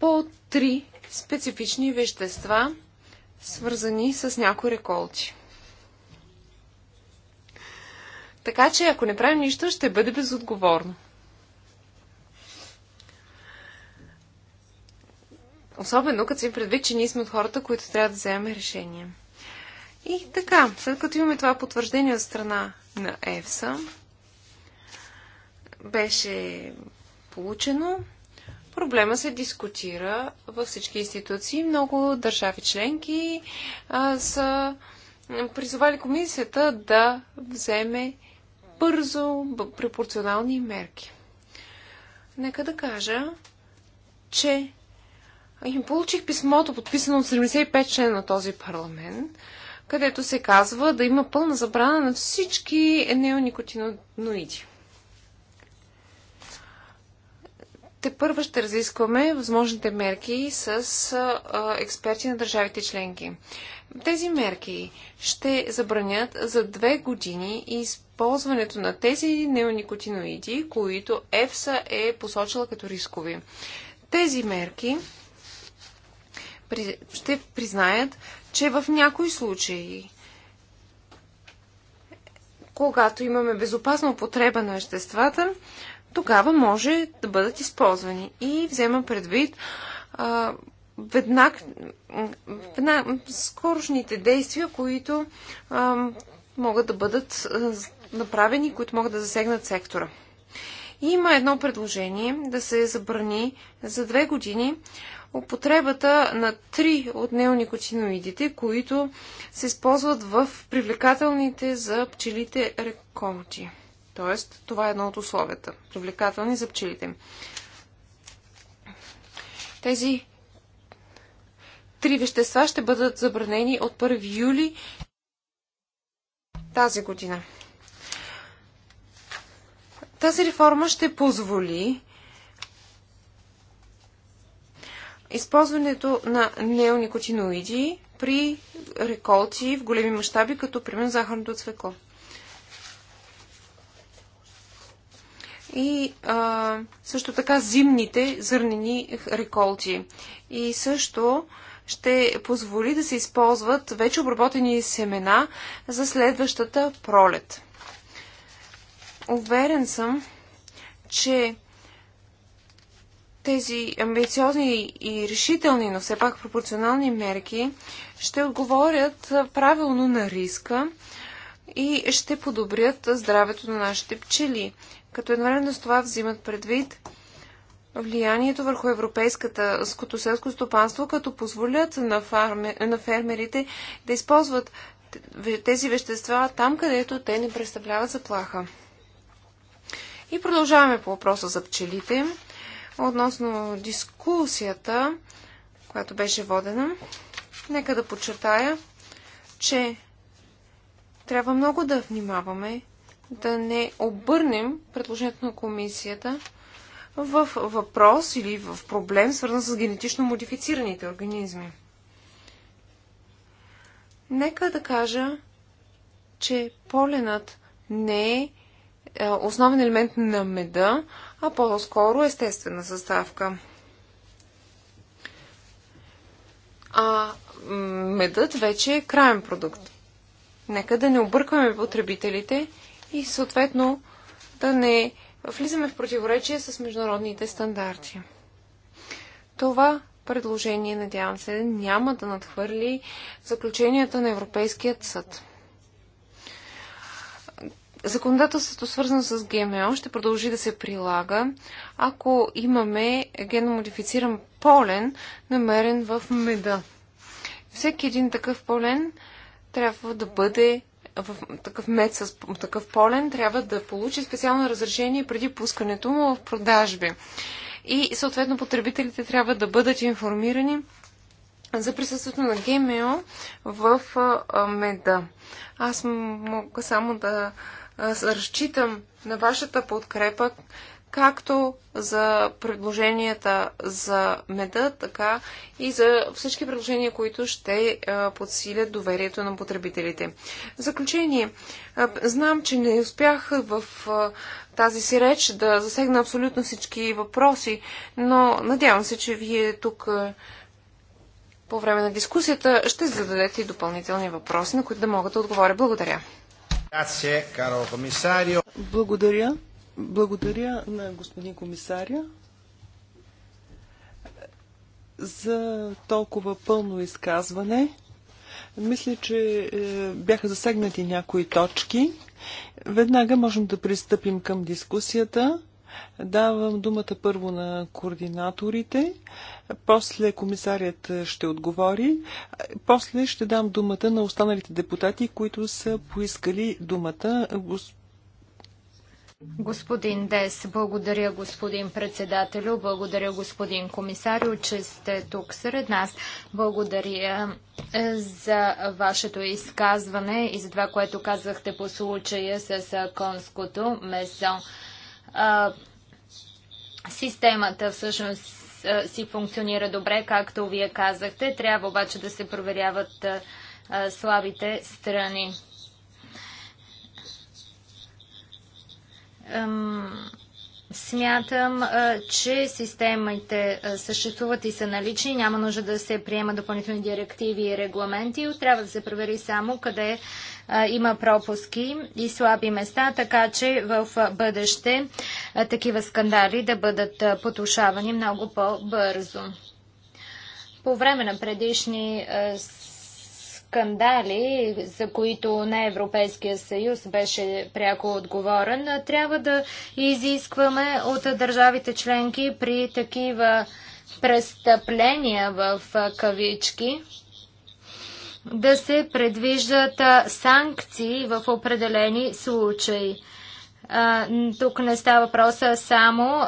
по три специфични вещества, свързани с някои реколти. Така че, ако не правим нищо, ще бъде безотговорно. Особено като си предвид, че ние сме от хората, които трябва да вземем решение. И така, след като имаме това потвърждение от страна на ЕФСА, беше получено. Проблема се дискутира във всички институции. Много държави членки а, са призовали комисията да вземе бързо пропорционални мерки. Нека да кажа, че и получих писмото, подписано от 75 члена на този парламент, където се казва да има пълна забрана на всички неоникотиноиди. Те първо ще разискваме възможните мерки с а, експерти на държавите членки. Тези мерки ще забранят за две години използването на тези неоникотиноиди, които ЕФСА е посочила като рискови. Тези мерки ще признаят, че в някои случаи, когато имаме безопасна употреба на веществата, тогава може да бъдат използвани. И взема предвид а, веднак, веднак скорошните действия, които а, могат да бъдат а, направени, които могат да засегнат сектора. Има едно предложение да се забрани за две години употребата на три от неоникотиноидите, които се използват в привлекателните за пчелите реколти. Тоест, това е едно от условията. Привлекателни за пчелите. Тези три вещества ще бъдат забранени от 1 юли тази година. Тази реформа ще позволи използването на неоникотиноиди при реколти в големи мащаби, като примерно захарното цвекло. И а, също така зимните зърнени реколти. И също ще позволи да се използват вече обработени семена за следващата пролет. Уверен съм, че тези амбициозни и решителни, но все пак пропорционални мерки ще отговорят правилно на риска и ще подобрят здравето на нашите пчели, като едновременно с това взимат предвид влиянието върху европейската скотоселско стопанство, като позволят на, фарме, на фермерите да използват тези вещества там, където те не представляват заплаха. И продължаваме по въпроса за пчелите. Относно дискусията, която беше водена, нека да подчертая, че трябва много да внимаваме да не обърнем предложението на комисията в въпрос или в проблем, свързан с генетично модифицираните организми. Нека да кажа, че поленът не е основен елемент на меда, а по-скоро естествена съставка. А медът вече е крайен продукт. Нека да не объркваме потребителите и съответно да не влизаме в противоречие с международните стандарти. Това предложение, надявам се, няма да надхвърли заключенията на Европейският съд. Законодателството, свързано с ГМО, ще продължи да се прилага, ако имаме геномодифициран полен, намерен в меда. Всеки един такъв полен трябва да бъде в такъв мед с такъв полен трябва да получи специално разрешение преди пускането му в продажби. И съответно потребителите трябва да бъдат информирани за присъствието на ГМО в меда. Аз мога само да аз разчитам на вашата подкрепа, както за предложенията за меда, така и за всички предложения, които ще подсилят доверието на потребителите. В заключение, знам, че не успях в тази си реч да засегна абсолютно всички въпроси, но надявам се, че вие тук по време на дискусията ще зададете и допълнителни въпроси, на които да мога да отговоря. Благодаря. Благодаря. Благодаря на господин комисаря за толкова пълно изказване. Мисля, че е, бяха засегнати някои точки. Веднага можем да пристъпим към дискусията. Давам думата първо на координаторите, после комисарият ще отговори, после ще дам думата на останалите депутати, които са поискали думата. Господин Дес, благодаря господин председателю, благодаря господин комисарио, че сте тук сред нас. Благодаря е, за вашето изказване и за това, което казахте по случая с е, конското месо а, системата всъщност а, си функционира добре, както вие казахте. Трябва обаче да се проверяват а, слабите страни. Смятам, че системите съществуват и са налични. Няма нужда да се приема допълнителни директиви и регламенти. Трябва да се провери само къде има пропуски и слаби места, така че в бъдеще такива скандали да бъдат потушавани много по-бързо. По време на предишни скандали, за които не Европейския съюз беше пряко отговорен, трябва да изискваме от държавите членки при такива престъпления в кавички да се предвиждат санкции в определени случаи. Тук не става въпроса само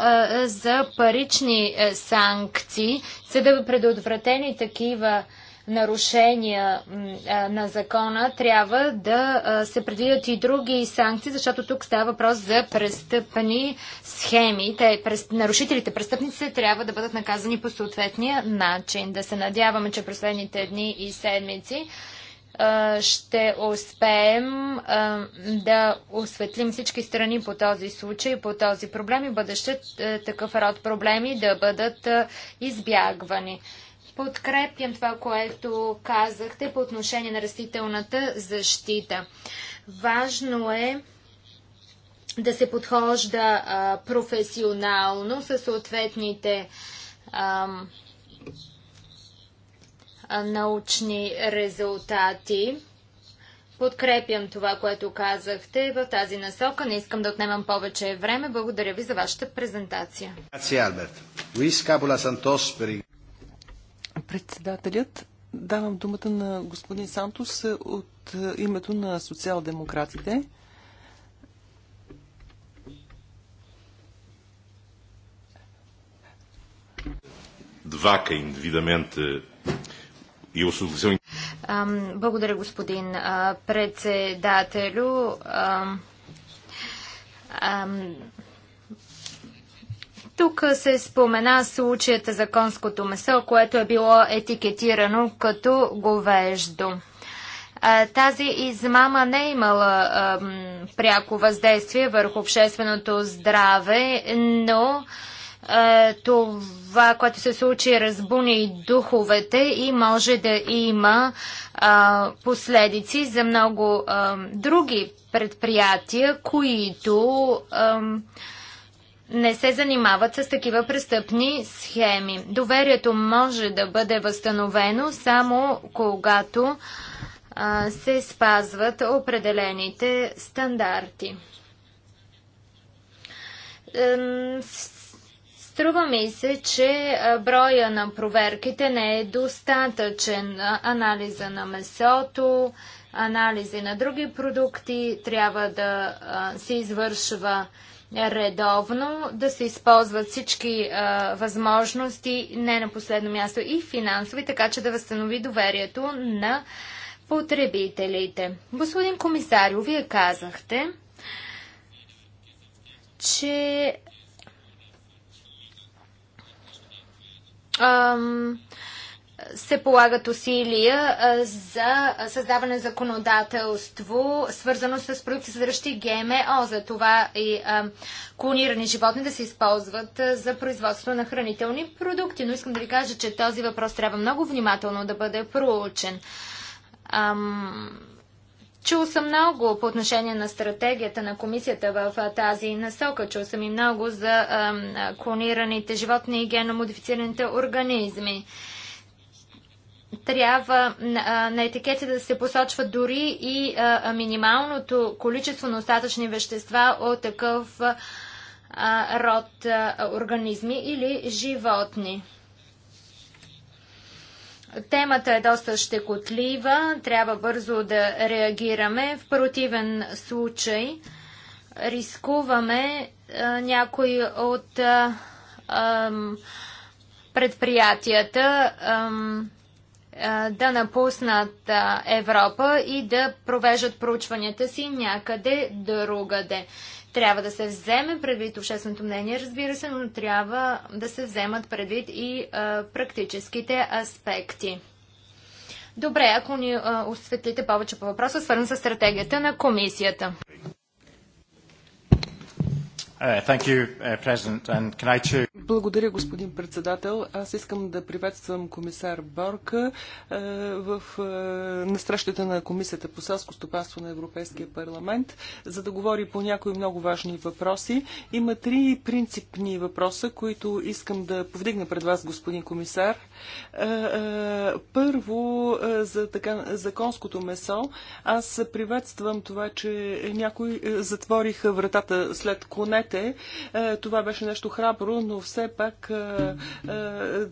за парични санкции, за да е предотвратени такива нарушения на закона, трябва да се предвидят и други санкции, защото тук става въпрос за престъпни схеми. Те, нарушителите, престъпниците трябва да бъдат наказани по съответния начин. Да се надяваме, че последните дни и седмици ще успеем да осветлим всички страни по този случай, по този проблем и бъдещето такъв род проблеми да бъдат избягвани. Подкрепям това, което казахте по отношение на растителната защита. Важно е да се подхожда а, професионално със съответните а, научни резултати. Подкрепям това, което казахте в тази насока. Не искам да отнемам повече време. Благодаря ви за вашата презентация. Председателят, давам думата на господин Сантос е, от е, името на социал-демократите. Двака индивидаменте и e Благодаря, господин председателю. ам, тук се спомена случаята за конското месо, което е било етикетирано като говеждо. Тази измама не е имала а, пряко въздействие върху общественото здраве, но а, това, което се случи, разбуни духовете и може да има а, последици за много други предприятия, които не се занимават с такива престъпни схеми. Доверието може да бъде възстановено само когато а, се спазват определените стандарти. Струва ми се, че броя на проверките не е достатъчен. Анализа на месото, анализи на други продукти трябва да се извършва редовно, да се използват всички а, възможности, не на последно място и финансови, така че да възстанови доверието на потребителите. Господин комисарио, вие казахте, че ам, се полагат усилия за създаване на законодателство, свързано с продукти, съдържащи ГМО, за това и клонирани животни да се използват за производство на хранителни продукти. Но искам да ви кажа, че този въпрос трябва много внимателно да бъде проучен. Ам... Чул съм много по отношение на стратегията на комисията в тази насока. Чул съм и много за ам, клонираните животни и геномодифицираните организми трябва на етикетите да се посочва дори и минималното количество на остатъчни вещества от такъв род организми или животни. Темата е доста щекотлива, трябва бързо да реагираме. В противен случай рискуваме някои от предприятията да напуснат Европа и да провеждат проучванията си някъде другаде. Трябва да се вземе предвид общественото мнение, разбира се, но трябва да се вземат предвид и а, практическите аспекти. Добре, ако ни а, осветлите повече по въпроса, свързан с стратегията на комисията. Uh, uh, Благодаря, господин председател. Аз искам да приветствам комисар Борка uh, в настрещата на Комисията по селско стопанство на Европейския парламент, за да говори по някои много важни въпроси. Има три принципни въпроса, които искам да повдигна пред вас, господин комисар. Първо, за така, законското месо. Аз приветствам това, че някои затвориха вратата след конете двете. Е, това беше нещо храбро, но все пак е, е,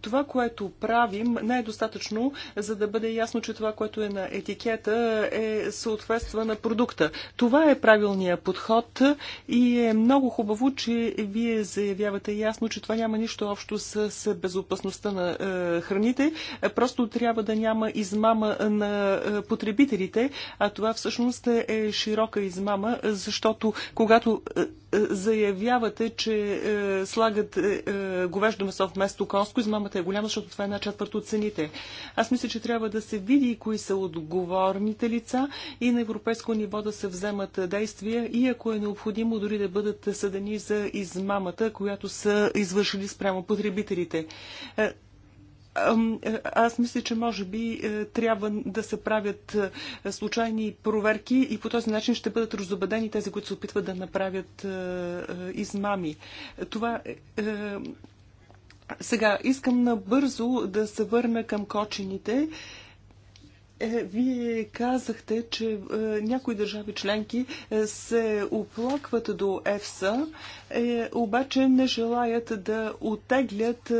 това, което правим, не е достатъчно, за да бъде ясно, че това, което е на етикета, е съответства на продукта. Това е правилният подход и е много хубаво, че вие заявявате ясно, че това няма нищо общо с безопасността на храните. Просто трябва да няма измама на потребителите, а това всъщност е широка измама, защото когато заявявате, че е, слагате е, говеждо месо вместо конско, измамата е голяма, защото това е една четвърт от цените. Аз мисля, че трябва да се види кои са отговорните лица и на европейско ниво да се вземат действия и ако е необходимо дори да бъдат съдени за измамата, която са извършили спрямо потребителите. Е, е, аз мисля, че може би е, трябва да се правят е, случайни проверки и по този начин ще бъдат разобедени тези, които се опитват да направят измами. Това сега искам набързо да се върна към кочените. Е, вие казахте, че е, някои държави членки е, се оплакват до ЕФСА, обаче не желаят да отеглят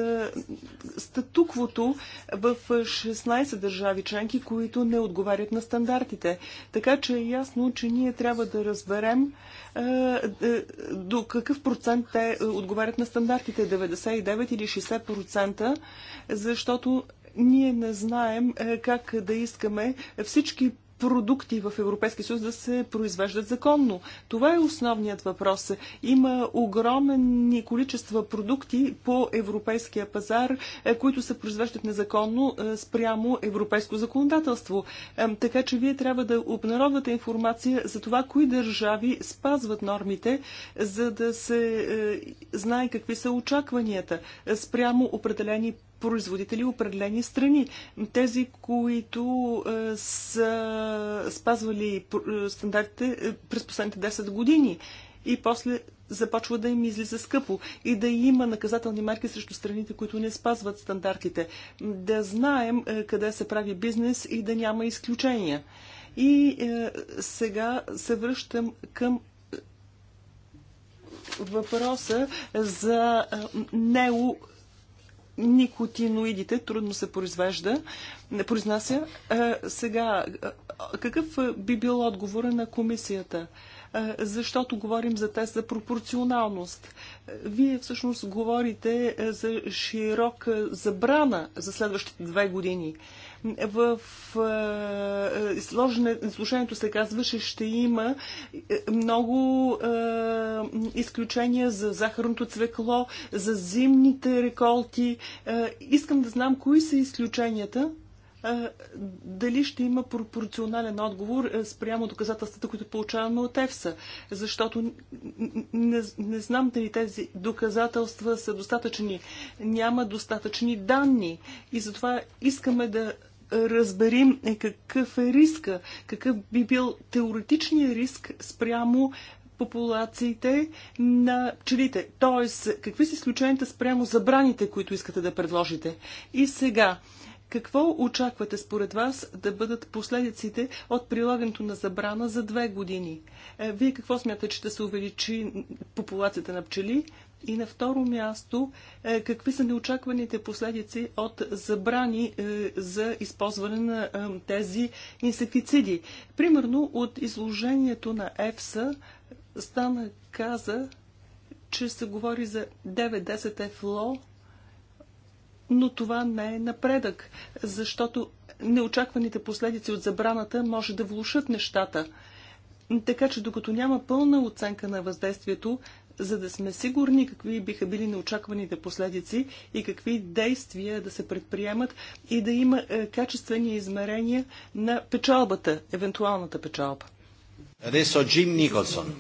статуквото в 16 държави членки, които не отговарят на стандартите. Така че е ясно, че ние трябва да разберем до какъв процент те отговарят на стандартите 99 или 60%, защото ние не знаем е, как да искаме всички продукти в Европейския съюз да се произвеждат законно. Това е основният въпрос. Има огромни количества продукти по европейския пазар, е, които се произвеждат незаконно е, спрямо европейско законодателство. Така че вие трябва да обнародвате информация за това, кои държави спазват нормите, за да се знае какви са очакванията спрямо определени производители определени страни. Тези, които е, са спазвали е, стандартите е, през последните 10 години и после започва да им излиза скъпо и да има наказателни марки срещу страните, които не спазват стандартите. Да знаем е, къде се прави бизнес и да няма изключения. И е, сега се връщам към е, въпроса за нео никотиноидите трудно се произвежда, не произнася. Сега, какъв би бил отговора на комисията? Защото говорим за тест за пропорционалност. Вие всъщност говорите за широка забрана за следващите две години. В изложението е, се казваше, ще има е, много изключения за захарното цвекло, за зимните реколти. Искам да знам кои са изключенията дали ще има пропорционален отговор спрямо доказателствата, които получаваме от ЕФСА. Защото не, не знам дали тези доказателства са достатъчни. Няма достатъчни данни. И затова искаме да разберим е какъв е риска, какъв би бил теоретичният риск спрямо популациите на пчелите. Тоест, какви са изключенията спрямо забраните, които искате да предложите? И сега, какво очаквате според вас да бъдат последиците от прилагането на забрана за две години? Е, вие какво смятате, че да се увеличи популацията на пчели? И на второ място, е, какви са неочакваните последици от забрани е, за използване на е, тези инсектициди? Примерно от изложението на ЕФСА стана каза, че се говори за 9-10 ефло, но това не е напредък, защото неочакваните последици от забраната може да влушат нещата. Така че докато няма пълна оценка на въздействието, за да сме сигурни какви биха били неочакваните последици и какви действия да се предприемат и да има е, качествени измерения на печалбата, евентуалната печалба. Adesso Джим Николсон.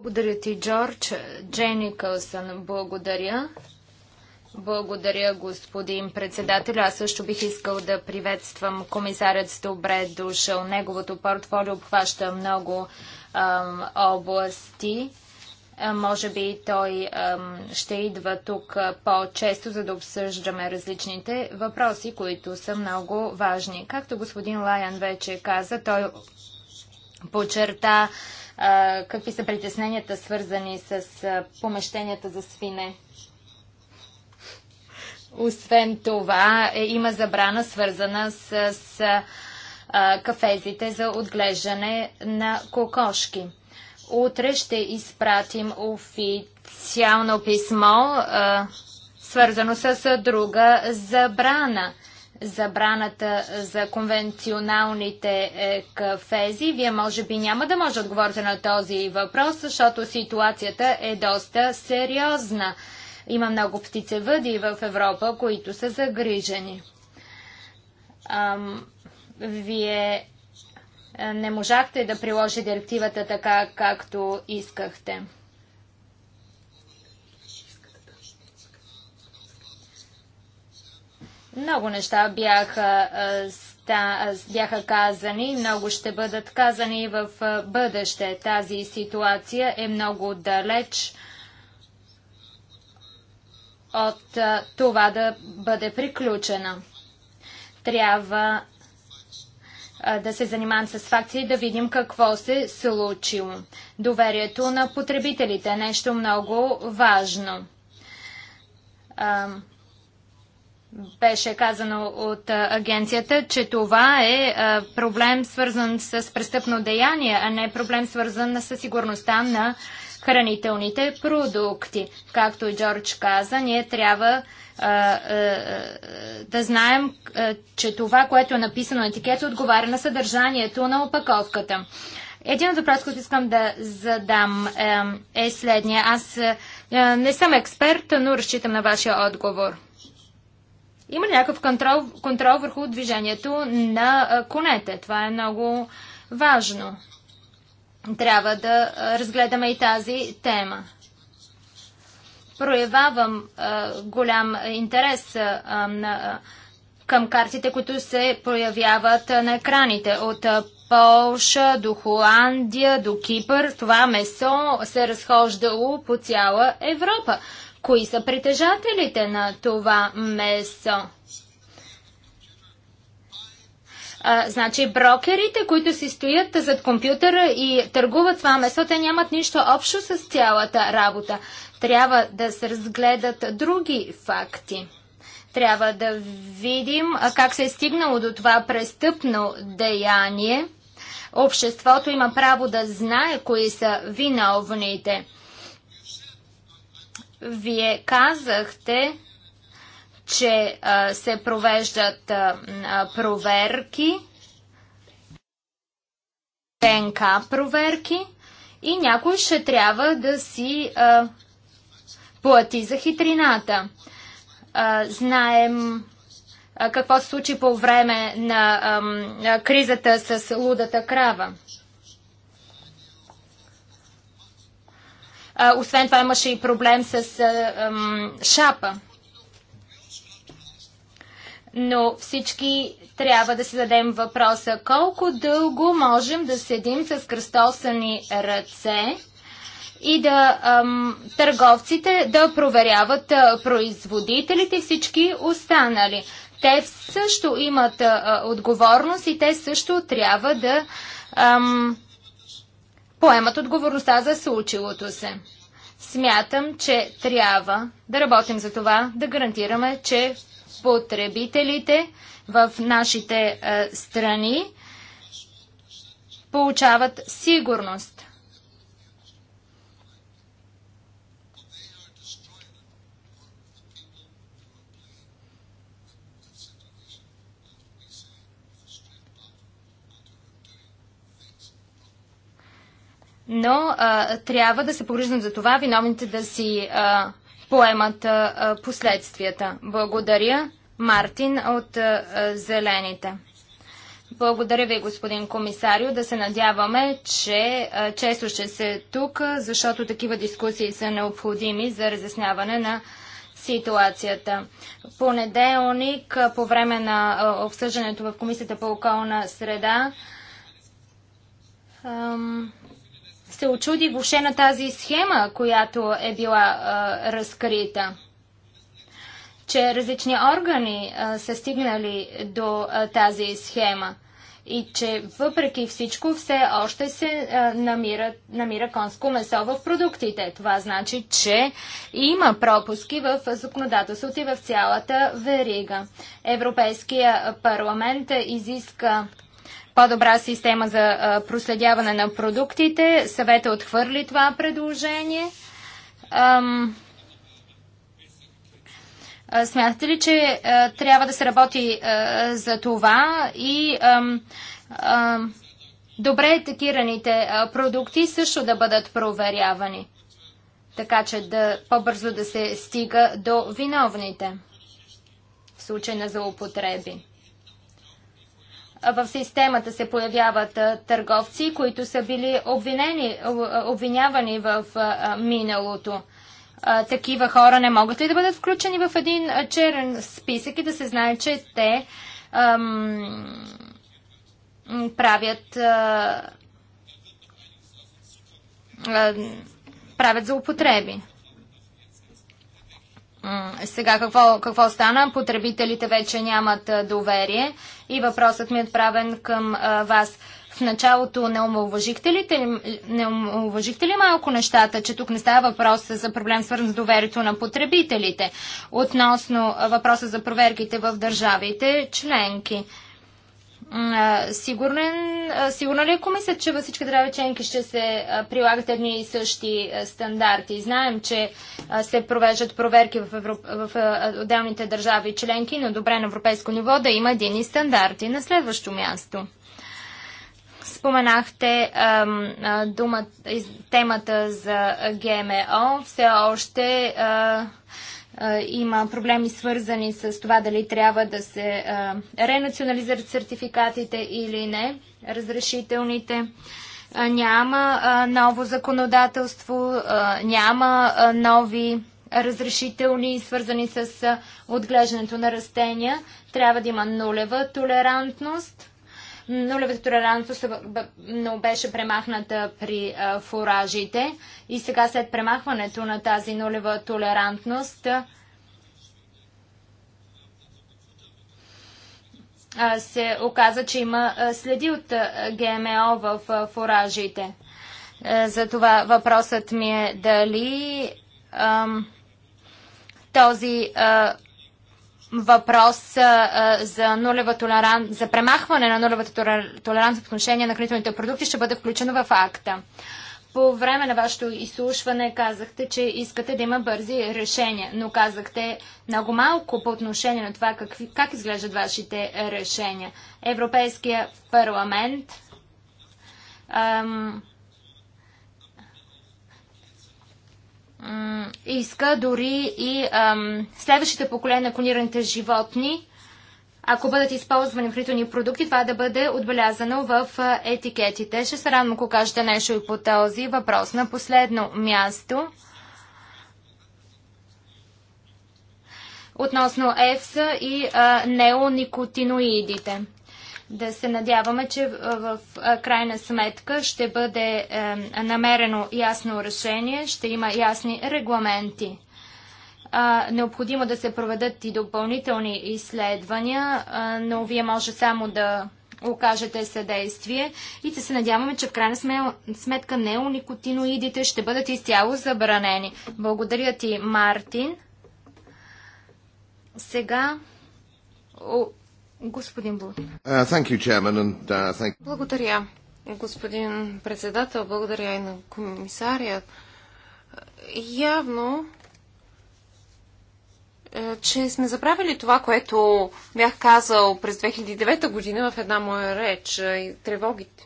Благодаря ти, Джордж. Джей Никълсън, благодаря. Благодаря, господин председател. Аз също бих искал да приветствам комисарят с добре дошъл. Неговото портфолио обхваща много области. Може би той ще идва тук по-често, за да обсъждаме различните въпроси, които са много важни. Както господин Лаян вече каза, той почерта какви са притесненията, свързани с помещенията за свине. Освен това, е, има забрана, свързана с, с кафезите за отглеждане на кокошки. Утре ще изпратим официално писмо, свързано с друга забрана забраната за конвенционалните е, кафези. Вие може би няма да може отговорите на този въпрос, защото ситуацията е доста сериозна. Има много птицевъди в Европа, които са загрижени. Ам, вие е, не можахте да приложи директивата така, както искахте. Много неща бяха, е, ста, е, бяха казани, много ще бъдат казани в бъдеще. Тази ситуация е много далеч от това да бъде приключена. Трябва да се занимаем с факти и да видим какво се случило. Доверието на потребителите е нещо много важно. Беше казано от агенцията, че това е проблем свързан с престъпно деяние, а не проблем свързан с сигурността на хранителните продукти. Както Джордж каза, ние трябва а, а, да знаем, а, че това, което е написано на етикета, отговаря на съдържанието на опаковката. Един от въпросите, които искам да задам е, е следния. Аз не съм експерт, но разчитам на вашия отговор. Има ли някакъв контрол, контрол върху движението на конете? Това е много важно трябва да разгледаме и тази тема. Проявявам голям интерес към картите, които се проявяват на екраните от Полша до Холандия до Кипър. Това месо се разхождало по цяла Европа. Кои са притежателите на това месо? А, значи брокерите, които си стоят зад компютъра и търгуват това месо, те нямат нищо общо с цялата работа. Трябва да се разгледат други факти. Трябва да видим как се е стигнало до това престъпно деяние. Обществото има право да знае кои са виновните. Вие казахте, че а, се провеждат а, проверки, ДНК проверки и някой ще трябва да си а, плати за хитрината. А, знаем а, какво се случи по време на а, а, кризата с лудата крава. А, освен това имаше и проблем с а, а, шапа. Но всички трябва да си зададем въпроса колко дълго можем да седим с кръстосани ръце и да ам, търговците да проверяват а, производителите и всички останали. Те също имат а, отговорност и те също трябва да ам, поемат отговорността за случилото се. Смятам, че трябва да работим за това, да гарантираме, че потребителите в нашите е, страни получават сигурност. но а, е, трябва да се погрижим за това виновните да си а, е, поемат а, последствията. Благодаря, Мартин от а, Зелените. Благодаря ви, господин комисарио. Да се надяваме, че а, често ще се тук, защото такива дискусии са необходими за разясняване на ситуацията. Понеделник, по време на обсъждането в Комисията по околна среда, ам, се очуди въобще на тази схема, която е била а, разкрита че различни органи а, са стигнали до а, тази схема и че въпреки всичко все още се а, намира, намира конско месо в продуктите. Това значи, че има пропуски в законодателството и в цялата верига. Европейския парламент изиска по-добра система за проследяване на продуктите. Съвета отхвърли това предложение. Смятате ли, че трябва да се работи за това и добре етикираните продукти също да бъдат проверявани, така че да, по-бързо да се стига до виновните в случай на злоупотреби? в системата се появяват търговци, които са били обвинени, обвинявани в миналото. Такива хора не могат ли да бъдат включени в един черен списък и да се знае, че те ам, правят, а, правят злоупотреби? сега какво, какво стана? Потребителите вече нямат доверие и въпросът ми е отправен към вас. В началото не омалважихте ли, не омалважихте ли малко нещата, че тук не става въпрос за проблем свързан с доверието на потребителите относно въпроса за проверките в държавите членки? Сигурен, сигурна ли е комисът, че във всички държави членки ще се прилагат едни и същи стандарти? Знаем, че се провеждат проверки в, Европ... в отделните държави членки, но добре на европейско ниво да има едини стандарти. На следващо място. Споменахте ам, темата за ГМО. Все още има проблеми свързани с това дали трябва да се ренационализират сертификатите или не, разрешителните няма ново законодателство, няма нови разрешителни, свързани с отглеждането на растения. Трябва да има нулева толерантност. Нулевата толерантност беше премахната при фуражите и сега след премахването на тази нулева толерантност се оказа, че има следи от ГМО в фуражите. Затова въпросът ми е дали този а, въпрос а, за, нулева толеран... за премахване на нулевата толерантност в отношение на хранителните продукти ще бъде включено в акта. По време на вашето изслушване казахте, че искате да има бързи решения, но казахте много малко по отношение на това как, как изглеждат вашите решения. Европейския парламент ам, иска дори и ам, следващите поколения на клонираните животни, ако бъдат използвани хранителни продукти, това да бъде отбелязано в етикетите. Ще се радвам, ако кажете нещо и по този въпрос. На последно място, относно ЕФСА и а, неоникотиноидите да се надяваме, че в крайна сметка ще бъде намерено ясно решение, ще има ясни регламенти. Необходимо да се проведат и допълнителни изследвания, но вие може само да окажете съдействие и да се надяваме, че в крайна сметка неоникотиноидите ще бъдат изцяло забранени. Благодаря ти, Мартин. Сега Господин Бул. Uh, uh, thank... Uh, Благодаря, господин председател. Благодаря и на комисария. Явно е, че сме забравили това, което бях казал през 2009 година в една моя реч е, и тревогите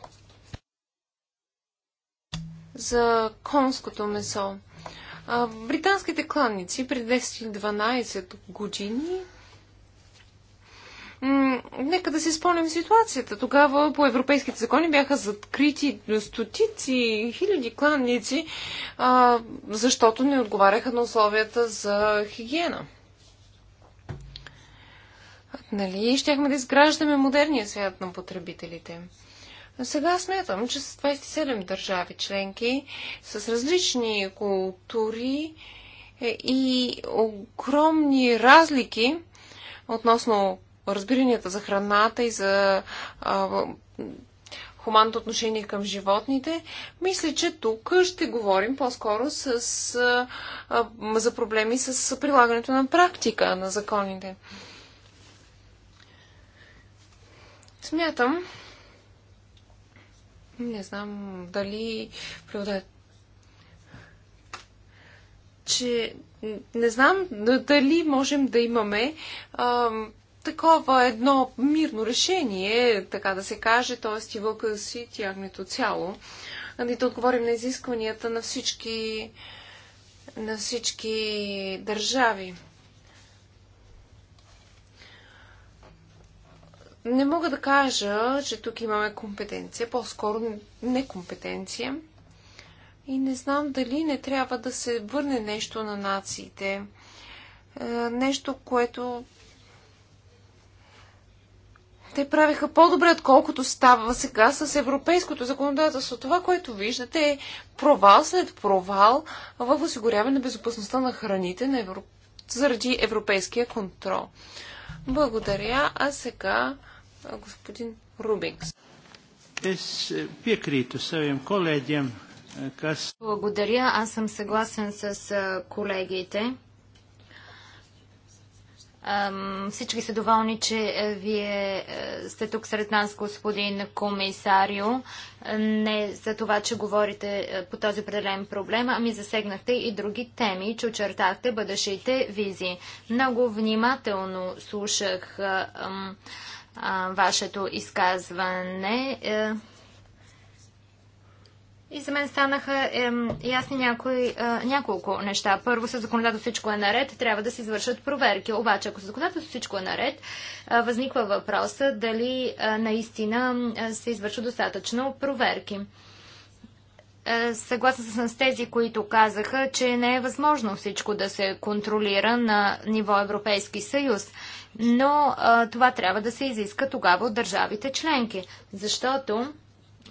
за конското месо. Британските кланници при 10-12 години нека да си спомним ситуацията. Тогава по европейските закони бяха закрити стотици, хиляди кланници, а, защото не отговаряха на условията за хигиена. Нали, щяхме да изграждаме модерния свят на потребителите. Сега смятам, че с 27 държави членки, с различни култури е, и огромни разлики относно разбиранията за храната и за хуманното отношение към животните, мисля, че тук ще говорим по-скоро с, а, за проблеми с прилагането на практика на законите. Смятам, не знам дали преводят, че не знам дали можем да имаме а, такова едно мирно решение, така да се каже, т.е. и вълка си и цяло, нали, да отговорим на изискванията на всички, на всички държави. Не мога да кажа, че тук имаме компетенция, по-скоро некомпетенция. И не знам дали не трябва да се върне нещо на нациите. Е, нещо, което те правиха по-добре, отколкото става сега с европейското законодателство. Това, което виждате е провал след провал в осигуряване на безопасността на храните на Европ... заради европейския контрол. Благодаря. А сега господин Рубинкс. Е, е, Благодаря. Аз съм съгласен с е, колегите. Всички са доволни, че е, вие е, сте тук сред нас, господин комисарио. Не за това, че говорите е, по този определен проблем, ами засегнахте и други теми, че очертахте бъдещите визии. Много внимателно слушах вашето изказване и за мен станаха е, ясни някои, е, няколко неща. Първо, с законодателство всичко е наред, трябва да се извършат проверки. Обаче, ако с законодателство всичко е наред, е, възниква въпроса дали е, наистина е, се извършва достатъчно проверки. Е, съгласна съм с тези, които казаха, че не е възможно всичко да се контролира на ниво Европейски съюз. Но е, това трябва да се изиска тогава от държавите членки. Защото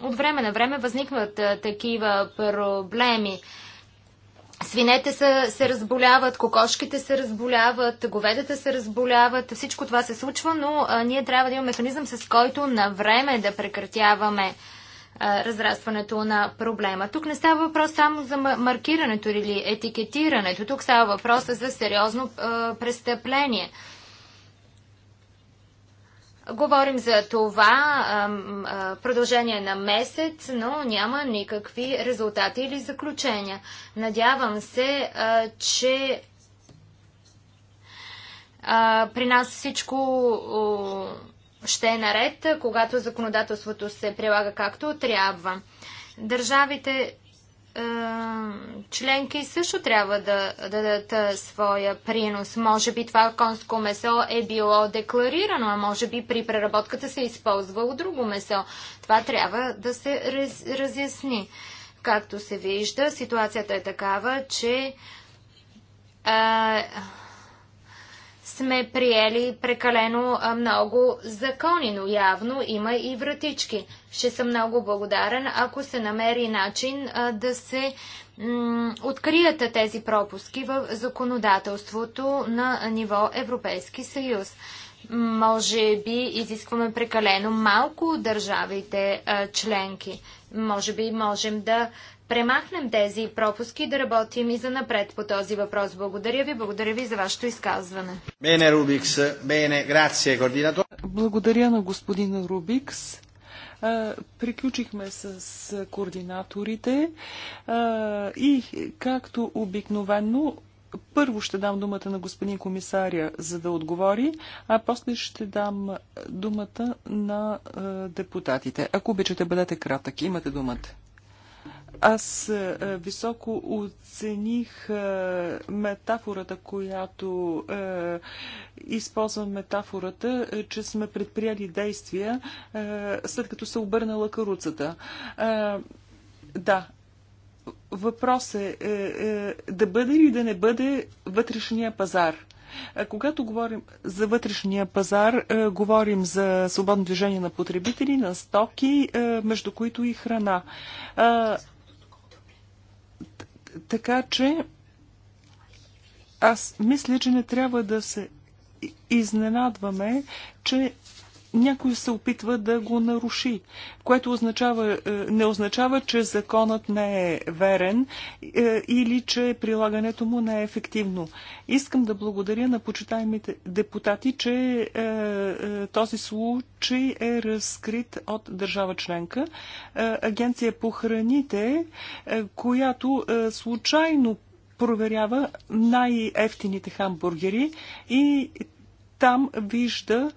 от време на време възникват а, такива проблеми. Свинете са, се разболяват, кокошките се разболяват, говедата се разболяват. Всичко това се случва, но а, ние трябва да имаме механизъм, с който на време да прекратяваме а, разрастването на проблема. Тук не става въпрос само за маркирането или етикетирането. Тук става въпрос за сериозно а, престъпление. Говорим за това продължение на месец, но няма никакви резултати или заключения. Надявам се, че при нас всичко ще е наред, когато законодателството се прилага както трябва. Държавите членки също трябва да дадат своя принос. Може би това конско месо е било декларирано, а може би при преработката се е използвало друго месо. Това трябва да се раз, разясни. Както се вижда, ситуацията е такава, че а, сме приели прекалено много закони, но явно има и вратички. Ще съм много благодарен, ако се намери начин да се открият тези пропуски в законодателството на ниво Европейски съюз. Може би изискваме прекалено малко от държавите членки. Може би можем да премахнем тези пропуски и да работим и за напред по този въпрос. Благодаря ви, благодаря ви за вашето изказване. Бене, Рубикс. Бене, грация, координатор. Благодаря на господин Рубикс. Приключихме с координаторите и както обикновено първо ще дам думата на господин комисаря, за да отговори, а после ще дам думата на депутатите. Ако обичате, бъдете кратък. Имате думата. Аз е, е, високо оцених е, метафората, която е, използвам метафората, че сме предприели действия е, след като се обърнала каруцата. Е, да, въпрос е, е да бъде или да не бъде вътрешния пазар. Когато говорим за вътрешния пазар, е, говорим за свободно движение на потребители, на стоки, е, между които и храна. Е, така че аз мисля, че не трябва да се изненадваме, че някой се опитва да го наруши, което означава, е, не означава, че законът не е верен е, или че прилагането му не е ефективно. Искам да благодаря на почитаемите депутати, че е, този случай е разкрит от държава членка. Агенция по храните, която случайно проверява най-ефтините хамбургери и там вижда,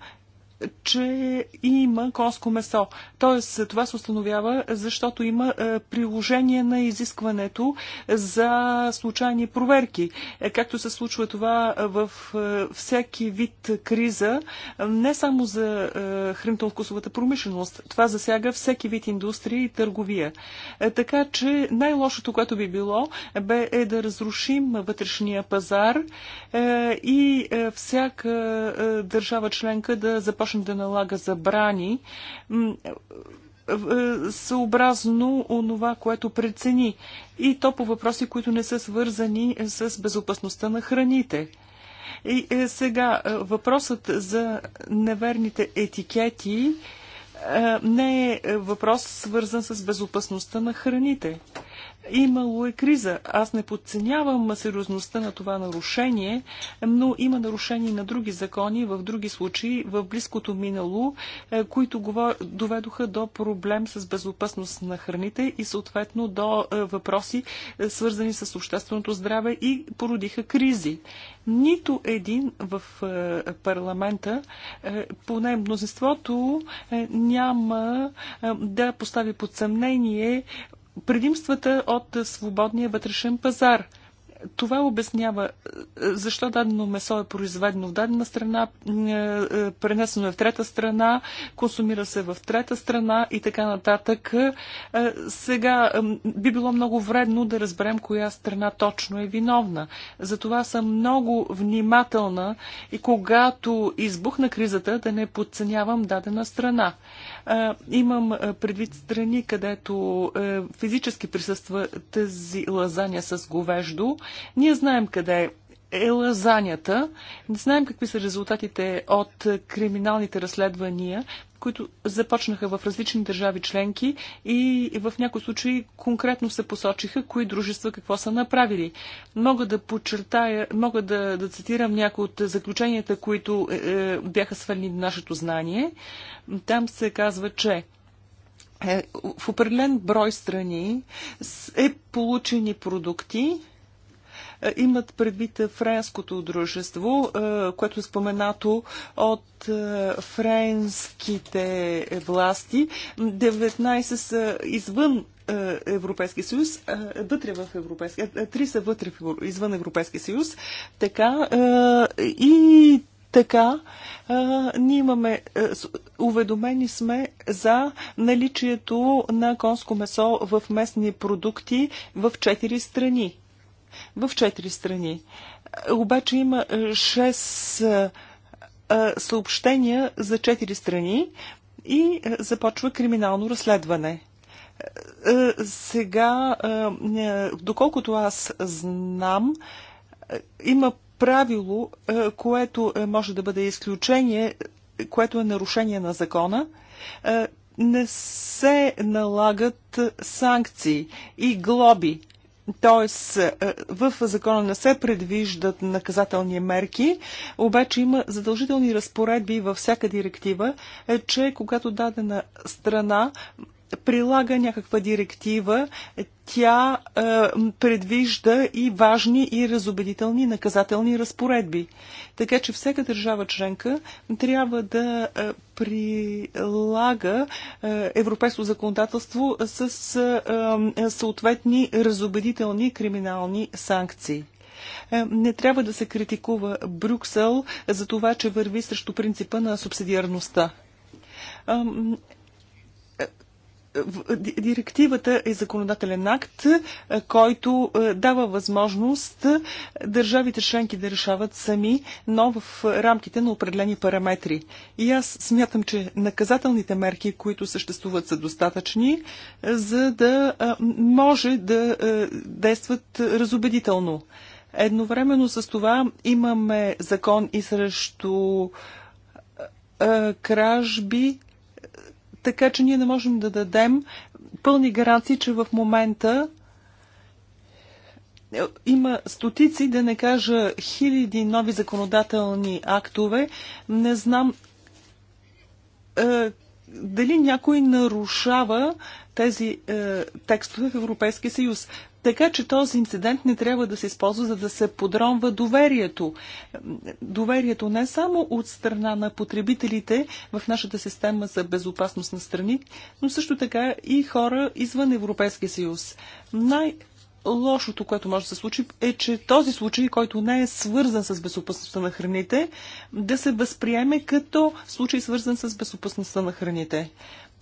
че има конско месо. Тоест, това се установява, защото има е, приложение на изискването за случайни проверки. Е, както се случва това е, в всеки вид криза, не само за хранително-вкусовата промишленост, това засяга всеки вид индустрия и търговия. Така че най-лошото, което би било, бе е да разрушим вътрешния пазар и всяка държава членка да започне започне да налага забрани е, съобразно онова, което прецени. И то по въпроси, които не са свързани е, с безопасността на храните. И е, сега въпросът за неверните етикети не е въпрос свързан с безопасността на храните. Имало е криза. Аз не подценявам сериозността на това нарушение, но има нарушение на други закони в други случаи в близкото минало, е, които доведоха до проблем с безопасност на храните и съответно до е, въпроси, е, свързани с общественото здраве и породиха кризи. Нито един в парламента, поне мнозинството, няма да постави под съмнение предимствата от свободния вътрешен пазар. Това обяснява е, защо дадено месо е произведено в дадена страна, е, е, пренесено е в трета страна, консумира се в трета страна и така нататък. Сега би било много вредно да разберем коя страна точно е виновна. Затова съм много внимателна и когато избухна кризата да не подценявам дадена страна. Имам предвид страни, където е, физически присъства тези лазания с говеждо. Ние знаем къде е е лазанята. Не знаем какви са резултатите от криминалните разследвания, които започнаха в различни държави членки и в някои случаи конкретно се посочиха кои дружества какво са направили. Мога да подчертая, мога да, да цитирам някои от заключенията, които е, е бяха свалени до нашето знание. Там се казва, че е, в определен брой страни е получени продукти, е, имат предвид френското дружество, е, което е споменато от е, френските власти. 19 са извън Европейския съюз, вътре в съюз, три са вътре извън Европейския съюз, така и така, ние имаме, уведомени сме за наличието на конско месо в местни продукти в четири страни в четири страни. Обаче има 6 е, е, е, съобщения за четири страни и започва криминално разследване. Сега, доколкото аз знам, има правило, което може да бъде изключение, което е нарушение на закона не се налагат санкции и глоби. Тоест, е, е, в закона не се предвиждат наказателни мерки, обаче има задължителни разпоредби във всяка директива, е, че когато дадена страна прилага някаква директива, тя е, предвижда и важни и разобедителни наказателни разпоредби. Така че всяка държава членка трябва да е, прилага е, европейско законодателство с е, съответни разобедителни криминални санкции. Е, не трябва да се критикува Брюксел за това, че върви срещу принципа на субсидиарността е, Директивата е законодателен акт, е, който е, дава възможност е, държавите членки да решават сами, но в рамките на определени параметри. И аз смятам, че наказателните мерки, които съществуват, са достатъчни, за да може да действат разобедително. Едновременно с това имаме закон и срещу кражби, така че ние не можем да дадем пълни гаранции, че в момента има стотици, да не кажа хиляди нови законодателни актове. Не знам е, дали някой нарушава тези е, текстове в Европейския съюз. Така че този инцидент не трябва да се използва, за да се подронва доверието. Доверието не само от страна на потребителите в нашата система за безопасност на страни, но също така и хора извън Европейския съюз. Най- лошото, което може да се случи, е, че този случай, който не е свързан с безопасността на храните, да се възприеме като случай свързан с безопасността на храните.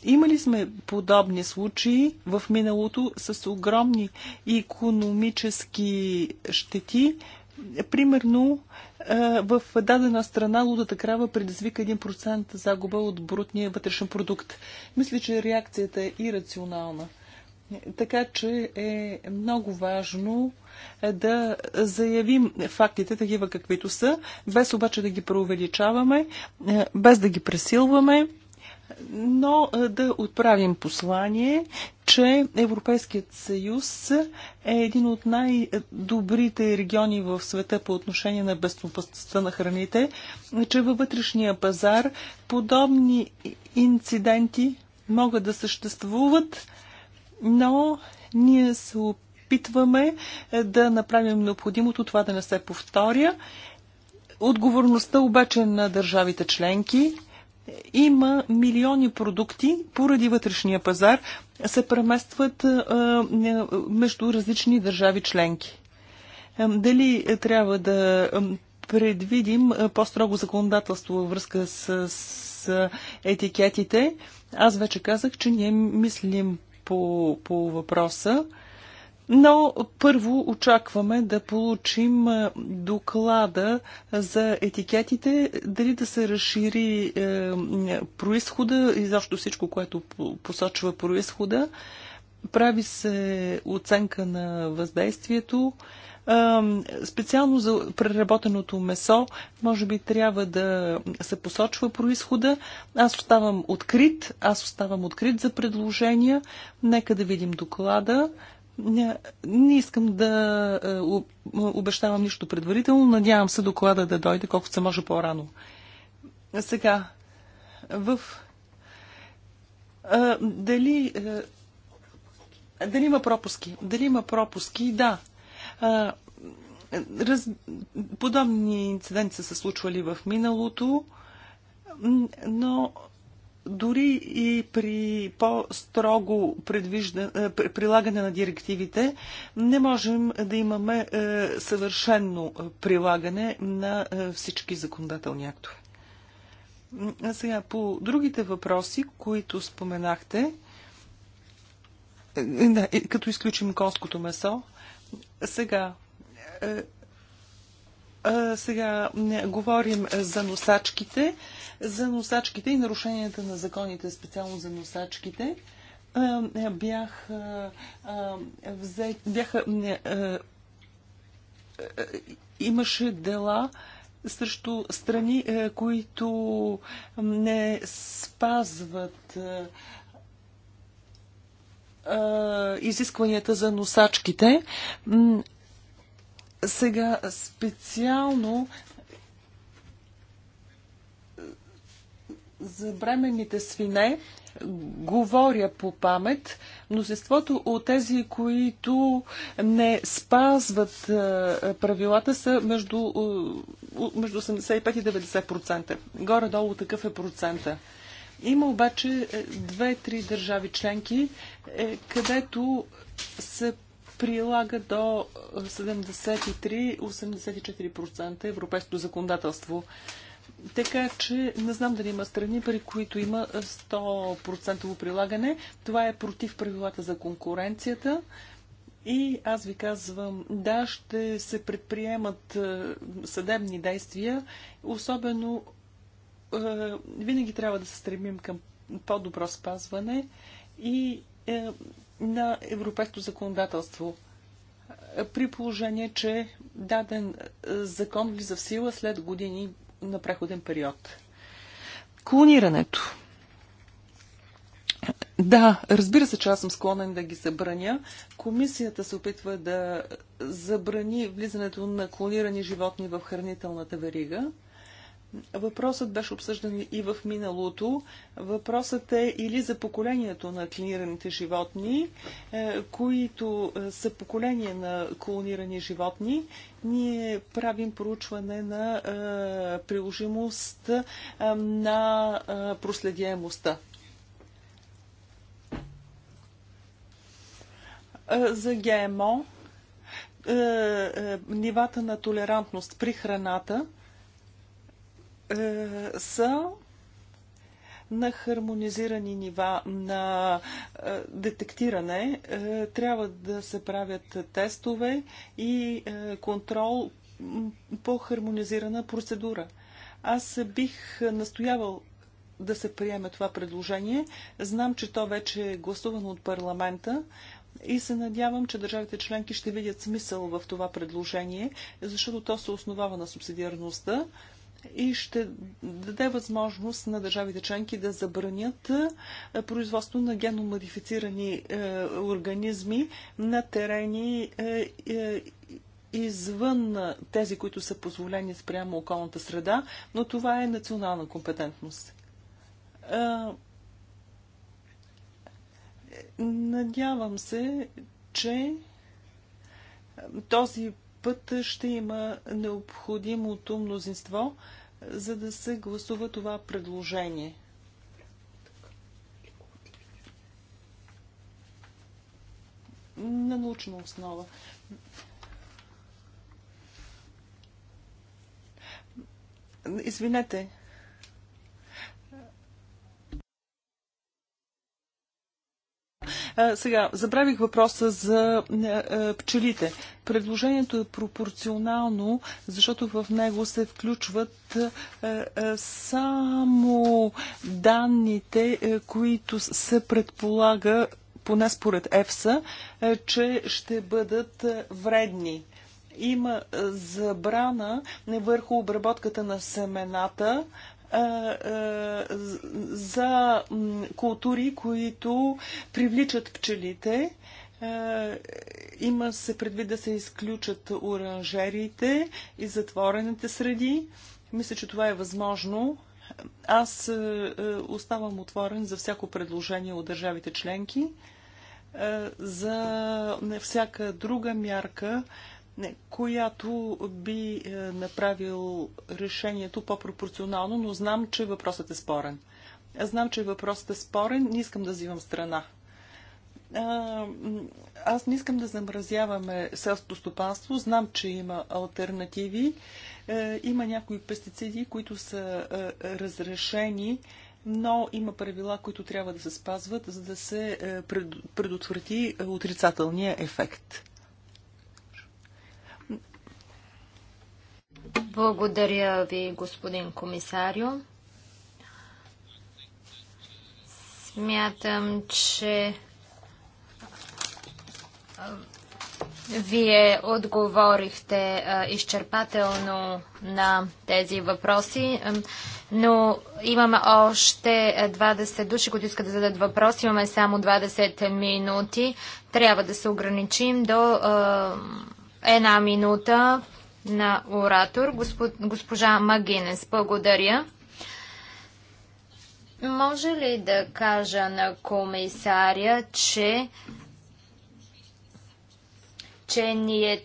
Имали сме подобни случаи в миналото с огромни економически щети. Примерно в дадена страна лудата крава предизвика 1% загуба от брутния вътрешен продукт. Мисля, че реакцията е ирационална. Така че е много важно е, да заявим фактите такива каквито са, без обаче да ги преувеличаваме, е, без да ги пресилваме но да отправим послание, че Европейският съюз е един от най-добрите региони в света по отношение на безопасността на храните, че във вътрешния пазар подобни инциденти могат да съществуват, но ние се опитваме е, да направим необходимото това да не се повторя. Отговорността обаче на държавите членки – има милиони продукти поради вътрешния пазар се преместват между различни държави членки. Дали трябва да предвидим по-строго законодателство във връзка с, с етикетите? Аз вече казах, че ние мислим по, по въпроса. Но първо очакваме да получим доклада за етикетите, дали да се разшири е, происхода и защо всичко, което посочва происхода. Прави се оценка на въздействието. Е, специално за преработеното месо, може би трябва да се посочва происхода. Аз оставам открит, аз оставам открит за предложения. Нека да видим доклада. Не, не искам да е, обещавам нищо предварително. Надявам се доклада да дойде колкото се може по-рано. Сега, в... А, е, дали... А, е, дали има пропуски? Дали има пропуски? Да. А, раз... Подобни инциденти са се случвали в миналото, но дори и при по-строго е, прилагане на директивите, не можем да имаме е, съвършенно прилагане на е, всички законодателни актове. А сега по другите въпроси, които споменахте, да, като изключим конското месо, сега сега говорим за носачките, за носачките и нарушенията на законите, специално за носачките. Бях, взе, бяха, имаше дела срещу страни, които не спазват изискванията за носачките. Сега специално е, за бременните свине говоря по памет. Мнозинството от тези, които не спазват е, правилата, са между, е, между 85 и 90%. Горе-долу такъв е процента. Има обаче две-три държави членки, където се прилага до 73-84% европейското законодателство. Така че не знам дали има страни, при които има 100% прилагане. Това е против правилата за конкуренцията. И аз ви казвам, да, ще се предприемат съдебни действия, особено винаги трябва да се стремим към по-добро спазване и е, на европейското законодателство. При положение, че даден е, закон влиза в сила след години на преходен период. Клонирането. Да, разбира се, че аз съм склонен да ги събраня. Комисията се опитва да забрани влизането на клонирани животни в хранителната верига. Въпросът беше обсъждан и в миналото. Въпросът е или за поколението на клинираните животни, е, които е, са поколение на клонирани животни. Ние правим проучване на е, приложимост на проследяемостта. За ГМО нивата на толерантност при храната – е, са на хармонизирани нива на е, детектиране. Е, трябва да се правят тестове и контрол по хармонизирана процедура. Аз бих настоявал да се приеме това предложение. Знам, че то вече е гласувано от парламента и се надявам, че държавите членки ще видят смисъл в това предложение, защото то се основава на субсидиарността, и ще даде възможност на държавите членки да забранят е, производство на геномодифицирани е, организми на терени е, извън тези, които са позволени спрямо околната среда, но това е национална компетентност. Надявам се, че този път ще има необходимото мнозинство, за да се гласува това предложение. На научна основа. Извинете. Сега, забравих въпроса за пчелите. Предложението е пропорционално, защото в него се включват само данните, които се предполага, поне според ЕФСА, че ще бъдат вредни има забрана върху обработката на семената, е, е, за култури, които привличат пчелите. Е, има се предвид да се изключат оранжериите и затворените среди. Мисля, че това е възможно. Аз оставам отворен за всяко предложение от държавите членки, за всяка друга мярка, не, която би е, направил решението по-пропорционално, но знам, че въпросът е спорен. Знам, че въпросът е спорен, не искам да взимам страна. Аз не искам да замразяваме селското стопанство. Знам, че има альтернативи. Е, има някои пестициди, които са е, разрешени, но има правила, които трябва да се спазват, за да се предотврати отрицателния ефект. Благодаря ви, господин комисарио. Смятам, че вие отговорихте изчерпателно на тези въпроси, но имаме още 20 души, които искат да зададат въпроси. Имаме само 20 минути. Трябва да се ограничим до една минута на оратор, госпожа Магинес. Благодаря. Може ли да кажа на комисаря, че че ние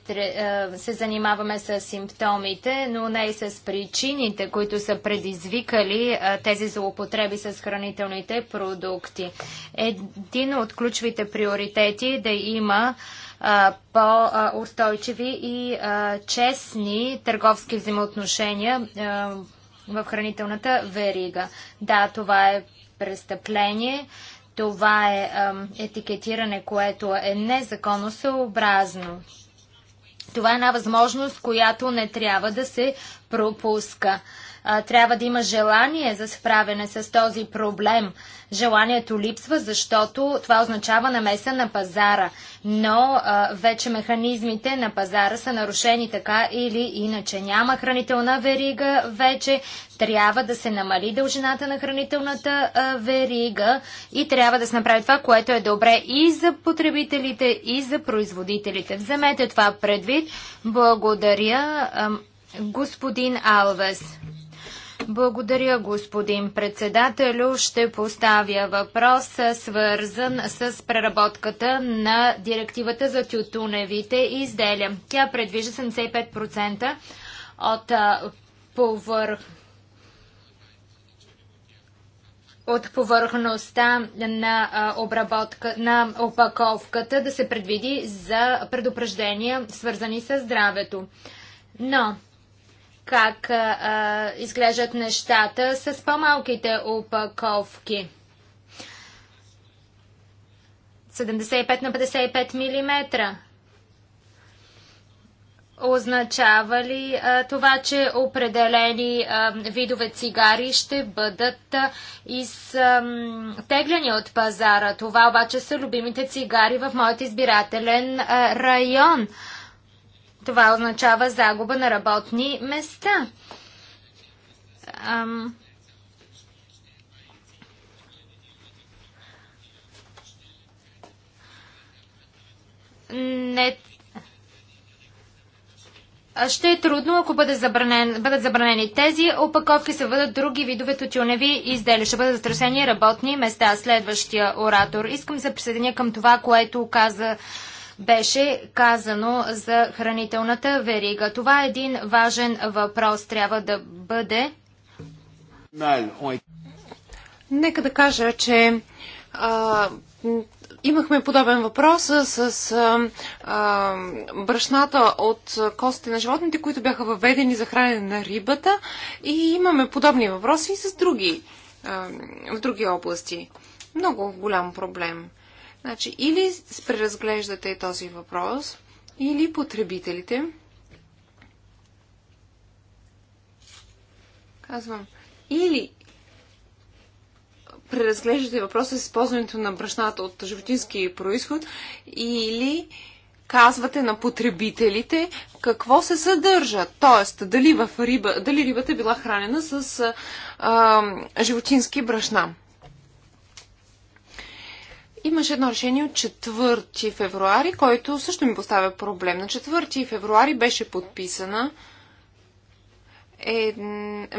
се занимаваме с симптомите, но не и с причините, които са предизвикали тези злоупотреби с хранителните продукти. Един от ключовите приоритети е да има по-устойчиви и честни търговски взаимоотношения в хранителната верига. Да, това е престъпление, това е етикетиране, което е незаконосъобразно. Това е една възможност, която не трябва да се пропуска трябва да има желание за справяне с този проблем. Желанието липсва, защото това означава намеса на пазара. Но а, вече механизмите на пазара са нарушени така или иначе. Няма хранителна верига вече. Трябва да се намали дължината на хранителната а, верига и трябва да се направи това, което е добре и за потребителите, и за производителите. Вземете това предвид. Благодаря, а, господин Алвес. Благодаря, господин председателю. Ще поставя въпрос, свързан с преработката на директивата за тютуневите изделия. Тя предвижда 75% от повърх от повърхността на обработка на опаковката да се предвиди за предупреждения, свързани с здравето. Но как а, изглеждат нещата с по-малките опаковки. 75 на 55 мм. Означава ли а, това, че определени а, видове цигари ще бъдат изтегляни от пазара? Това обаче са любимите цигари в моят избирателен а, район. А, това означава загуба на работни места. Ам... Не... Ще е трудно, ако бъде забранен, бъдат забранени тези опаковки, се бъдат други видове тютюневи изделия. Ще бъдат застрашени работни места. Следващия оратор. Искам да се присъединя към това, което каза беше казано за хранителната верига. Това е един важен въпрос. Трябва да бъде. Нека да кажа, че а, имахме подобен въпрос с а, а, брашната от костите на животните, които бяха въведени за хранене на рибата. И имаме подобни въпроси и с други, а, в други области. Много голям проблем. Значи, или преразглеждате този въпрос, или потребителите. Казвам, или преразглеждате въпроса с използването на брашната от животински происход, или казвате на потребителите какво се съдържа. Тоест, дали, в риба, дали рибата е била хранена с а, животински брашна. Имаше едно решение от 4 февруари, който също ми поставя проблем. На 4 февруари беше подписана е,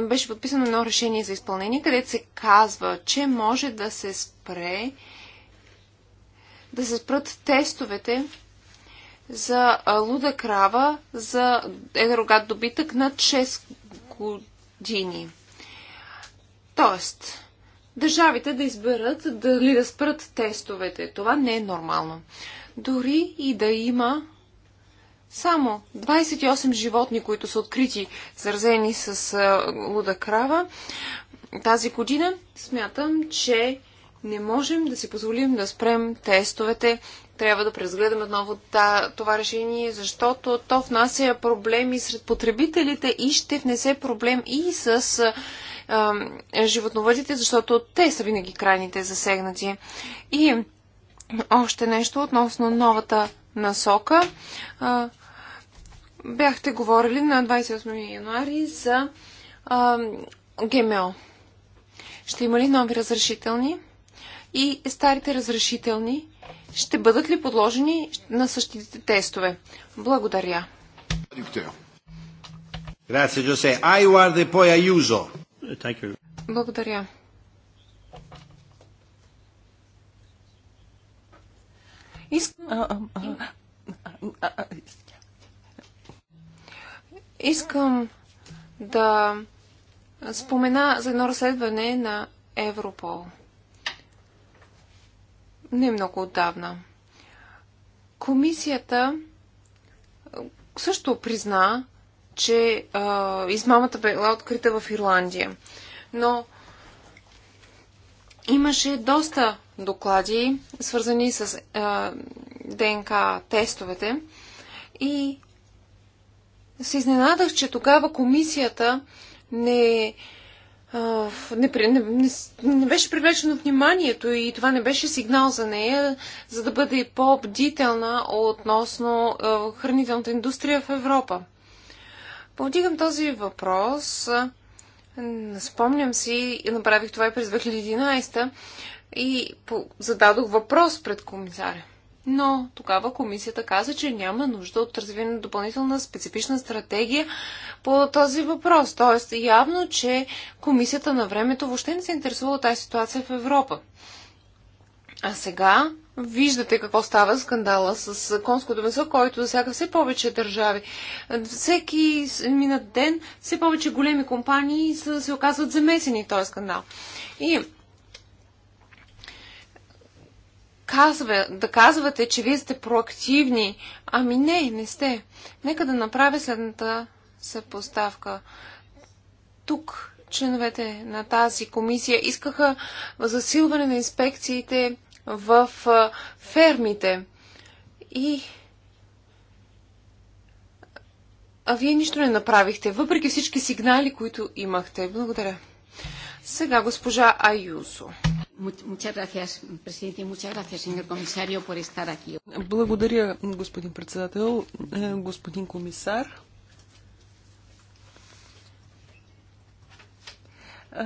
беше подписано едно решение за изпълнение, където се казва, че може да се спре да се спрат тестовете за луда крава за рогат добитък на 6 години. Тоест, държавите да изберат дали да спрат тестовете. Това не е нормално. Дори и да има само 28 животни, които са открити заразени с луда крава тази година, смятам, че не можем да си позволим да спрем тестовете. Трябва да презгледаме отново да, това решение, защото то внася проблеми сред потребителите и ще внесе проблем и с животновъдите, защото те са винаги крайните засегнати. И още нещо относно новата насока. Бяхте говорили на 28 януари за ГМО. Ще има ли нови разрешителни? И старите разрешителни ще бъдат ли подложени на същите тестове? Благодаря. Grazie Giuseppe. Ayward e poi Aiuso. Благодаря. Искам, искам да спомена за едно разследване на Европол. Не много отдавна. Комисията също призна, че а, измамата била открита в Ирландия. Но имаше доста доклади, свързани с а, ДНК тестовете и се изненадах, че тогава комисията не, а, не, не, не, не беше привлечено вниманието и това не беше сигнал за нея, за да бъде по-бдителна относно а, хранителната индустрия в Европа. Повдигам този въпрос. Спомням си, направих това и през 2011 и зададох въпрос пред комисаря. Но тогава комисията каза, че няма нужда от развиване на допълнителна специфична стратегия по този въпрос. Тоест, явно, че комисията на времето въобще не се интересува от тази ситуация в Европа. А сега Виждате какво става скандала с конското месо, който засяга все повече държави. Всеки минат ден все повече големи компании са, се оказват замесени в този скандал. И казва, да казвате, че вие сте проактивни. Ами не, не сте. Нека да направя следната съпоставка. Тук членовете на тази комисия искаха засилване на инспекциите в фермите. И а вие нищо не направихте, въпреки всички сигнали, които имахте. Благодаря. Сега госпожа Аюсо. Благодаря, господин председател, е, господин комисар. Е,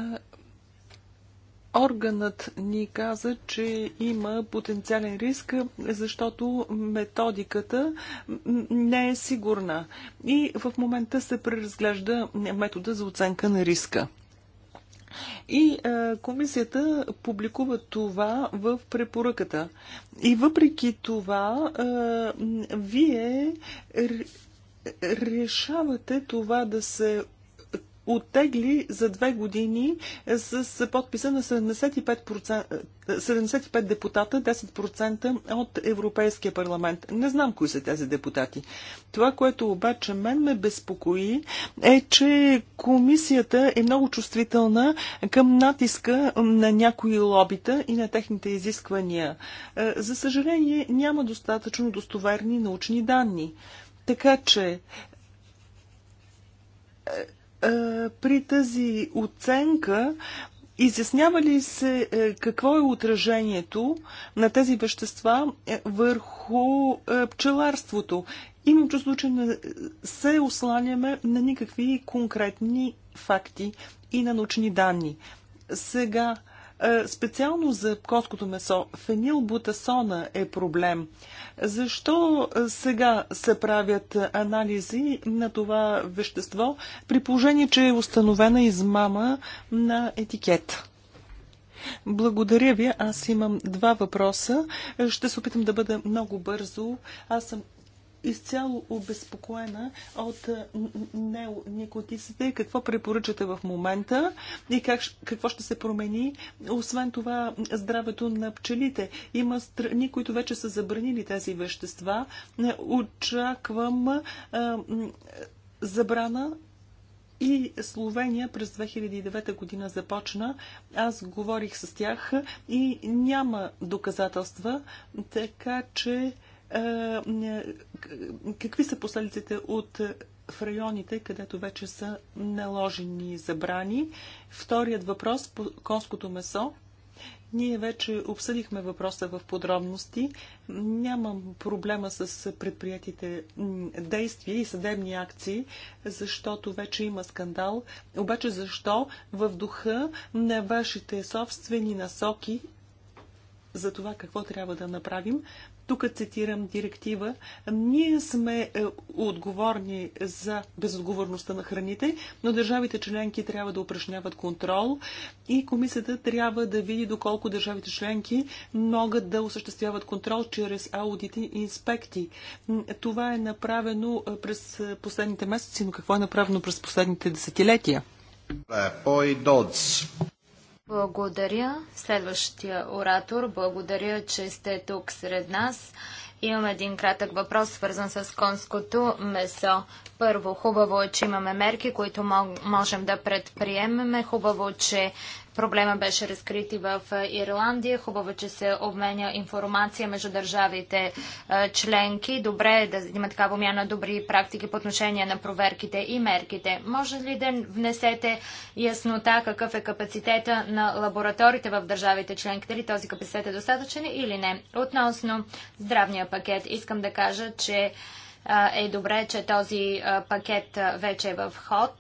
Органът ни каза, че има потенциален риск, защото методиката не е сигурна. И в момента се преразглежда метода за оценка на риска. И е, комисията публикува това в препоръката. И въпреки това, е, вие решавате това да се оттегли за две години е, с подписа на 75%, 75 е, депутата, 10% от Европейския парламент. Не знам кои са тези депутати. Това, което обаче мен ме безпокои, е, че комисията е много чувствителна към натиска на някои лобита и на техните изисквания. Е, за съжаление, няма достатъчно достоверни научни данни. Така че е, при тази оценка изяснява ли се е, какво е отражението на тези вещества е, върху пчеларството? Имам чувство, че не се осланяме на никакви конкретни факти и на научни данни. Сега, Специално за котското месо фенилбутасона е проблем. Защо сега се правят анализи на това вещество при положение, че е установена измама на етикет? Благодаря ви. Аз имам два въпроса. Ще се опитам да бъда много бързо. Аз съм изцяло обезпокоена от неоникотисите. Какво препоръчате в момента и как, какво ще се промени? Освен това, здравето на пчелите. Има страни, които вече са забранили тези вещества. Е, очаквам а, забрана и Словения през 2009 година започна. Аз говорих с тях и няма доказателства, така че е, какви са последиците от е, в районите, където вече са наложени забрани? Вторият въпрос по конското месо. Ние вече обсъдихме въпроса в подробности. Нямам проблема с предприятите действия и съдебни акции, защото вече има скандал. Обаче защо в духа на вашите собствени насоки за това какво трябва да направим, тук цитирам директива, ние сме е, отговорни за безотговорността на храните, но държавите членки трябва да упражняват контрол и комисията трябва да види доколко държавите членки могат да осъществяват контрол чрез аудити и инспекти. Това е направено е, през е, последните месеци, но какво е направено през последните десетилетия? Благодаря. Следващия оратор, благодаря, че сте тук сред нас. Имам един кратък въпрос, свързан с конското месо. Първо, хубаво е, че имаме мерки, които можем да предприемеме. Хубаво, че Проблема беше разкрит и в Ирландия. Хубаво, че се обменя информация между държавите членки. Добре е да има такава умяна добри практики по отношение на проверките и мерките. Може ли да внесете яснота какъв е капацитета на лабораторите в държавите членки? Дали този капацитет е достатъчен или не? Относно здравния пакет, искам да кажа, че е добре, че този пакет вече е в ход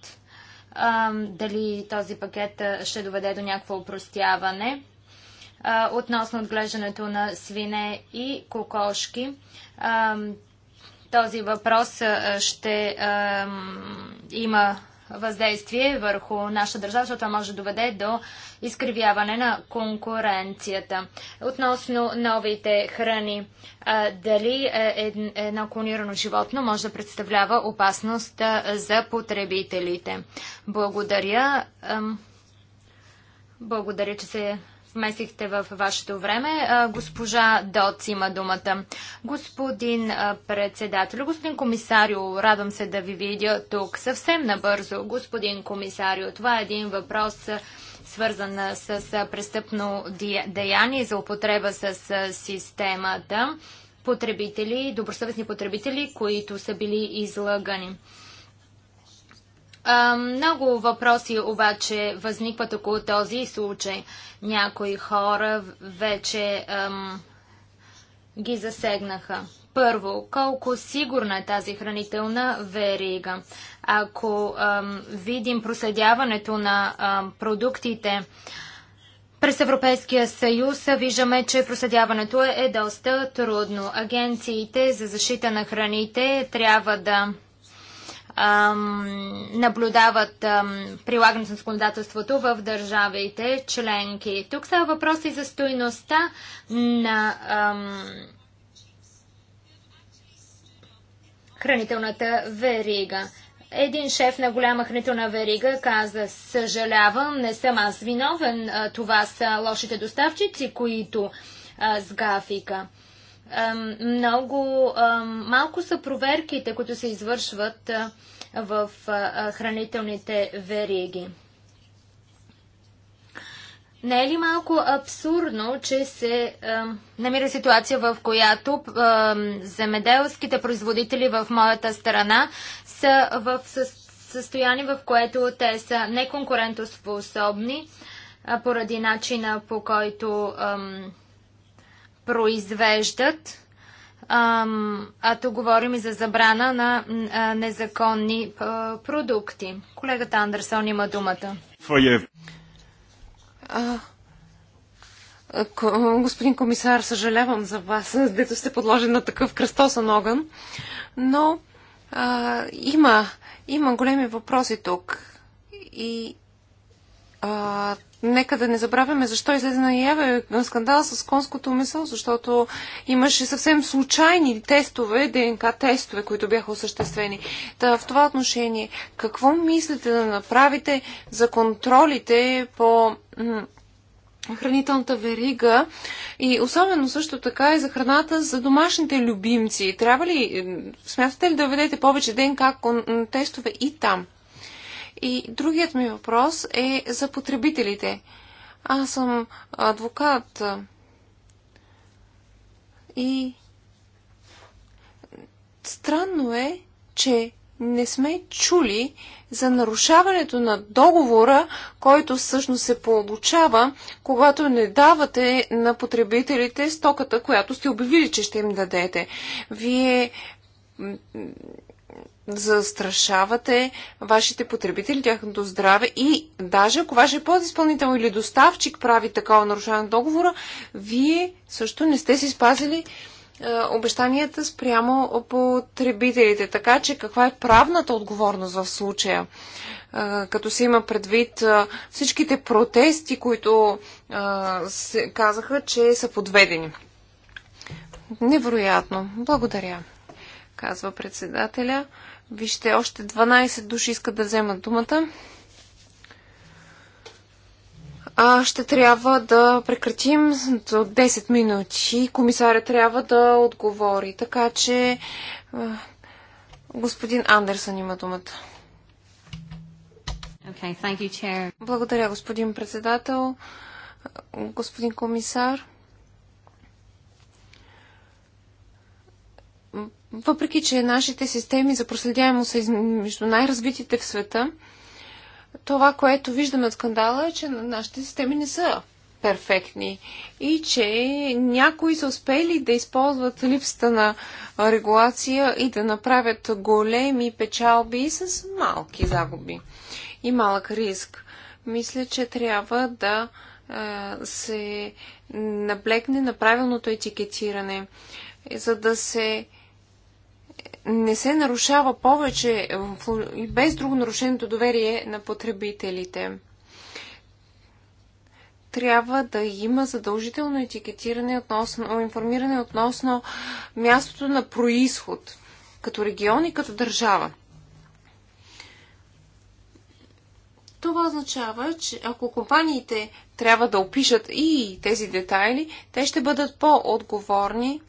дали този пакет ще доведе до някакво упростяване относно отглеждането на свине и кокошки. Този въпрос ще има въздействие върху нашата държава, защото това може да доведе до изкривяване на конкуренцията. Относно новите храни, дали е, е, едно клонирано животно може да представлява опасност за потребителите? Благодаря. благодаря, че се вместихте в вашето време. Госпожа Доц има думата. Господин председател, господин комисарио, радвам се да ви видя тук. Съвсем набързо, господин комисарио, това е един въпрос свързан с престъпно деяние за употреба с системата потребители, добросъвестни потребители, които са били излагани. Много въпроси обаче възникват около този случай. Някои хора вече ам, ги засегнаха. Първо, колко сигурна е тази хранителна верига? Ако ам, видим проследяването на ам, продуктите през Европейския съюз, виждаме, че проследяването е, е доста трудно. Агенциите за защита на храните трябва да ам, наблюдават ам, прилагането на законодателството в държавите членки. Тук става въпрос и за стойността на ам, хранителната верига. Един шеф на голяма хранителна верига каза, съжалявам, не съм аз виновен, това са лошите доставчици, които а, сгафиха много малко са проверките, които се извършват в хранителните вериги. Не е ли малко абсурдно, че се е, намира ситуация, в която е, земеделските производители в моята страна са в състояние, в което те са неконкурентоспособни е, поради начина по който. Е, произвеждат, а то говорим и за забрана на незаконни продукти. Колегата Андерсон има думата. господин комисар, съжалявам за вас, дето сте подложен на такъв кръстосан огън, но а, има, има големи въпроси тук. И а, нека да не забравяме защо излезе на яве скандал с конското мисъл, защото имаше съвсем случайни тестове, ДНК тестове, които бяха осъществени. Та, в това отношение, какво мислите да направите за контролите по хранителната верига и особено също така и за храната за домашните любимци. Трябва ли, смятате ли да ведете повече ДНК тестове и там? И другият ми въпрос е за потребителите. Аз съм адвокат и странно е, че не сме чули за нарушаването на договора, който всъщност се получава, когато не давате на потребителите стоката, която сте обявили, че ще им дадете. Вие застрашавате вашите потребители, тяхното здраве и даже ако вашия е подизпълнител или доставчик прави такова нарушаване на договора, вие също не сте си спазили е, обещанията спрямо потребителите. Така че каква е правната отговорност в случая? Е, като се има предвид е, всичките протести, които се казаха, че са подведени. Невероятно. Благодаря, казва председателя. Вижте, още 12 души искат да вземат думата. А ще трябва да прекратим до 10 минути. Комисаря трябва да отговори. Така че господин Андерсън има думата. Okay, you, Благодаря, господин председател, господин комисар. въпреки че нашите системи за проследяемо са между най-развитите в света, това, което виждаме от скандала е, че нашите системи не са перфектни и че някои са успели да използват липсата на регулация и да направят големи печалби с малки загуби и малък риск. Мисля, че трябва да се наблегне на правилното етикетиране, за да се не се нарушава повече и без друго нарушеното доверие на потребителите. Трябва да има задължително етикетиране относно, информиране относно мястото на происход, като регион и като държава. Това означава, че ако компаниите трябва да опишат и тези детайли, те ще бъдат по-отговорни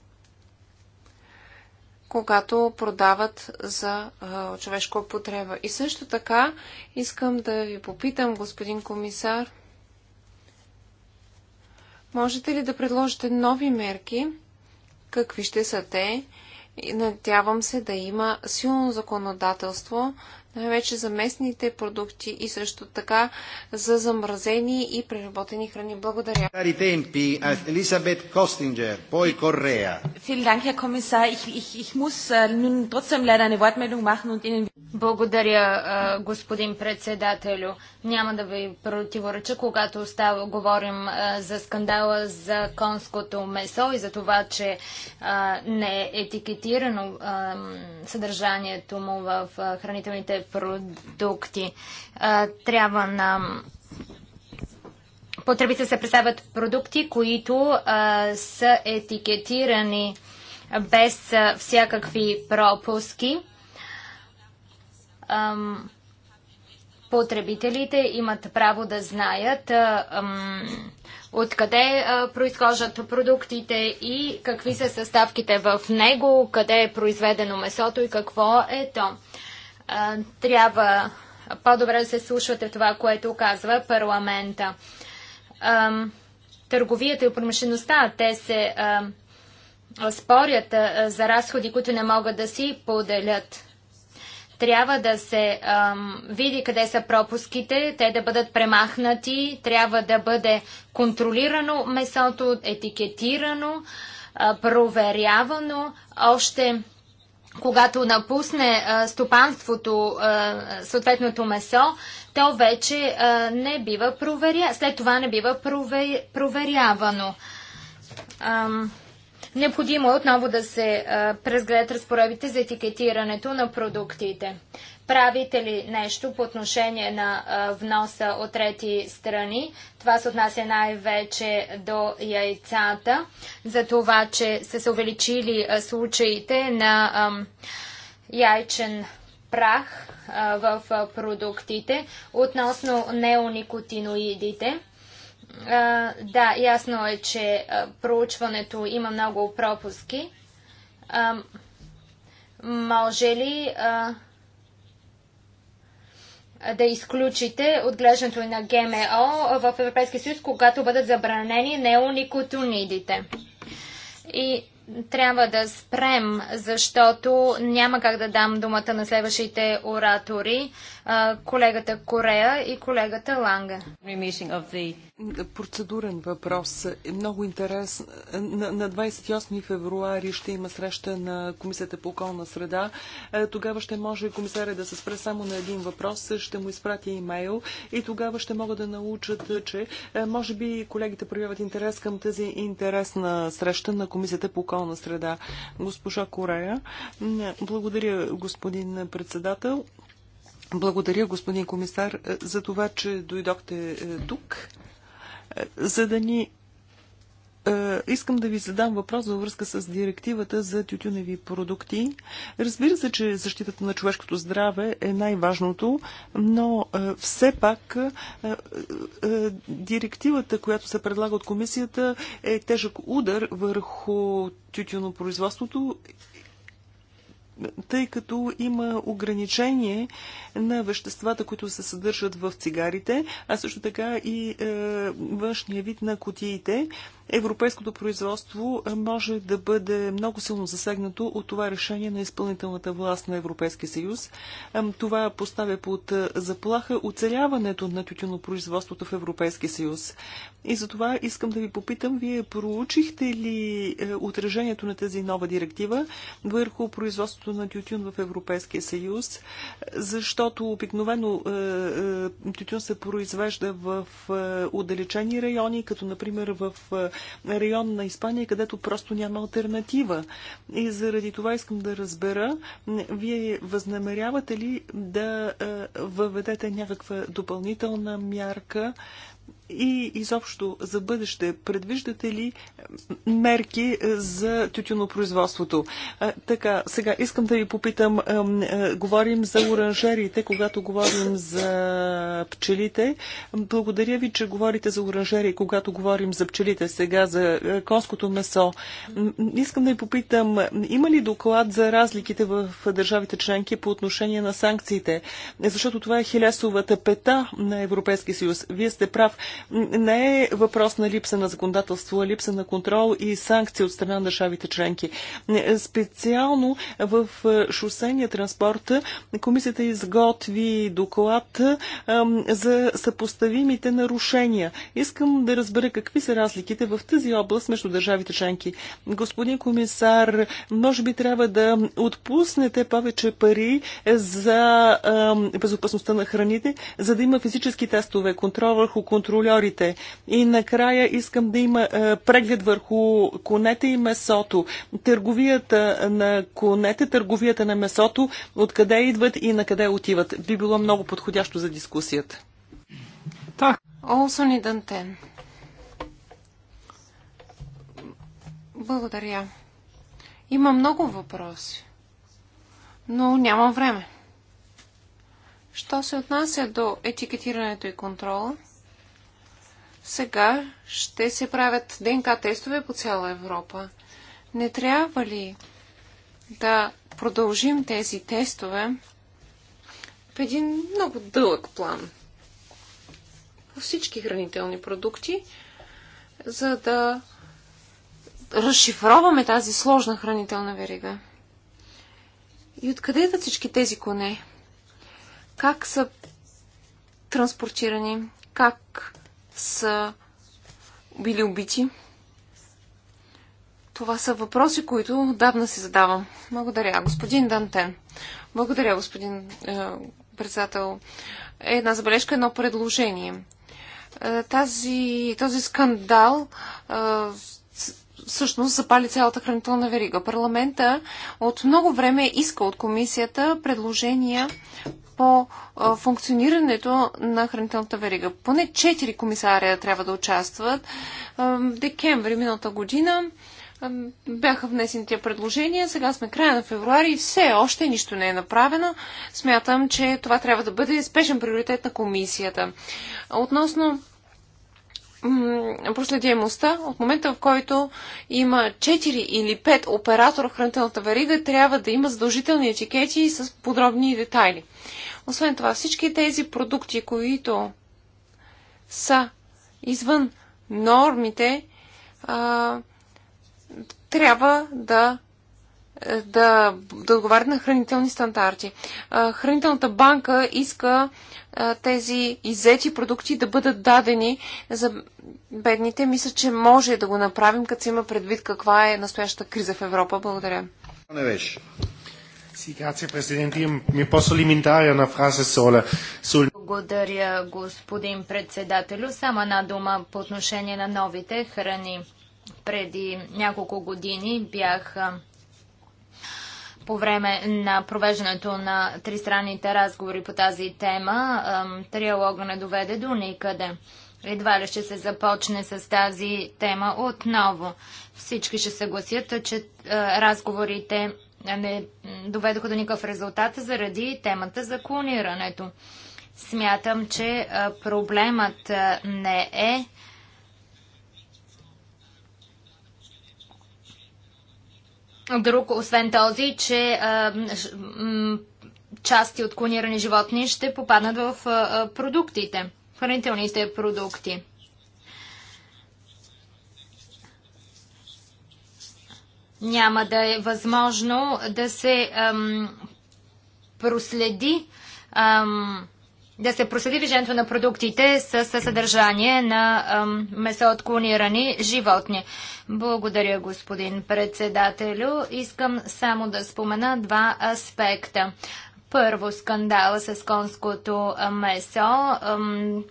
когато продават за а, човешко употреба. И също така искам да ви попитам, господин комисар, можете ли да предложите нови мерки? Какви ще са те? И надявам се да има силно законодателство, най-вече за местните продукти и също така за замразени и преработени храни. Благодаря. Елизабет Костинджер, пой Корея. Благодаря, господин председателю. Няма да ви противореча, когато става, говорим за скандала за конското месо и за това, че не е етикетирано съдържанието му в хранителните продукти. Трябва на потребите се представят продукти, които са етикетирани без всякакви пропуски. потребителите имат право да знаят откъде произхождат продуктите и какви са съставките в него, къде е произведено месото и какво е то трябва по-добре да се слушвате това, което казва парламента. търговията и промишлеността, те се спорят за разходи, които не могат да си поделят. Трябва да се види къде са пропуските, те да бъдат премахнати, трябва да бъде контролирано месото, етикетирано, проверявано. Още когато напусне стопанството съответното месо, то вече не бива проверя... след това не бива проверявано. Необходимо е отново да се презгледат разгледат разпоредбите за етикетирането на продуктите правите ли нещо по отношение на вноса от трети страни? Това се отнася най-вече до яйцата, за това, че са се увеличили случаите на яйчен прах в продуктите относно неоникотиноидите. Да, ясно е, че проучването има много пропуски. Може ли да изключите отглеждането на ГМО в Европейския съюз, когато бъдат забранени неоникотонидите. И трябва да спрем, защото няма как да дам думата на следващите оратори, колегата Корея и колегата Ланга. Процедурен въпрос. Е много интерес. На, на 28 февруари ще има среща на Комисията по околна среда. Е, тогава ще може комисаря да се спре само на един въпрос. Ще му изпратя имейл и тогава ще могат да научат, че е, може би колегите проявят интерес към тази интересна среща на Комисията по околна среда. Госпожа Корея, благодаря господин председател. Благодаря, господин комисар, е, за това, че дойдохте тук за да ни е, искам да ви задам въпрос във връзка с директивата за тютюневи продукти. Разбира се, че защитата на човешкото здраве е най-важното, но е, все пак е, директивата, която се предлага от комисията, е тежък удар върху тютюнопроизводството тъй като има ограничение на веществата, които се съдържат в цигарите, а също така и е, външния вид на котиите европейското производство може да бъде много силно засегнато от това решение на изпълнителната власт на Европейския съюз. Това поставя под заплаха оцеляването на тютюнопроизводството в Европейския съюз. И за това искам да ви попитам, вие проучихте ли отражението на тази нова директива върху производството на тютюн в Европейския съюз, защото обикновено тютюн се произвежда в отдалечени райони, като например в район на Испания, където просто няма альтернатива. И заради това искам да разбера, вие възнамерявате ли да въведете някаква допълнителна мярка, и изобщо за бъдеще предвиждате ли мерки е, за тютюнопроизводството? А, така, сега искам да ви попитам, а, а, е, говорим за оранжерите, когато говорим за пчелите. Благодаря ви, че говорите за оранжери, когато говорим за пчелите, сега за е, конското месо. Искам да ви попитам, има ли доклад за разликите в държавите членки по отношение на санкциите? Защото това е хилесовата пета на Европейския съюз. Вие сте прав не е въпрос на липса на законодателство, а липса на контрол и санкции от страна на държавите членки. Специално в е, шосения транспорт комисията изготви доклад е, за съпоставимите нарушения. Искам да разбера какви са разликите в тази област между държавите членки. Господин комисар, може би трябва да отпуснете повече пари за безопасността на храните, за да има физически тестове, контрол върху контроли контролерите. И накрая искам да има е, преглед върху конете и месото. Търговията е, на конете, търговията на месото, откъде идват и на къде отиват. Би било много подходящо за дискусията. Так. Олсон и Дантен. Благодаря. Има много въпроси, но няма време. Що се отнася до етикетирането и контрола, сега ще се правят ДНК тестове по цяла Европа. Не трябва ли да продължим тези тестове в един много дълъг план? По всички хранителни продукти, за да разшифроваме тази сложна хранителна верига. И откъде идват всички тези коне? Как са транспортирани? Как са били убити? Това са въпроси, които давна си задавам. Благодаря. Господин Дантен. Благодаря, господин е, председател. Е една забележка, едно предложение. Е, тази, този скандал е, всъщност запали цялата хранителна верига. Парламента от много време иска от комисията предложения по функционирането на хранителната верига. Поне 4 комисария трябва да участват. Декември миналата година бяха внесени тия предложения. Сега сме края на февруари и все още нищо не е направено. Смятам, че това трябва да бъде спешен приоритет на комисията. Относно проследимостта от момента, в който има 4 или 5 оператора в хранителната верига, трябва да има задължителни етикети с подробни детайли. Освен това, всички тези продукти, които са извън нормите, а, трябва да е, да, да отговарят на хранителни стандарти. Хранителната банка иска тези иззети продукти да бъдат дадени за бедните. Мисля, че може да го направим, като се има предвид каква е настоящата криза в Европа. Благодаря. Благодаря, господин председателю. Само една дума по отношение на новите храни. Преди няколко години бях по време на провеждането на тристранните разговори по тази тема триалога не доведе до никъде. Едва ли ще се започне с тази тема отново. Всички ще съгласят, че разговорите не доведоха до никакъв резултат заради темата за клонирането. Смятам, че проблемът не е друг, освен този, че а, м, части от клонирани животни ще попаднат в а, продуктите, хранителните продукти. Няма да е възможно да се ам, проследи ам, да се проследи движението на продуктите с съдържание на ам, месо от клонирани животни. Благодаря, господин председателю. Искам само да спомена два аспекта. Първо, скандала с конското месо. Ам,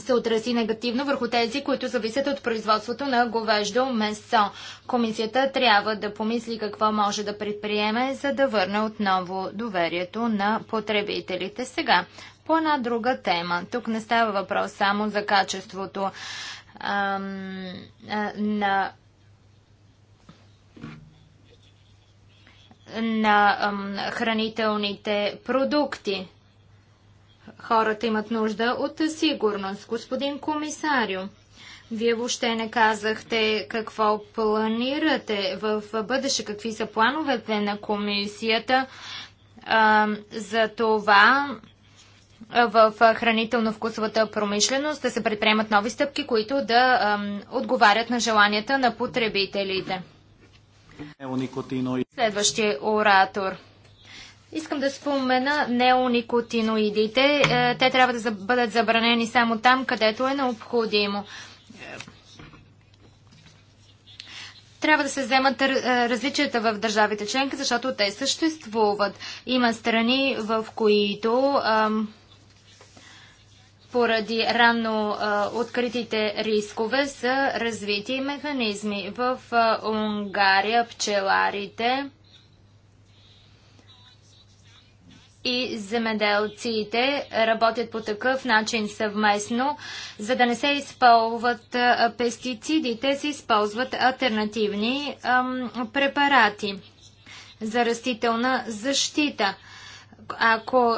се отрази негативно върху тези, които зависят от производството на говеждо месо. Комисията трябва да помисли какво може да предприеме, за да върне отново доверието на потребителите. Сега, по една друга тема. Тук не става въпрос само за качеството ам, а, на на ам, хранителните продукти. Хората имат нужда от сигурност. Господин комисарио, вие въобще не казахте какво планирате в бъдеще, какви са плановете на комисията а, за това в хранително-вкусовата промишленост да се предприемат нови стъпки, които да а, отговарят на желанията на потребителите. Е, Следващия оратор – Искам да спомена неоникотиноидите. Е, те трябва да бъдат забранени само там, където е необходимо. Трябва да се вземат е, различията в държавите членки, защото те съществуват. Има страни, в които поради рано откритите рискове са развити механизми. В Унгария пчеларите и земеделците работят по такъв начин съвместно. За да не се използват пестицидите, се използват альтернативни препарати за растителна защита. Ако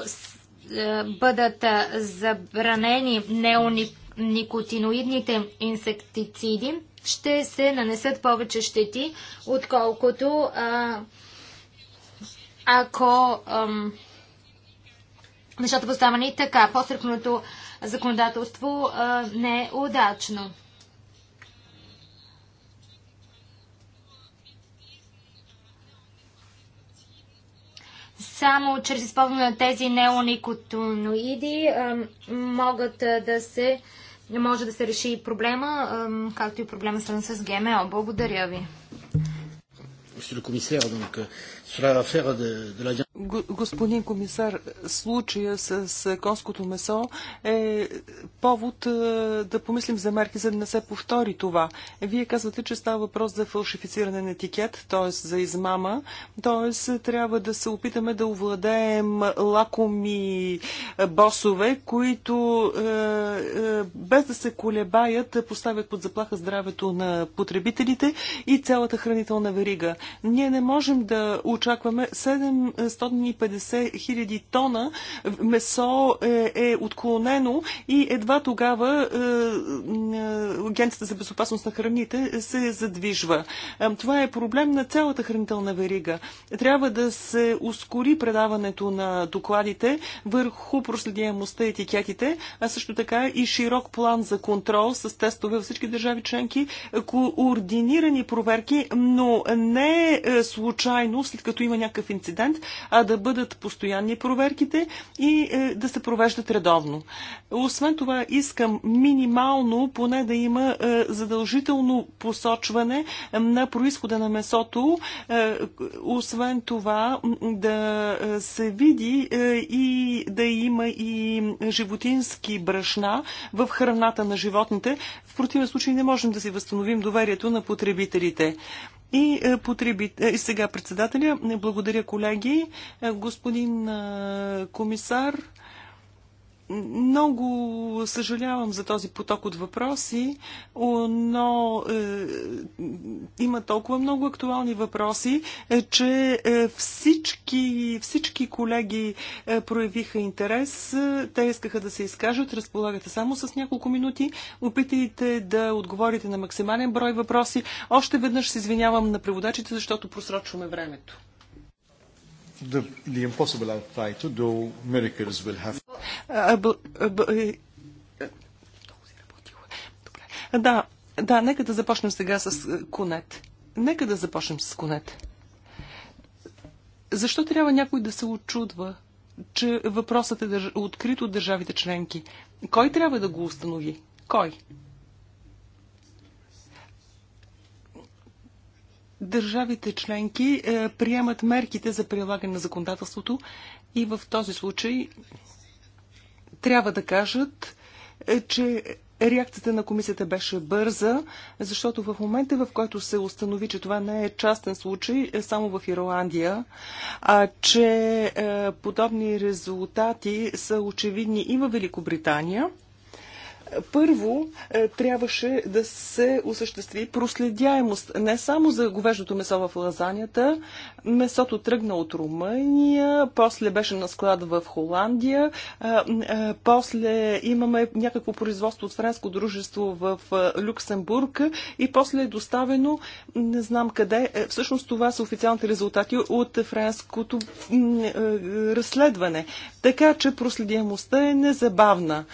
бъдат забранени неоникотиноидните инсектициди, ще се нанесат повече щети, отколкото ако ам, защото поставени така, посръхното законодателство а, не е удачно. Само чрез използване на тези неоникотоноиди а, могат а, да се може да се реши и проблема, а, както и проблема с ГМО. Благодаря ви. Monsieur le Господин комисар, случая с конското месо е повод е, да помислим за мерки, за да не се повтори това. Вие казвате, че става въпрос за фалшифициране на етикет, т.е. за измама, т.е. трябва да се опитаме да овладеем лакоми е, босове, които е, без да се колебаят поставят под заплаха здравето на потребителите и цялата хранителна верига. Ние не можем да очакваме 750 хиляди тона месо е, е отклонено и едва тогава е, е Агенцията за безопасност на храните се задвижва. Е, това е проблем на цялата хранителна верига. Трябва да се ускори предаването на докладите върху проследяемостта и етикетите, а също така и широк план за контрол с тестове във всички държави членки, координирани проверки, но не е, случайно, след като като има някакъв инцидент, а да бъдат постоянни проверките и е, да се провеждат редовно. Освен това, искам минимално поне да има е, задължително посочване на происхода на месото. Е, освен това, да се види и да има и животински брашна в храната на животните. В противен случай не можем да си възстановим доверието на потребителите. И е, е, и сега председателя, благодаря колеги, е, господин комисар, много съжалявам за този поток от въпроси, но е, има толкова много актуални въпроси, е, че е, всички, всички колеги е, проявиха интерес. Е, те искаха да се изкажат. Разполагате само с няколко минути. Опитайте да отговорите на максимален брой въпроси. Още веднъж се извинявам на преводачите, защото просрочваме времето the, the impossible I'll try to do, miracles will have. Да, да, нека да започнем сега с конет. Нека да започнем с конет. Защо трябва някой да се очудва, че въпросът е открит от държавите членки? Кой трябва да го установи? Кой? държавите членки е, приемат мерките за прилагане на законодателството и в този случай трябва да кажат, е, че реакцията на комисията беше бърза, защото в момента, в който се установи, че това не е частен случай е само в Ирландия, а че е, подобни резултати са очевидни и в Великобритания, първо, е, трябваше да се осъществи проследяемост не само за говеждото месо в Лазанията, Месото тръгна от Румъния, после беше на склад в Холандия, е, е, после имаме някакво производство от френско дружество в Люксембург и после е доставено не знам къде. Всъщност това са официалните резултати от френското разследване. Така че проследяемостта е незабавна.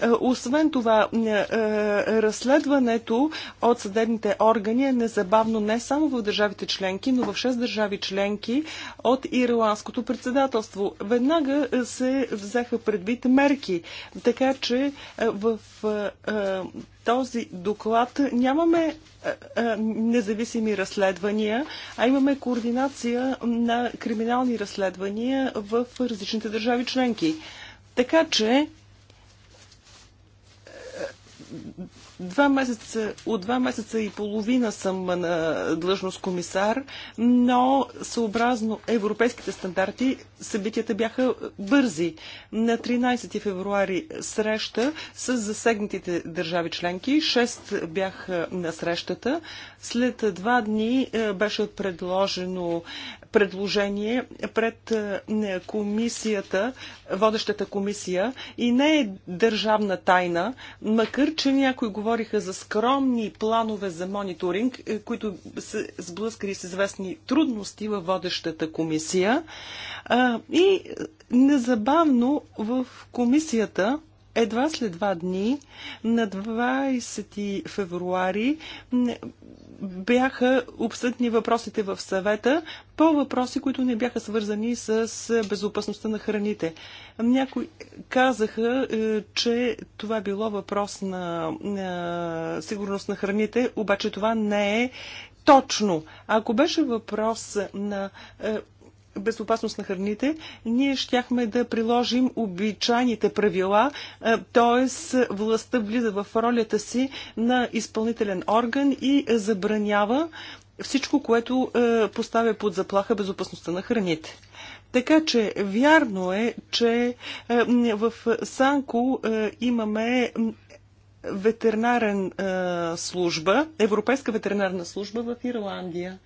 Е, освен това, е, е, разследването от съдебните органи е незабавно не само в държавите членки, но в 6 държави членки от ирландското председателство. Веднага се взеха предвид мерки, така че в този доклад нямаме независими разследвания, а имаме координация на криминални разследвания в различните държави членки. Така че два месеца, от два месеца и половина съм на длъжност комисар, но съобразно европейските стандарти събитията бяха бързи. На 13 февруари среща с засегнатите държави членки. Шест бяха на срещата. След два дни е, беше предложено предложение пред е, комисията, водещата комисия и не е държавна тайна, макар че някои говориха за скромни планове за мониторинг, е, които се сблъскали с известни трудности във водещата комисия. И незабавно в комисията едва след два дни, на 20 февруари, бяха обсъдни въпросите в съвета по въпроси, които не бяха свързани с безопасността на храните. Някои казаха, е, че това било въпрос на сигурност на храните, обаче това не е точно. Ако беше въпрос на е, безопасност на храните, ние щяхме да приложим обичайните правила, т.е. властта влиза в ролята си на изпълнителен орган и забранява всичко, което поставя под заплаха безопасността на храните. Така че вярно е, че в Санко имаме ветеринарен служба, Европейска ветеринарна служба в Ирландия.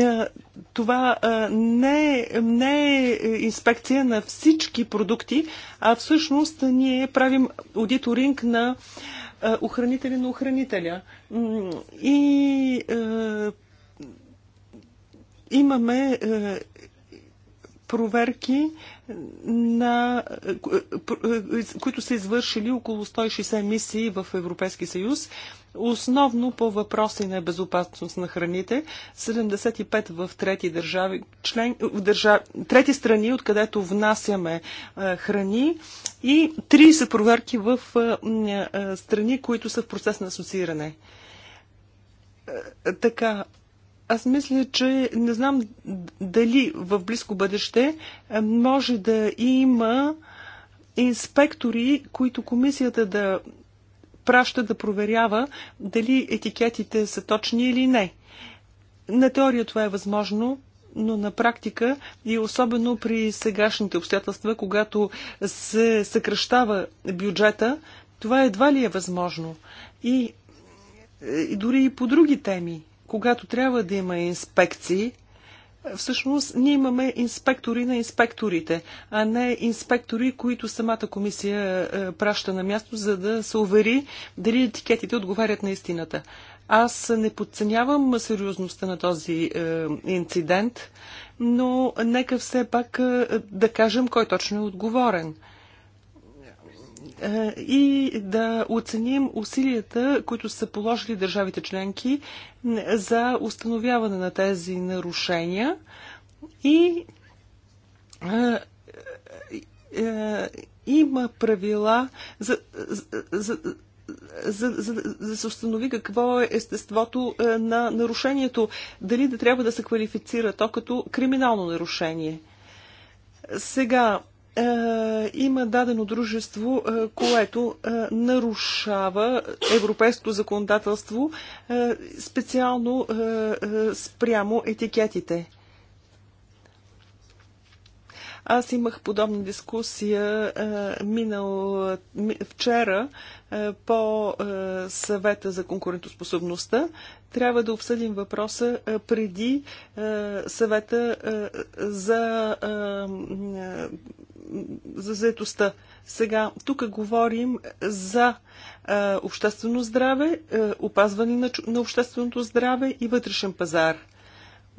Е, това е, не, не е инспекция на всички продукти, а всъщност ние правим аудиторинг на е, охранители на охранителя. И е, имаме е, проверки на, които са извършили около 160 мисии в Европейски съюз основно по въпроси на безопасност на храните, 75 в трети държави, член, в държави, трети страни, откъдето внасяме а, е, храни и 30 проверки в а, е, а, е, страни, които са в процес на асоцииране. Така, аз мисля, че не знам дали в близко бъдеще може да има инспектори, които комисията да праща да проверява дали етикетите са точни или не. На теория това е възможно, но на практика и особено при сегашните обстоятелства, когато се съкръщава бюджета, това едва ли е възможно. И, и дори и по други теми, когато трябва да има инспекции, Всъщност, ние имаме инспектори на инспекторите, а не инспектори, които самата комисия е, праща на място, за да се увери дали етикетите отговарят на истината. Аз не подценявам сериозността на този е, инцидент, но нека все пак е, да кажем кой точно е отговорен и да оценим усилията, които са положили държавите членки за установяване на тези нарушения и има правила за, за, за, за, да се установи какво е естеството на нарушението. Дали да трябва да се квалифицира то като криминално нарушение. Сега, е, има дадено дружество, е, което е, нарушава европейското законодателство специално спрямо етикетите. Аз имах подобна дискусия минал вчера по съвета за конкурентоспособността. Трябва да обсъдим въпроса преди съвета за за заетостта. Сега, тук говорим за а, обществено здраве, а, опазване на, на общественото здраве и вътрешен пазар.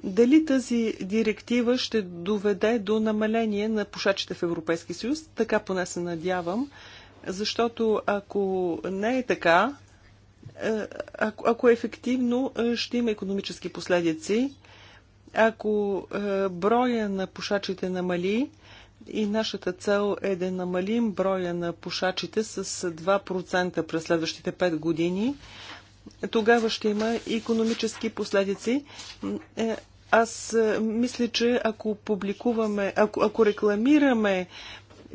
Дали тази директива ще доведе до намаление на пушачите в Европейски съюз? Така поне се надявам, защото ако не е така, ако, ако е ефективно, ще има економически последици. Ако броя на пушачите намали, и нашата цел е да намалим броя на пушачите с 2% през следващите 5 години. Тогава ще има економически последици. Е, аз е, мисля, че ако публикуваме, ако, ако рекламираме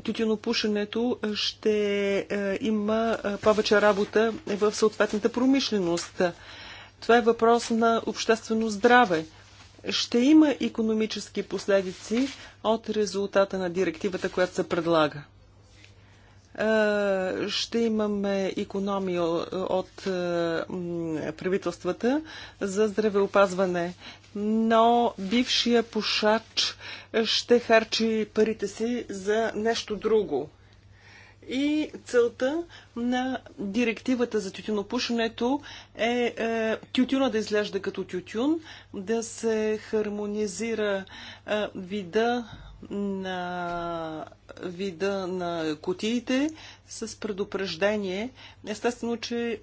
тютюнопушенето ще е, има повече работа в съответната промишленост. Това е въпрос на обществено здраве. Ще има економически последици от резултата на директивата, която се предлага. Ще имаме економии от правителствата за здравеопазване, но бившия пушач ще харчи парите си за нещо друго и целта на директивата за тютюнопушенето е, е тютюна да изглежда като тютюн, да се хармонизира е, вида на вида на котиите с предупреждение. Естествено, че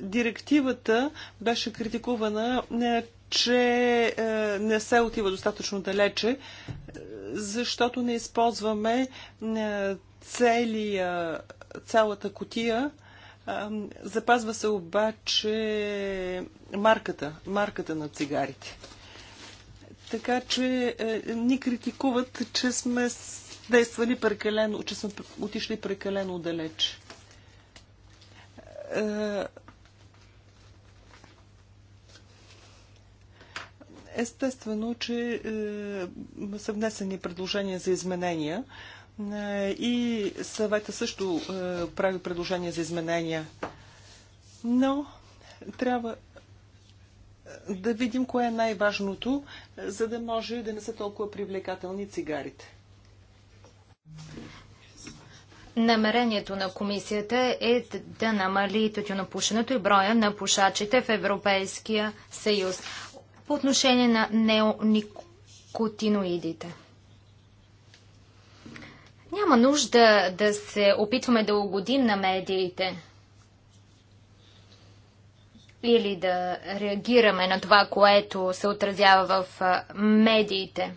директивата беше критикувана, е, че е, не се отива достатъчно далече, е, защото не използваме целия, цялата котия. Запазва се обаче марката, марката на цигарите. Така че е, ни критикуват, че сме действали прекалено, че сме отишли прекалено далеч. Е, естествено, че е, са внесени предложения за изменения. Е, и съвета също е, прави предложения за изменения. Но трябва е, да видим кое е най-важното, за да може да не са толкова привлекателни цигарите. Намерението на комисията е да намали тютюнопушенето и броя на пушачите в Европейския съюз по отношение на неоникотиноидите. Няма нужда да се опитваме да угодим на медиите или да реагираме на това, което се отразява в медиите.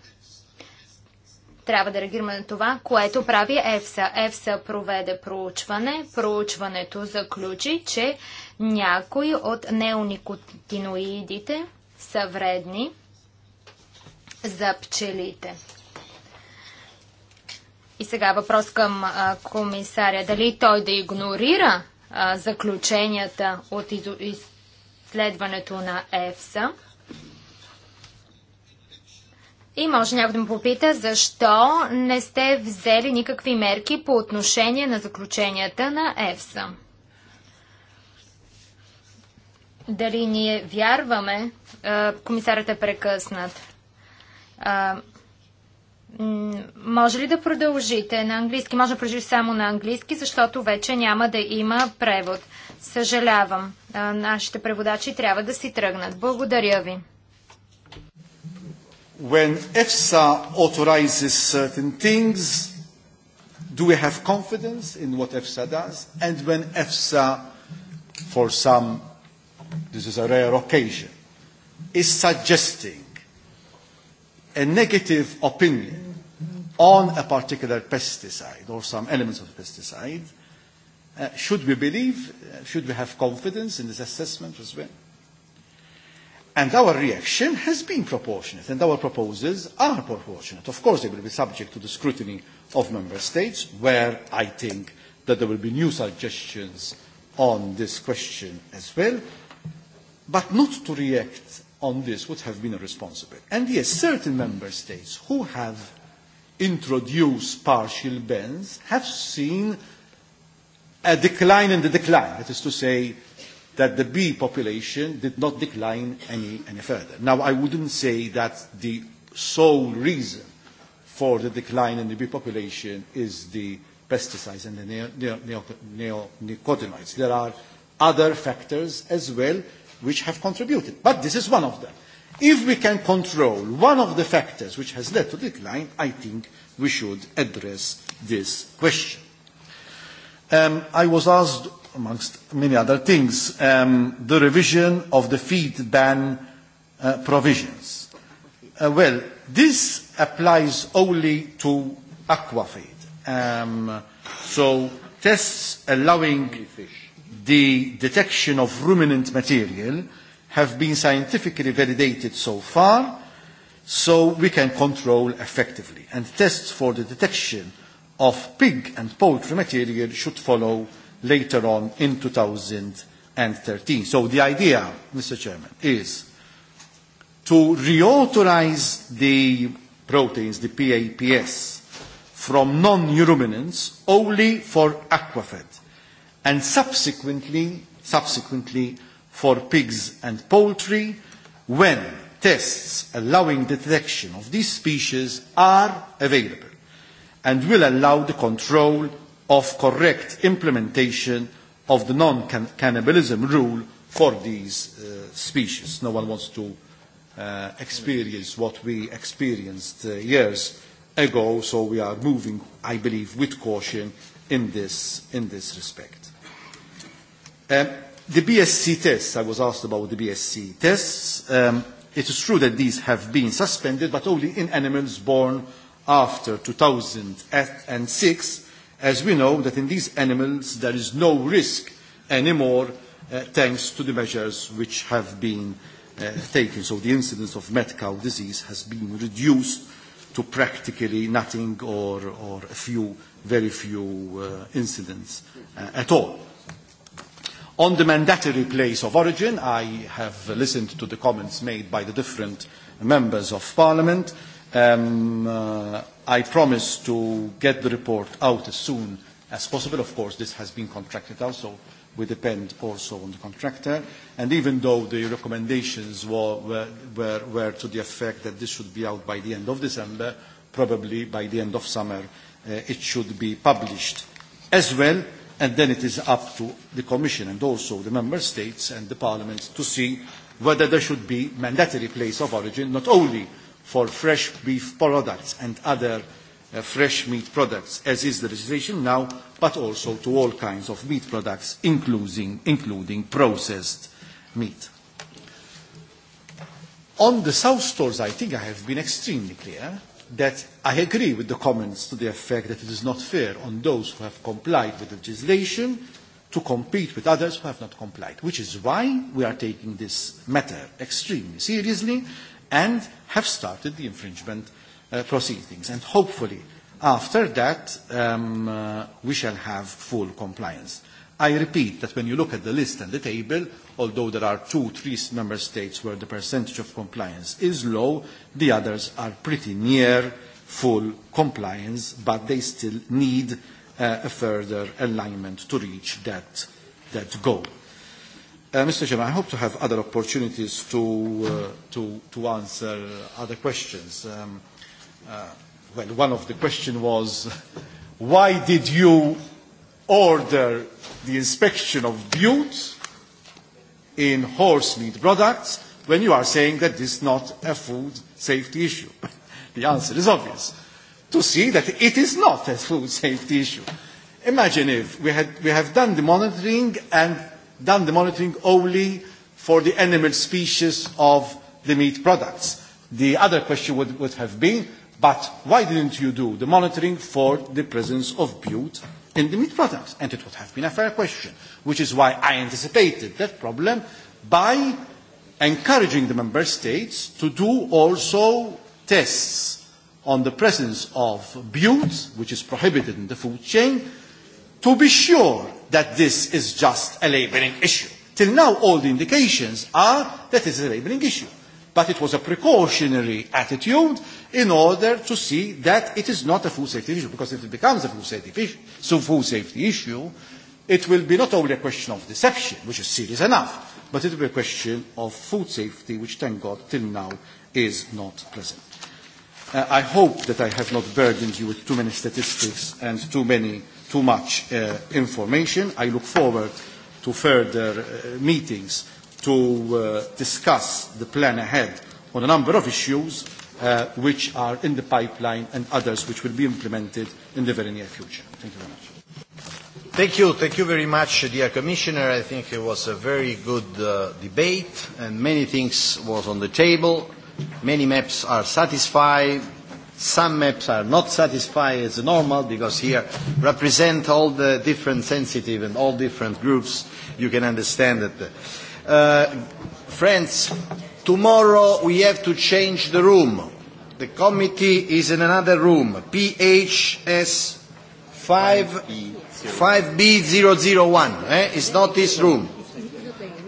Трябва да реагираме на това, което прави ЕФСА. ЕФСА проведе проучване. Проучването заключи, че някои от неоникотиноидите са вредни за пчелите. И сега е въпрос към а, комисаря. Дали той да игнорира а, заключенията от изследването на ЕФСА? И може някой да му попита, защо не сте взели никакви мерки по отношение на заключенията на ЕФСА? Дали ние вярваме? А, комисарът е прекъснат. А, може ли да продължите на английски? Може да продължите само на английски, защото вече няма да има превод. Съжалявам. Нашите преводачи трябва да си тръгнат. Благодаря ви. When EFSA authorizes certain things, do we have confidence in what EFSA does? And when EFSA, for some, this is a rare occasion, is suggesting a negative opinion on a particular pesticide or some elements of the pesticide, uh, should we believe, uh, should we have confidence in this assessment as well? And our reaction has been proportionate, and our proposals are proportionate. Of course, they will be subject to the scrutiny of member states, where I think that there will be new suggestions on this question as well, but not to react on this would have been responsible. And yes, certain member states who have introduced partial bans have seen a decline in the decline. That is to say, that the bee population did not decline any, any further. Now, I wouldn't say that the sole reason for the decline in the bee population is the pesticides and the neonicotinoids. There are other factors as well which have contributed. But this is one of them. If we can control one of the factors which has led to decline, I think we should address this question. Um, I was asked, amongst many other things, um, the revision of the feed ban uh, provisions. Uh, well, this applies only to aquafeed. Um, so tests allowing fish the detection of ruminant material have been scientifically validated so far, so we can control effectively. And tests for the detection of pig and poultry material should follow later on in 2013. So the idea, Mr. Chairman, is to reauthorize the proteins, the PAPS, from non-ruminants only for aquafed and subsequently, subsequently for pigs and poultry when tests allowing the detection of these species are available and will allow the control of correct implementation of the non-cannibalism rule for these uh, species. No one wants to uh, experience what we experienced uh, years ago, so we are moving, I believe, with caution in this, in this respect the BSC tests, I was asked about the BSC tests. Um, it is true that these have been suspended, but only in animals born after 2006, as we know that in these animals there is no risk anymore uh, thanks to the measures which have been uh, taken. So the incidence of mad cow disease has been reduced to practically nothing or, or a few, very few uh, incidents uh, at all. On the mandatory place of origin, I have listened to the comments made by the different members of parliament. Um, uh, I promise to get the report out as soon as possible. Of course, this has been contracted out, so we depend also on the contractor. And even though the recommendations were, were, were, were to the effect that this should be out by the end of December, probably by the end of summer, uh, it should be published. As well, and then it is up to the Commission and also the Member States and the Parliament to see whether there should be mandatory place of origin, not only for fresh beef products and other uh, fresh meat products, as is the legislation now, but also to all kinds of meat products, including, including processed meat. On the South stores, I think I have been extremely clear that I agree with the comments to the effect that it is not fair on those who have complied with the legislation to compete with others who have not complied, which is why we are taking this matter extremely seriously and have started the infringement uh, proceedings. And hopefully, after that, um, uh, we shall have full compliance. I repeat that when you look at the list and the table, although there are two, three member states where the percentage of compliance is low, the others are pretty near full compliance, but they still need a further alignment to reach that, that goal. Mr. Chairman, I hope to have other opportunities to, to, to answer other questions. well, one of the questions was, why did you order the inspection of butte in horse meat products when you are saying that this is not a food safety issue? the answer is obvious. To see that it is not a food safety issue. Imagine if we, had, we have done the monitoring and done the monitoring only for the animal species of the meat products. The other question would, would have been, but why didn't you do the monitoring for the presence of bute in the meat products. And it would have been a fair question, which is why I anticipated that problem by encouraging the member states to do also tests on the presence of butte, which is prohibited in the food chain, to be sure that this is just a labelling issue. Till now, all the indications are that it is a labelling issue but it was a precautionary attitude in order to see that it is not a food safety issue, because if it becomes a food safety issue, so food safety issue, it will be not only a question of deception, which is serious enough, but it will be a question of food safety, which, thank God, till now is not present. Uh, I hope that I have not burdened you with too many statistics and too, many, too much uh, information. I look forward to further uh, meetings to uh, discuss the plan ahead on a number of issues uh, which are in the pipeline and others which will be implemented in the very near future. Thank you very much. Thank you. Thank you very much, dear Commissioner. I think it was a very good uh, debate and many things was on the table. Many maps are satisfied. Some maps are not satisfied as normal because here represent all the different sensitive and all different groups. You can understand that friends, tomorrow we have to change the room. The committee is in another room, PHS 5, b 001 Eh? It's not this room.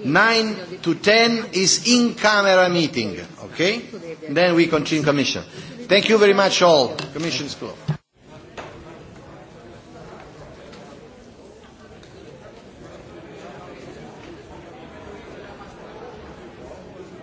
9 to 10 is in-camera meeting, okay? Then we continue commission. Thank you very much all. Commission is closed.